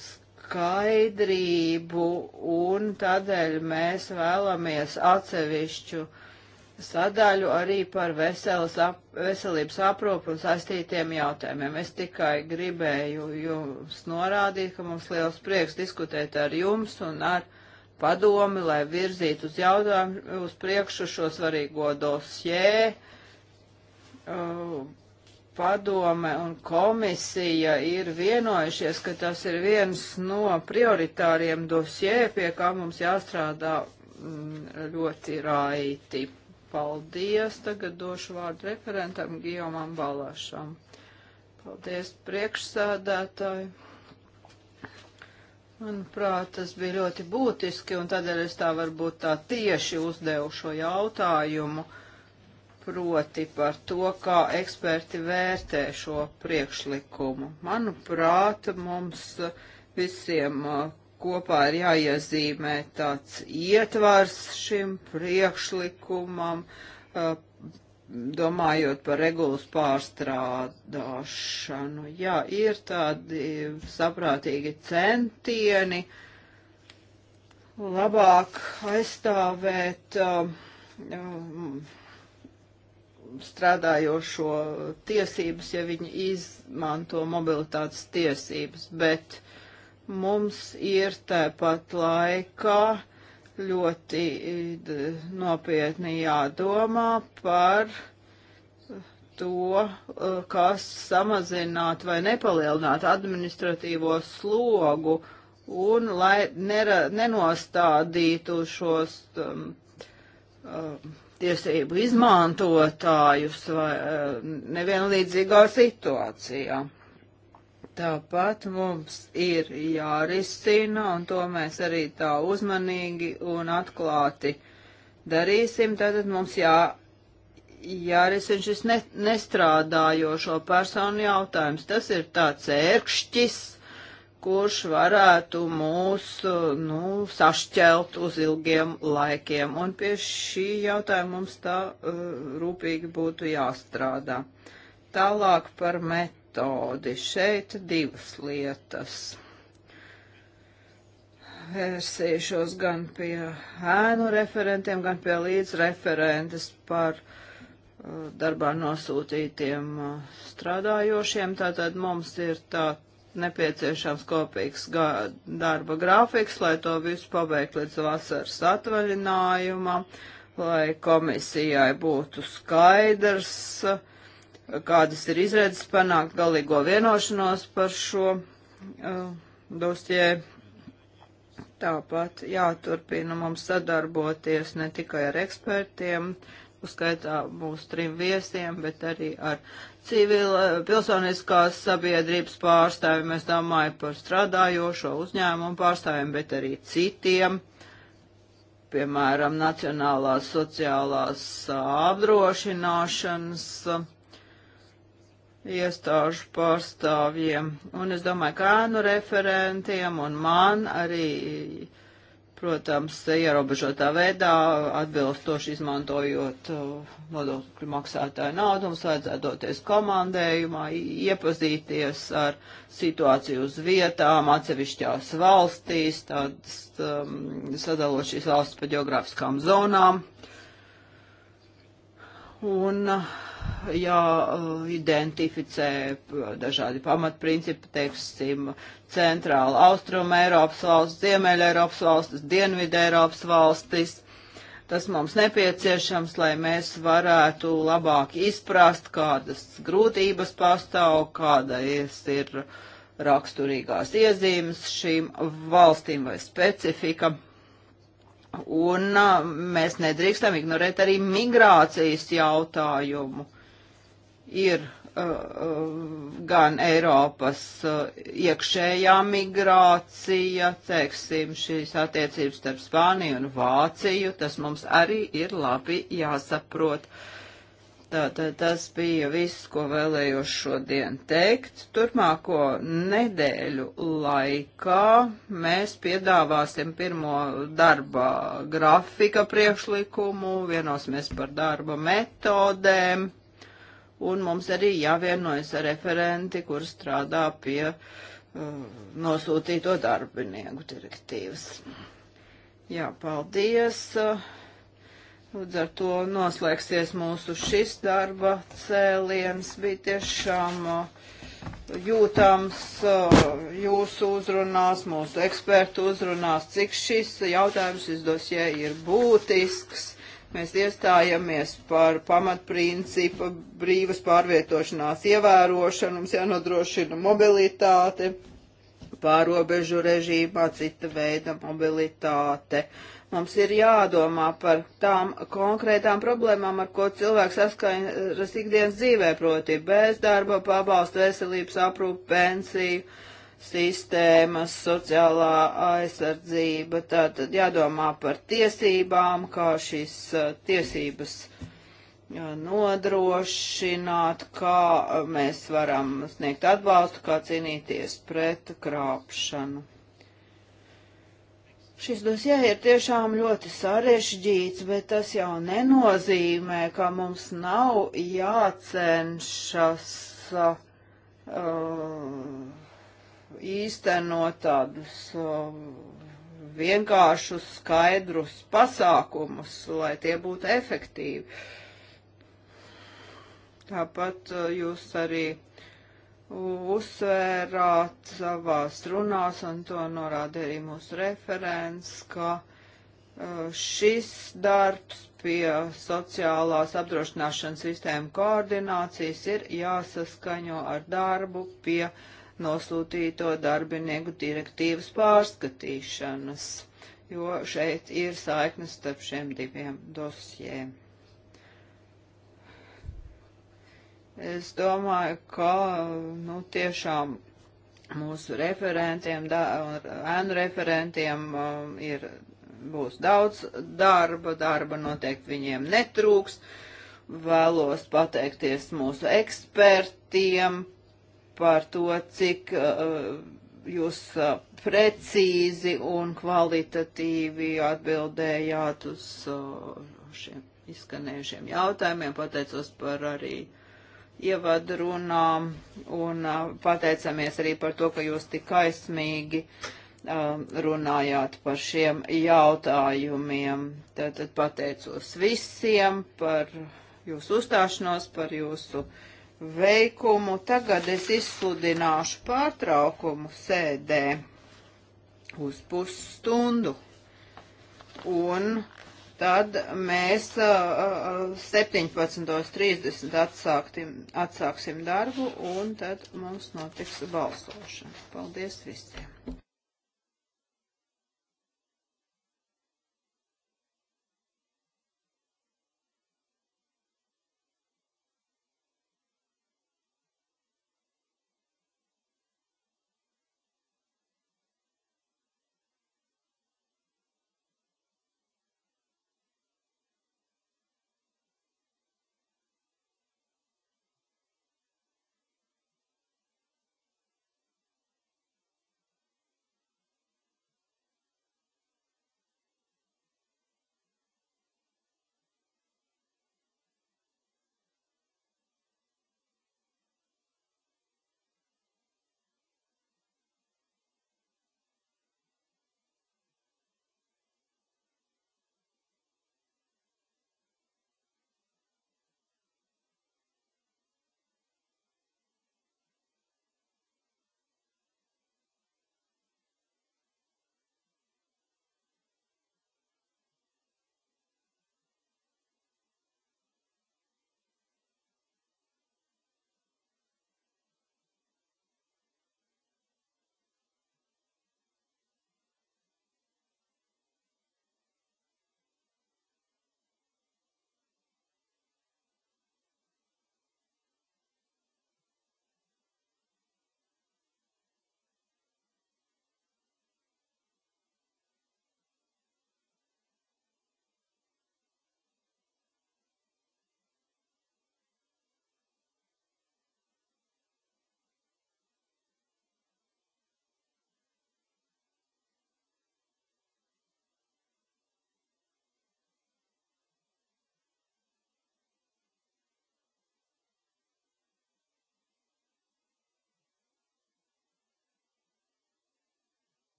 skaidrību un tādēļ mēs vēlamies atsevišķu sadaļu arī par veselas, ap, veselības aprūpu un saistītiem jautājumiem. Es tikai gribēju jums norādīt, ka mums liels prieks diskutēt ar jums un ar padomi, lai virzītu uz jautājumu uz priekšu šo svarīgo dosjē. Uh, padome un komisija ir vienojušies, ka tas ir viens no prioritāriem dosjē, pie kā mums jāstrādā mm, ļoti raiti. Paldies, tagad došu vārdu referentam Gijomam Balašam. Paldies, priekšsādātāji. Manuprāt, tas bija ļoti būtiski, un tādēļ es tā varbūt tā tieši uzdevu šo jautājumu, proti par to, kā eksperti vērtē šo priekšlikumu. Manuprāt, mums visiem uh, kopā ir jāiezīmē tāds ietvars šim priekšlikumam, uh, domājot par regulas pārstrādāšanu. Jā, ir tādi saprātīgi centieni labāk aizstāvēt um, um strādājošo tiesības, ja viņi izmanto mobilitātes tiesības, bet mums ir tāpat laikā ļoti eh, nopietni jādomā par to, eh, kas samazināt vai nepalielināt administratīvo slogu un lai nera, nenostādītu šos um, um, tiesību izmantotājus vai um, nevienlīdzīgā situācijā. Tāpat mums ir jārisina, un to mēs arī tā uzmanīgi un atklāti darīsim. Tātad mums jā, jārisina šis ne, nestrādājošo personu jautājums. Tas ir tāds ērkšķis, kurš varētu mūs nu, sašķelt uz ilgiem laikiem. Un pie šī jautājuma mums tā uh, rūpīgi būtu jāstrādā. Tālāk par metu metodi. Šeit divas lietas. Vērsīšos gan pie ēnu referentiem, gan pie līdzreferentes par uh, darbā nosūtītiem uh, strādājošiem. Tātad mums ir tā nepieciešams kopīgs darba grafiks, lai to visu pabeigtu līdz vasaras atvaļinājumam, lai komisijai būtu skaidrs, uh, kādas ir izredzes panākt galīgo vienošanos par šo uh, dosie. Tāpat jāturpina mums sadarboties ne tikai ar ekspertiem, uzskaitā nu, mūsu trim viesiem, bet arī ar civila uh, pilsoniskās sabiedrības pārstāvjiem, es domāju par strādājošo uzņēmumu pārstāvjiem, bet arī citiem piemēram, Nacionālās sociālās apdrošināšanas iestāžu pārstāvjiem. Un es domāju, ka ēnu referentiem un man arī, protams, ierobežotā veidā atbilstoši izmantojot uh, nodokļu maksātāju naudu, mums vajadzētu doties komandējumā, iepazīties ar situāciju uz vietām atsevišķās valstīs, tādas um, sadalot šīs valsts pa geogrāfiskām zonām. Un uh, jāidentificē uh, dažādi pamatprincipi, teiksim, centrāla austruma Eiropas valsts, ziemeļa Eiropas valstis, dienvidē Eiropas valstis. Tas mums nepieciešams, lai mēs varētu labāk izprast, kādas grūtības pastāv, kādas ir raksturīgās iezīmes šīm valstīm vai specifika. Un uh, mēs nedrīkstam ignorēt arī migrācijas jautājumu ir uh, uh, gan Eiropas uh, iekšējā migrācija, teiksim, šīs attiecības starp Spāniju un Vāciju, tas mums arī ir labi jāsaprot. Tātad tas bija viss, ko vēlējos šodien teikt. Turmāko nedēļu laikā mēs piedāvāsim pirmo darba grafika priekšlikumu, vienosimies par darba metodēm un mums arī jāvienojas ar referenti, kur strādā pie uh, nosūtīto darbinieku direktīvas. Jā, paldies. Līdz ar to noslēgsies mūsu šis darba cēliens. Bija tiešām uh, jūtams uh, jūsu uzrunās, mūsu ekspertu uzrunās, cik šis jautājums, šis dosie ir būtisks Mēs iestājamies par pamatprincipu brīvas pārvietošanās ievērošanu, mums jānodrošina mobilitāte, pārobežu režīmā cita veida mobilitāte. Mums ir jādomā par tām konkrētām problēmām, ar ko cilvēks saskaras ikdienas dzīvē, proti bezdarba, pabalstu, veselības aprūpu, pensiju sistēmas, sociālā aizsardzība, tātad jādomā par tiesībām, kā šīs uh, tiesības uh, nodrošināt, kā uh, mēs varam sniegt atbalstu, kā cīnīties pret krāpšanu. Šis dosjē ir tiešām ļoti sarežģīts, bet tas jau nenozīmē, ka mums nav jācenšas uh, īstenot tādus vienkāršus, skaidrus pasākumus, lai tie būtu efektīvi. Tāpat jūs arī uzsvērāt savās runās, un to norāda arī mūsu referents, ka šis darbs pie sociālās apdrošināšanas sistēmu koordinācijas ir jāsaskaņo ar darbu pie uh, nosūtīto darbinieku direktīvas pārskatīšanas, jo šeit ir saiknes starp šiem diviem dosjiem. Es domāju, ka nu, tiešām mūsu referentiem un ēnu referentiem um, ir, būs daudz darba, darba noteikti viņiem netrūks. Vēlos pateikties mūsu ekspertiem par to, cik uh, jūs uh, precīzi un kvalitatīvi atbildējāt uz uh, šiem izskanējušiem jautājumiem. Pateicos par arī ievadrunām un uh, pateicamies arī par to, ka jūs tik aizsmīgi um, runājāt par šiem jautājumiem. Tātad pateicos visiem par jūsu uzstāšanos, par jūsu uh, veikumu. Tagad es izsludināšu pārtraukumu sēdē uz pusstundu. Un tad mēs uh, 17.30 uh, atsāksim darbu un tad mums notiks balsošana. Paldies visiem!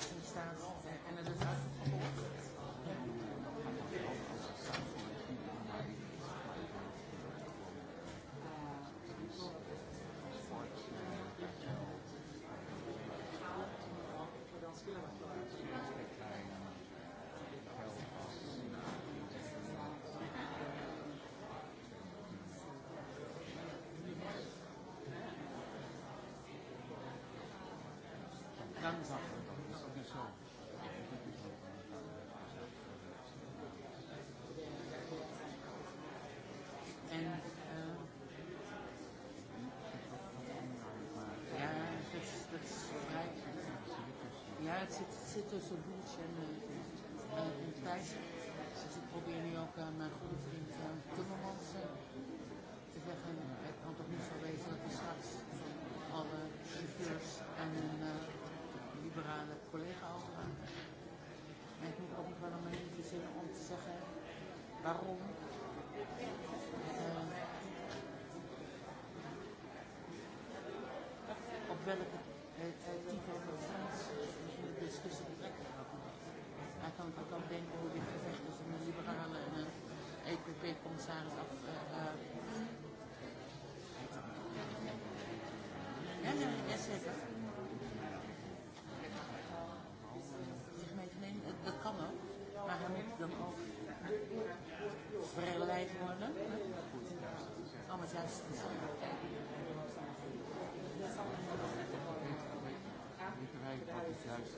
circumstances and, and at a zit tussen Boels en, uh, en Thijssen. Dus ik probeer nu ook aan mijn goede vriend uh, Timmermans uh, te zeggen, het kan toch niet zo wezen dat we straks alle chauffeurs aan een uh, liberale collega overgaan. En ik moet ook nog wel een manier verzinnen om te zeggen waarom uh, op welke uh, type van Althans, dat dat denk ik hoe dit gezegd is in de liberale en een EPP-commissaris af. Uh, ja, ja, ja, zeker. Zich mee te nemen, dat kan ook. Maar hij moet dan ook verleid worden. Om het juist te zeggen. Niet te wijken, dat is juist.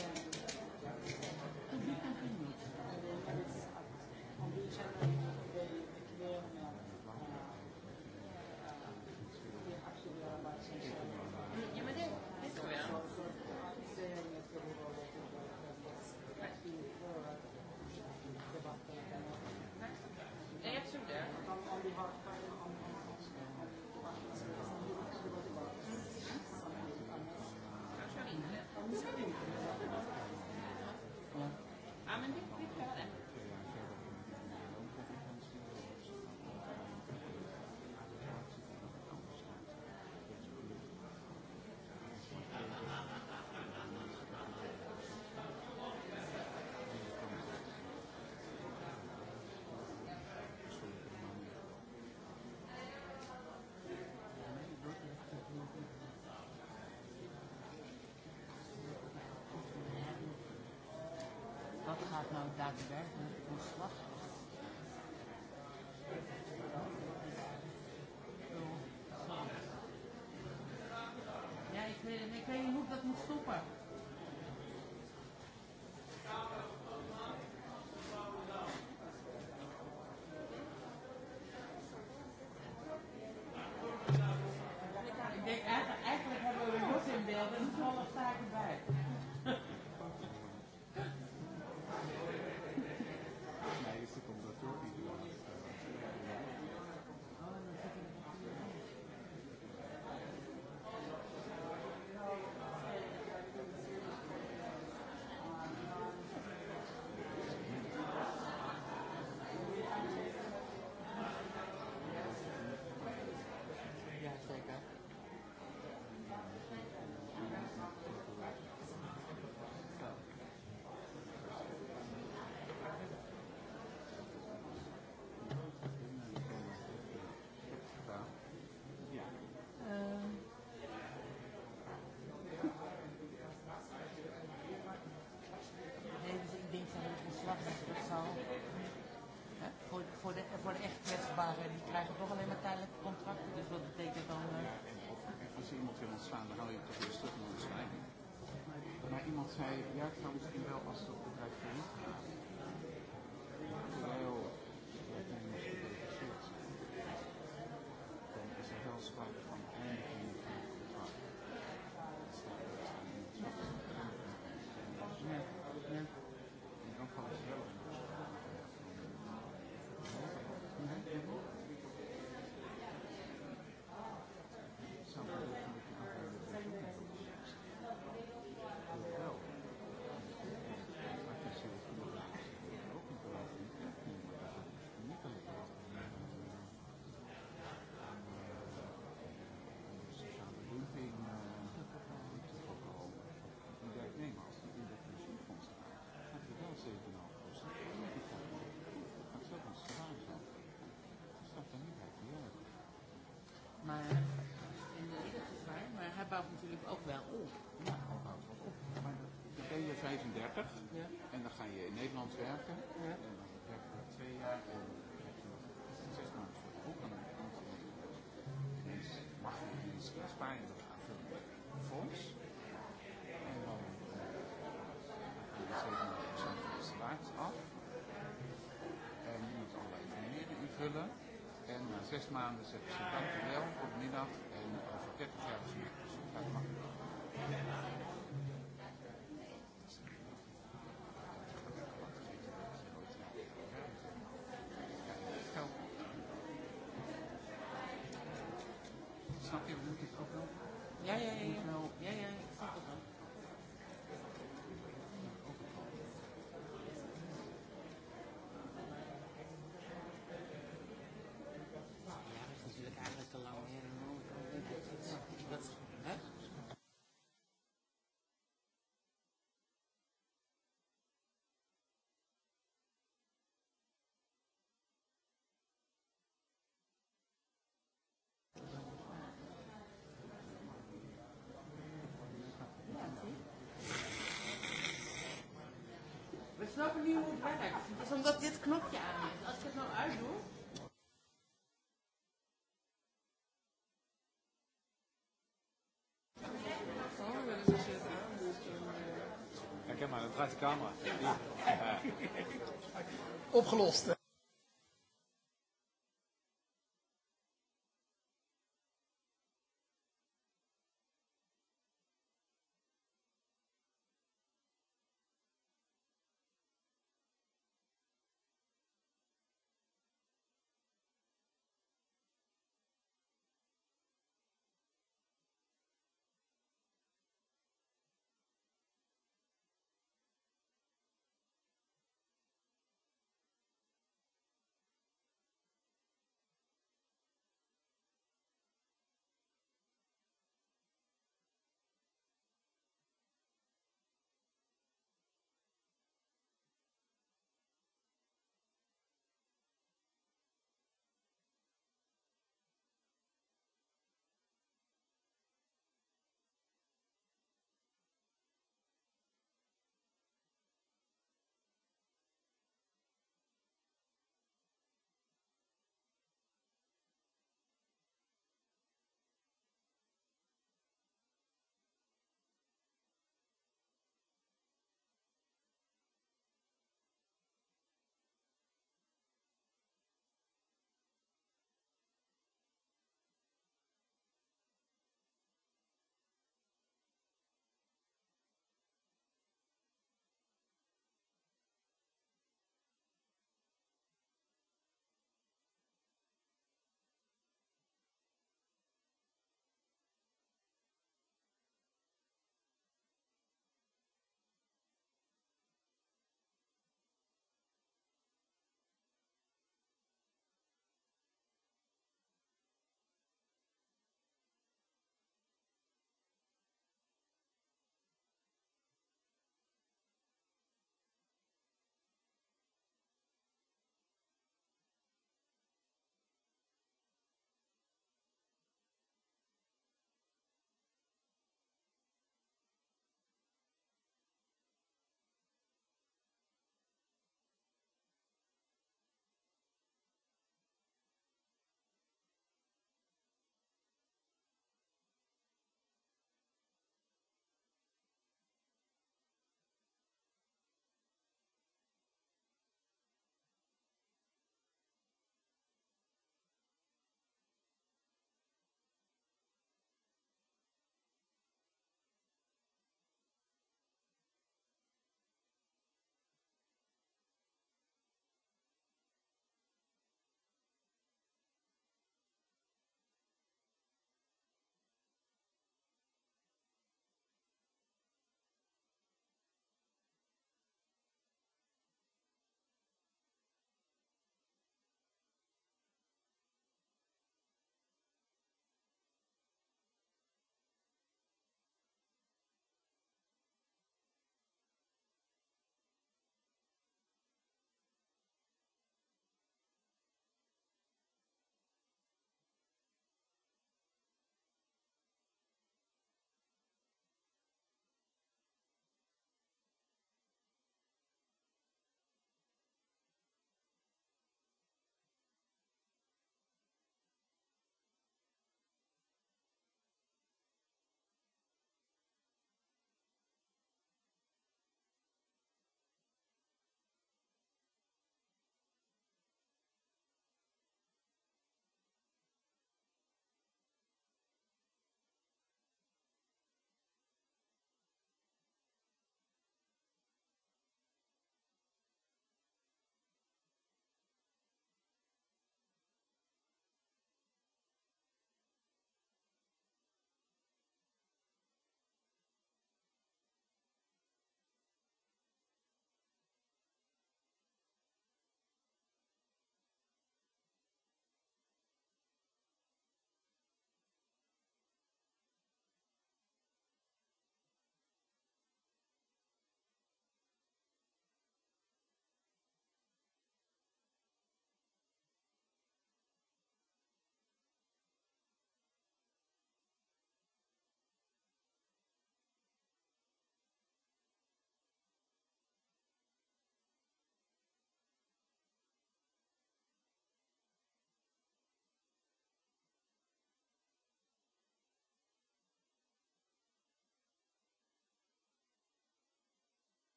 Amen. gaat nou daadwerkelijk een slag Ja, ik weet, ik weet niet hoe ik dat moet stoppen. voor de, voor de echt kwetsbaren. Die krijgen toch alleen maar tijdelijke contracten. Dus wat betekent dan... Uh... Als je iemand wil ontslaan, dan hou je toch weer terug naar de Maar iemand zei, ja, ik zou misschien wel als het bedrijf failliet gaat. 35 ja. en dan ga je in Nederland werken. Ja. En dan werk je daar twee jaar en dan krijg je nog zes maanden voor de boek. En dan ineens mag je ineens in Spanje nog aanvullen met een fonds. En dan ga je 37% van je salaris af. En je moet allerlei formulieren invullen. En na zes maanden zeggen ze dankjewel, goedemiddag. En over 30 jaar zie ik dus. Dat mag. Yeah, yeah, yeah. yeah. yeah, yeah. snappen nu hoe het werkt. Het is omdat dit knopje aan is. Als ik het nou uitdoe... Ja, kijk maar, dan draait de camera. Ja. Ja. Opgelost.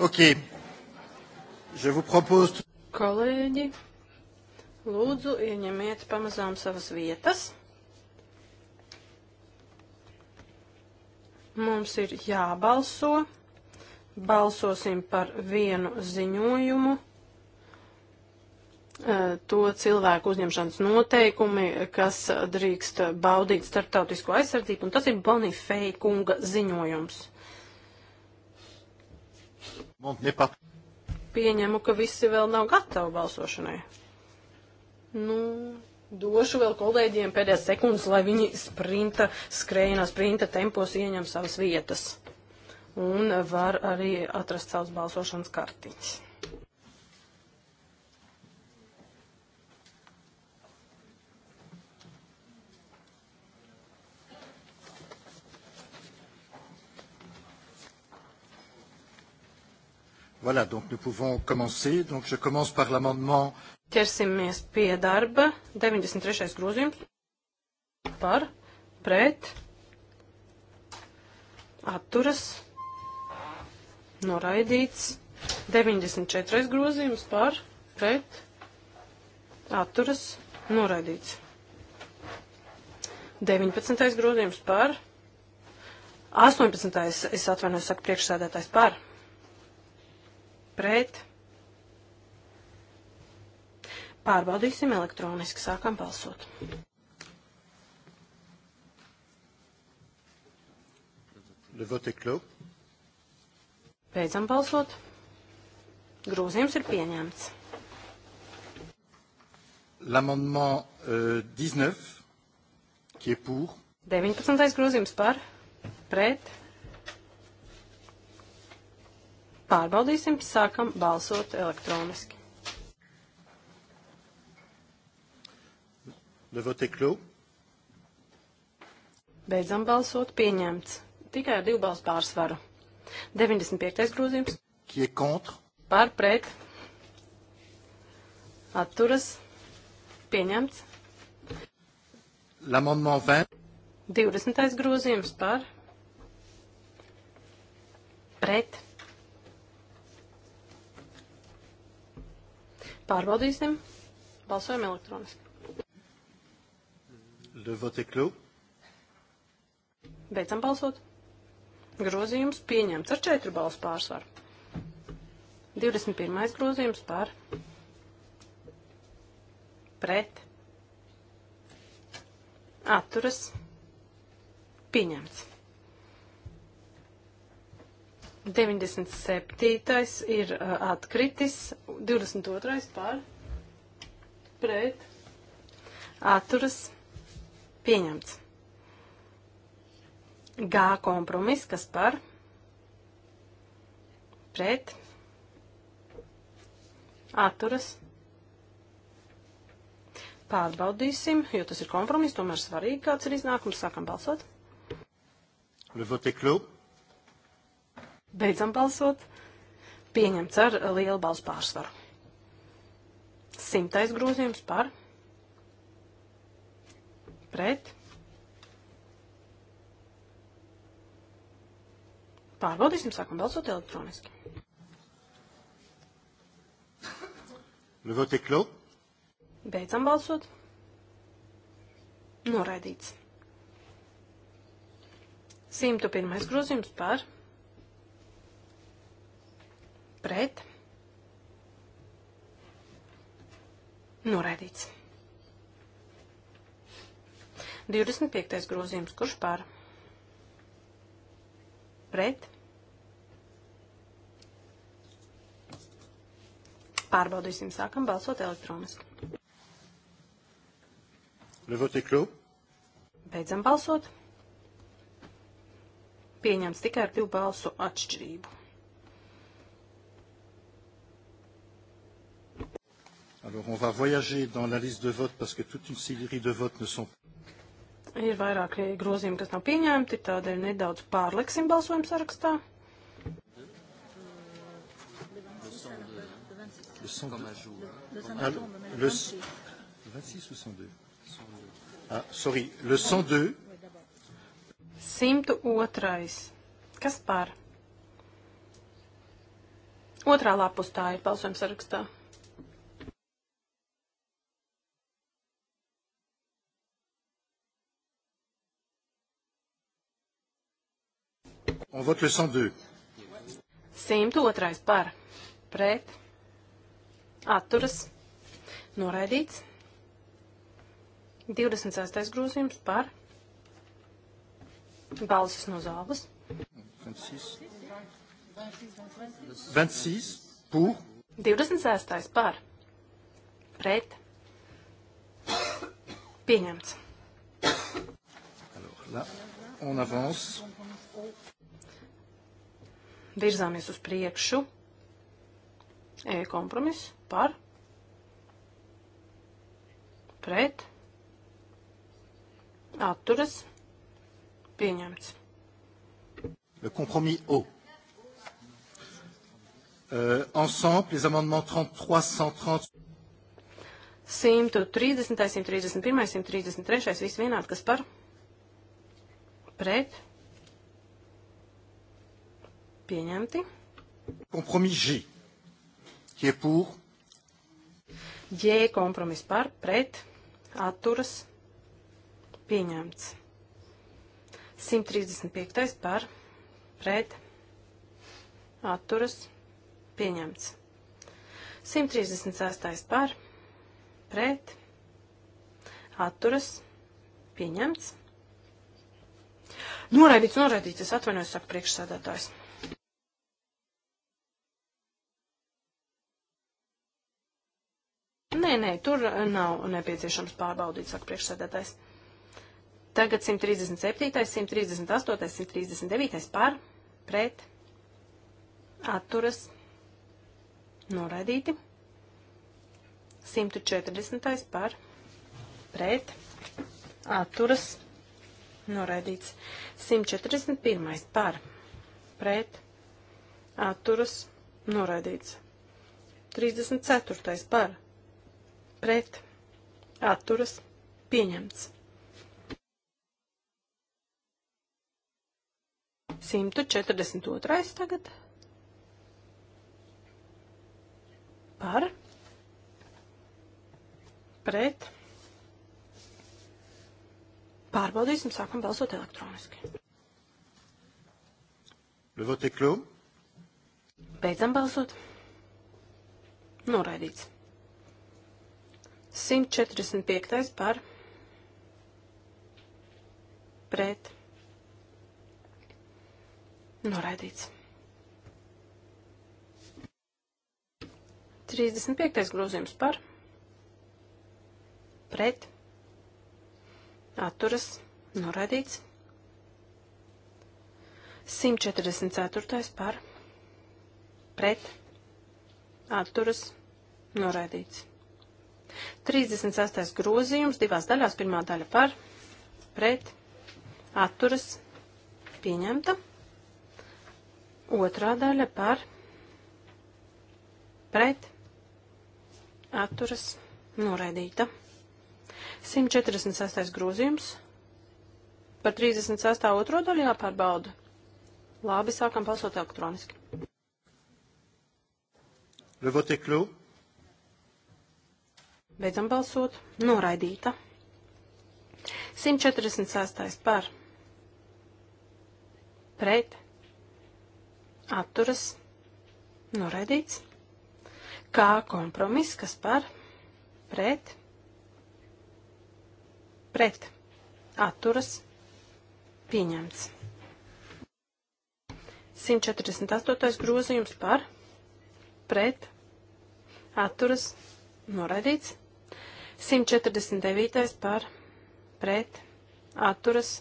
Ok. Je vous propose... Kolēģi, lūdzu, ieņemiet pamazām savas vietas. Mums ir jābalso. Balsosim par vienu ziņojumu eh, to cilvēku uzņemšanas noteikumi, kas drīkst baudīt starptautisko aizsardzību, un tas ir Bonifei kunga ziņojums. Pieņemu, ka visi vēl nav gatavi balsošanai. Nu, došu vēl kolēģiem pēdējās sekundes, lai viņi sprinta, skrējienā sprinta tempos ieņem savas vietas. Un var arī atrast savus balsošanas kartiņus. Voilà, donc nous pouvons commencer. Donc je commence par l'amendement. Ķersimies pie darba. 93. grozījums. Par, pret, atturas, noraidīts. 94. grozījums par, pret, atturas, noraidīts. 19. grozījums par, 18. es atvainojos, saka priekšsēdētājs par pret. Pārbaudīsim elektroniski, sākam balsot. Le vote est clos. Beidzam balsot. Grūzījums ir pieņemts. L'amendement euh, 19, qui est pour. 19. grozījums par, pret, Pārbaudīsim, sākam balsot elektroniski. Le vote est clos. Beidzam balsot pieņemts. Tikai ar divu balsu pārsvaru. 95. grozījums. Qui est contre? Par pret. Atturas. Pieņemts. L'amendement 20. 20. grozījums par pret. Pārbaudīsim. Balsojam elektroniski. Le vote est clos. Beidzam balsot. Grozījums pieņemts ar četru balsu pārsvaru. 21. grozījums par pret atturas pieņemts. 97. ir uh, atkritis, 22. pār pret atturas pieņemts. G kompromis, kas par pret atturas pārbaudīsim, jo tas ir kompromis, tomēr svarīgi, kāds ir iznākums, sākam balsot. Le vote est clos. Beidzam balsot. Pieņemts ar lielu balsu pārsvaru. Simtais grozījums par. Pret. Pārbaudīsim, sākam balsot elektroniski. Le vote est clos. Beidzam balsot. Noraidīts. 101. grozījums par pret, noraidīts. 25. grozījums, kurš par, pret, pārbaudīsim, sākam balsot elektroniski. Le vote est clos. Beidzam balsot. Pieņems tikai ar divu balsu atšķirību. Alors, on va voyager dans la liste de vote parce que toute une série de votes ne sont Ir vairāki eh, grozījumi, kas nav pieņemti, tādēļ nedaudz pārliksim balsojumu sarakstā. Le 102. Ah, le, 26 ou 102 ah, Sorry, le 102. 102. Kas par? Otrā lapus tā ir balsojums sarakstā. On vote le 102. 102. par pret atturas noraidīts. 26. grozījums par balsis no zāles. 26. 26 pour. 26. par pret pieņemts. Alors là, on avance virzāmies uz priekšu. E kompromis par, pret, atturas, pieņemts. Le compromis O. Euh, ensemble, les amendements 33, 130. 130, 131, 133, viss vienādi, kas par, pret, Pieņemti. Kompromis G. J pour. J kompromis par, pret, atturas, pieņemts. 135. par, pret, atturas, pieņemts. 136. par, pret, atturas, pieņemts. Noraidīts, noraidīts, es atvainojos, saka priekšsēdētājs. Nē, nē, tur eh, nav nepieciešams pārbaudīt, saka priekšsēdētājs. Tagad 137, 138, 139 par, pret, atturas, noraidīti. 140 par, pret, atturas, noraidīts. 141 par, pret, atturas, noraidīts. 34 par, pret pret atturas pieņemts. 142. tagad par pret pārbaudīsim, sākam balsot elektroniski. Le vote est clos. Beidzam balsot. Noraidīts. 145. par pret noraidīts. 35. grozījums par pret atturas noraidīts. 144. par pret atturas noraidīts. 36. grozījums divās daļās. Pirmā daļa par, pret, atturas, pieņemta. Otrā daļa par, pret, atturas, noraidīta. 146. grozījums. Par 36. otro daļu jāpārbauda. Labi, sākam balsot elektroniski. Le vote est clos. Beidzam balsot. Noraidīta. 146. par. Pret. Atturas. Noraidīts. Kā kompromiss, kas par. Pret. Pret. Atturas. Pieņemts. 148. grozījums par. Pret. Atturas. Noraidīts. 149. par pret atturas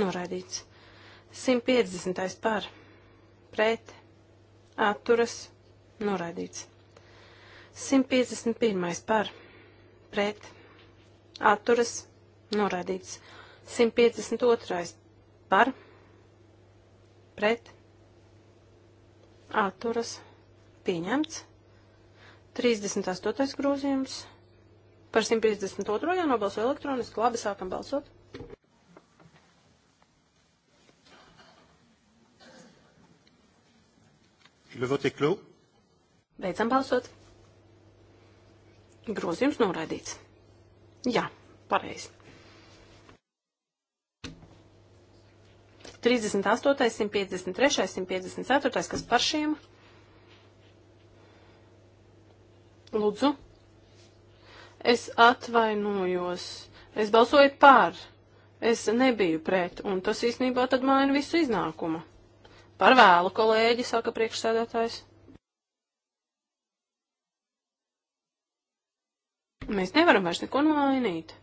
noraidīts. 150. par pret atturas noraidīts. 151. par pret atturas noraidīts. 152. par pret atturas pieņemts. 38. grozījums Par 152. jānobalso elektroniski. Labi, sākam balsot. Le vote est clos. Beidzam balsot. Grozījums noraidīts. Jā, pareizi. 38, 153, 154, kas par šiem? Lūdzu. Es atvainojos. Es balsoju par. Es nebiju pret, un tas īstenībā tad maina visu iznākumu. Par vēlu, kolēģi, saka priekšsēdētājs. Mēs nevaram vairs neko nomainīt.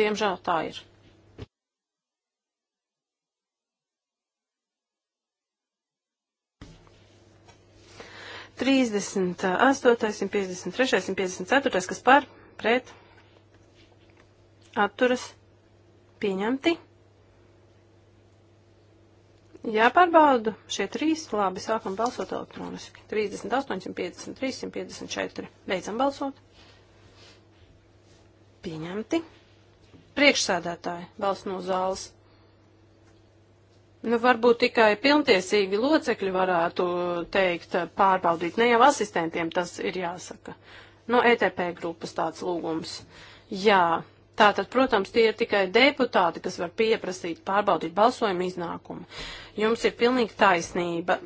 Diemžēl tā ir. Trīsdesmit astotais, simt piecdesmit trešais, simt piecdesmit ceturtais, kas par? pret atturas pieņemti. Jāpārbauda šie trīs. Labi, sākam balsot elektroniski. 38, 153, 154. Beidzam balsot. Pieņemti. Priekšsēdētāji balss no zāles. Nu, varbūt tikai pilntiesīgi locekļi varētu teikt, pārbaudīt. Ne jau asistentiem tas ir jāsaka. Uh, No ETP grupas tāds lūgums. Jā, tātad, protams, tie ir tikai deputāti, kas var pieprasīt pārbaudīt balsojumu iznākumu. Jums ir pilnīgi taisnība.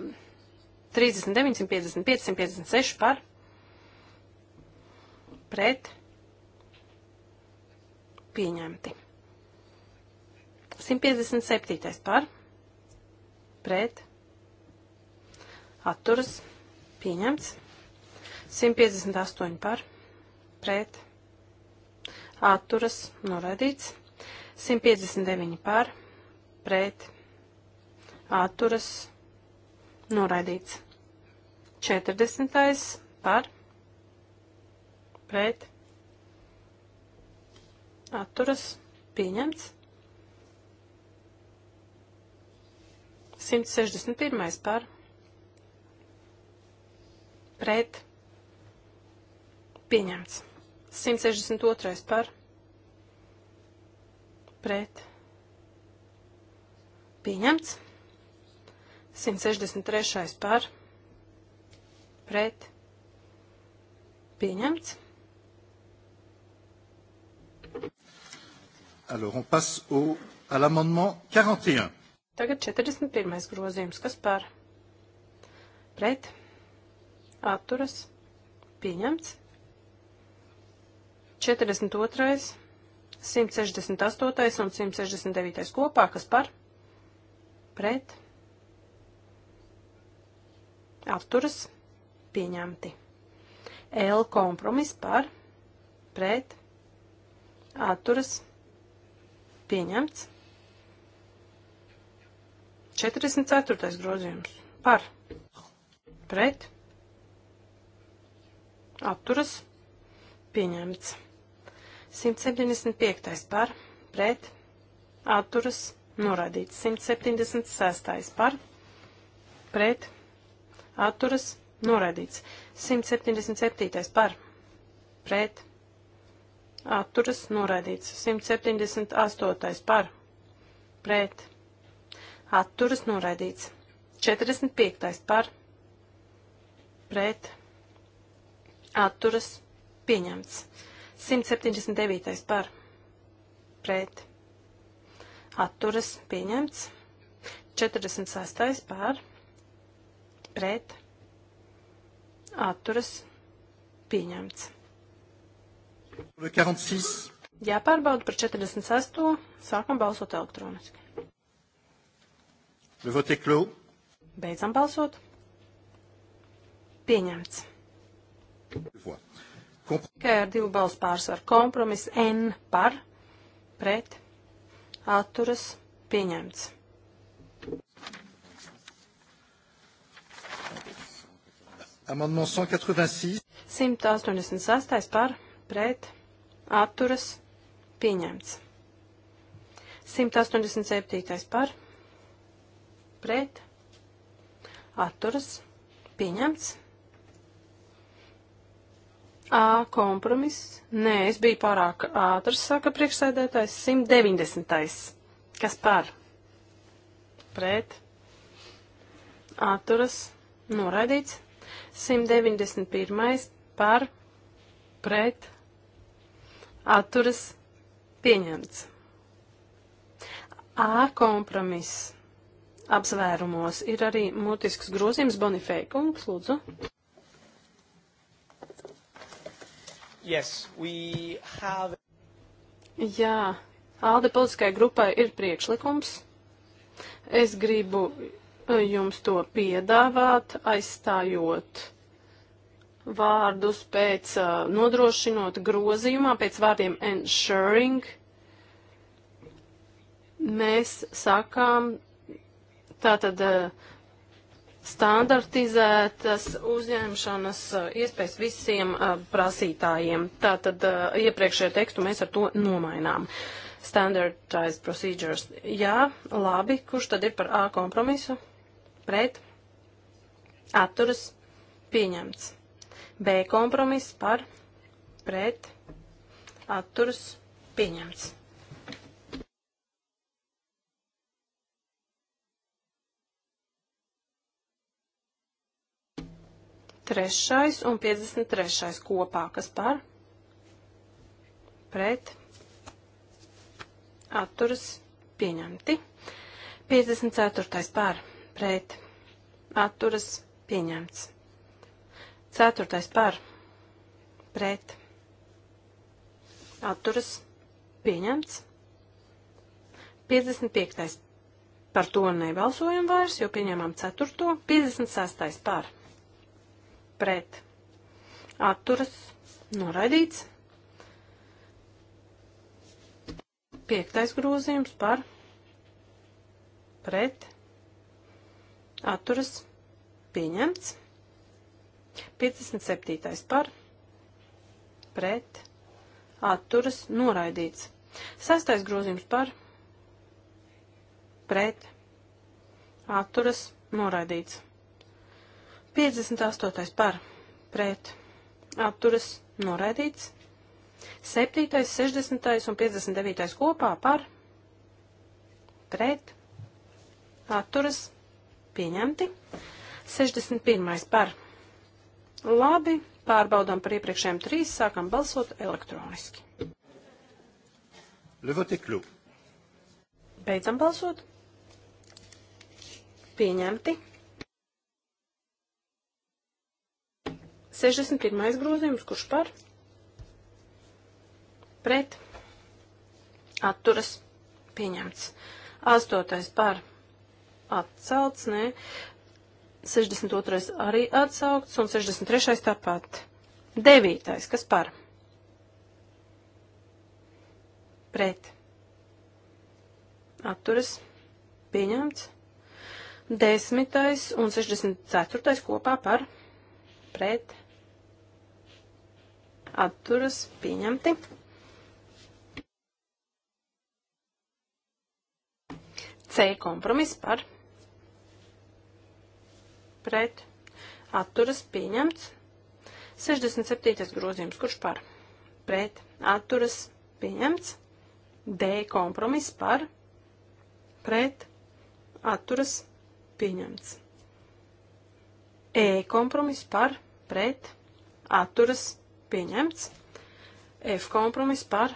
39, 155, 156 par. Pret. Pieņemti. 157 par. Pret. Atturas. Pieņemts. 158 par, pret, atturas, noraidīts. 159 par, pret, atturas, noraidīts. 40 par, pret, atturas, pieņemts. 161 par, pret, atturas Pieņemts. 162. par. Pret. Pieņemts. 163. par. Pret. Pieņemts. Alors, on passe au, à l'amendement 41. Tagad 41. grozījums. Kas par? Pret. Atturas. Pieņemts. 42. 168. un 169. kopā, kas par pret atturas pieņemti. L kompromis par pret atturas pieņemts. 44. grozījums par pret atturas pieņemts. 175. par pret atturas noraidīts. 176. par pret atturas noraidīts. 177. par pret atturas noraidīts. 178. par pret atturas noraidīts. 45. par pret atturas pieņemts. 179. par pret atturas pieņemts. 46. par pret atturas pieņemts. Jāpārbauda par 46. Sākam balsot elektroniski. Le vote est clos. Beidzam balsot. Pieņemts. Voix. Tikai ar divu balsu pārsvaru. Kompromis N par, pret, atturas, pieņemts. Amendement 186. 186 par, pret, atturas, pieņemts. 187 par, pret, atturas, pieņemts. A kompromiss. Nē, es biju pārāk ātrs, saka priekšsēdētājs. 190. Kas par? Pret. Atturas. Noraidīts. 191. Par. Pret. Atturas. Pieņemts. A kompromiss. Apsvērumos ir arī mutisks grozījums Bonifēkungs, lūdzu. Yes, we have... Jā, Alde politiskai grupai ir priekšlikums. Es gribu eh, jums to piedāvāt, aizstājot vārdus pēc uh, nodrošinot grozījumā, pēc vārdiem ensuring. Mēs sakām tātad. Uh, standartizētas uzņemšanas uh, iespējas visiem uh, prasītājiem. Tātad uh, iepriekšējo tekstu mēs ar to nomainām. Standardized procedures. Jā, labi, kurš tad ir par A kompromisu? Pret? Atturas? Pieņemts. B kompromiss par? Pret? Atturas? Pieņemts. 53. un 53. kopā, kas par pret atturas pieņemti. 54. par pret atturas pieņemts. 4. par pret atturas pieņemts. 55. par to nebalsojam vairs, jo pieņemam 4. 56. par pret pret atturas noraidīts. Piektais grozījums par pret atturas pieņemts. 57. par pret atturas noraidīts. Sastais grozījums par pret atturas noraidīts. 58. par pret atturas noraidīts. 7., 60. un 59. kopā par pret atturas pieņemti. 61. par labi pārbaudām par iepriekšējiem trīs, sākam balsot elektroniski. Le vote est clos. Beidzam balsot. Pieņemti. 61. grozījums, kurš par? Pret. Atturas. Pieņemts. 8. par. Atcelts, nē. 62. arī atsaukts un 63. tāpat. 9. kas par? Pret. Atturas. Pieņemts. 10. un 64. kopā par pret atturas pieņemti. C kompromiss par pret atturas pieņemts. 67. grozījums, kurš par pret atturas pieņemts. D kompromiss par pret atturas pieņemts. E kompromiss par pret atturas pieņemts pieņemts. F kompromis par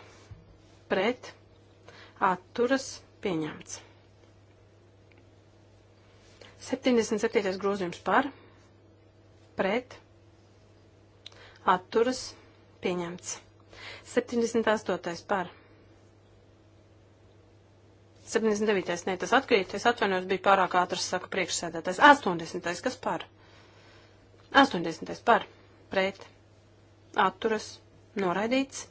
pret atturas pieņemts. 77. grozījums par pret atturas pieņemts. 78. par 79. Nē, tas atkrīt. Es atvainojos, bija pārāk ātrs, saka priekšsēdētājs. 80. kas par? 80. par pret atturas noraidīts.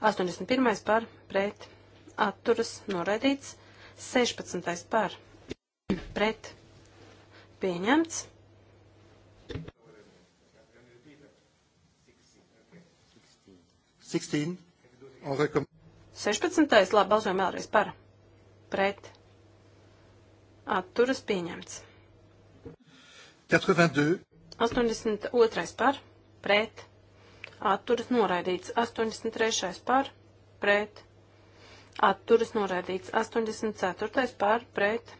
81. par pret atturas noraidīts. 16. par pret pieņemts. Sixteen. 16. Labi, balsojam vēlreiz par. Pret. Atturas pieņemts. 82. 82. par. Pret atturas noraidīts 83. par pret atturas noraidīts 84. par pret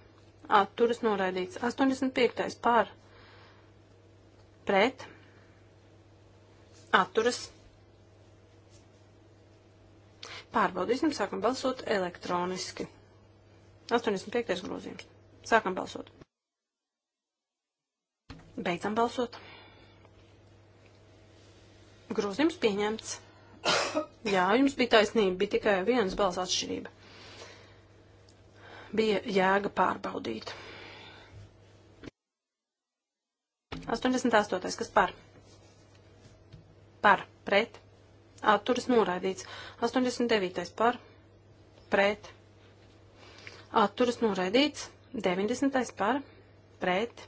atturas noraidīts 85. par pret atturas pārbaudīsim, sākam balsot elektroniski. 85. grozījums. Sākam balsot. Beidzam balsot. Grozījums pieņemts. Jā, jums bija taisnība, bija tikai viens balss atšķirība. Bija jēga pārbaudīt. 88. kas par? Par, pret. Atturis noraidīts. 89. par, pret. Atturis noraidīts. 90. par, pret.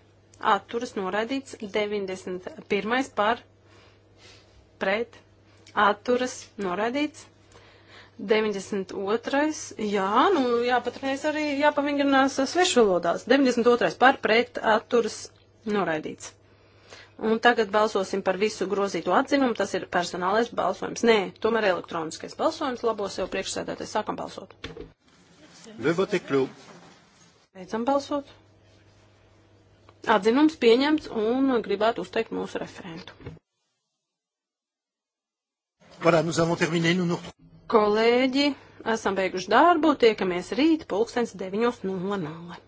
Atturis noraidīts. 91. par, pret pret atturas noraidīts. 92. Jā, nu jāpatreiz arī jāpavingrinās svešvalodās. 92. par pret atturas noraidīts. Un tagad balsosim par visu grozīto atzinumu. Tas ir personālais balsojums. Nē, tomēr elektroniskais balsojums labos jau priekšsēdētais. Sākam balsot. Beidzam balsot. Atzinums pieņemts un gribētu uzteikt mūsu referentu. Voilà, nous avons terminé, nous nous Kolēģi, esam beiguši darbu, tiekamies rīt, pulkstens 9.00.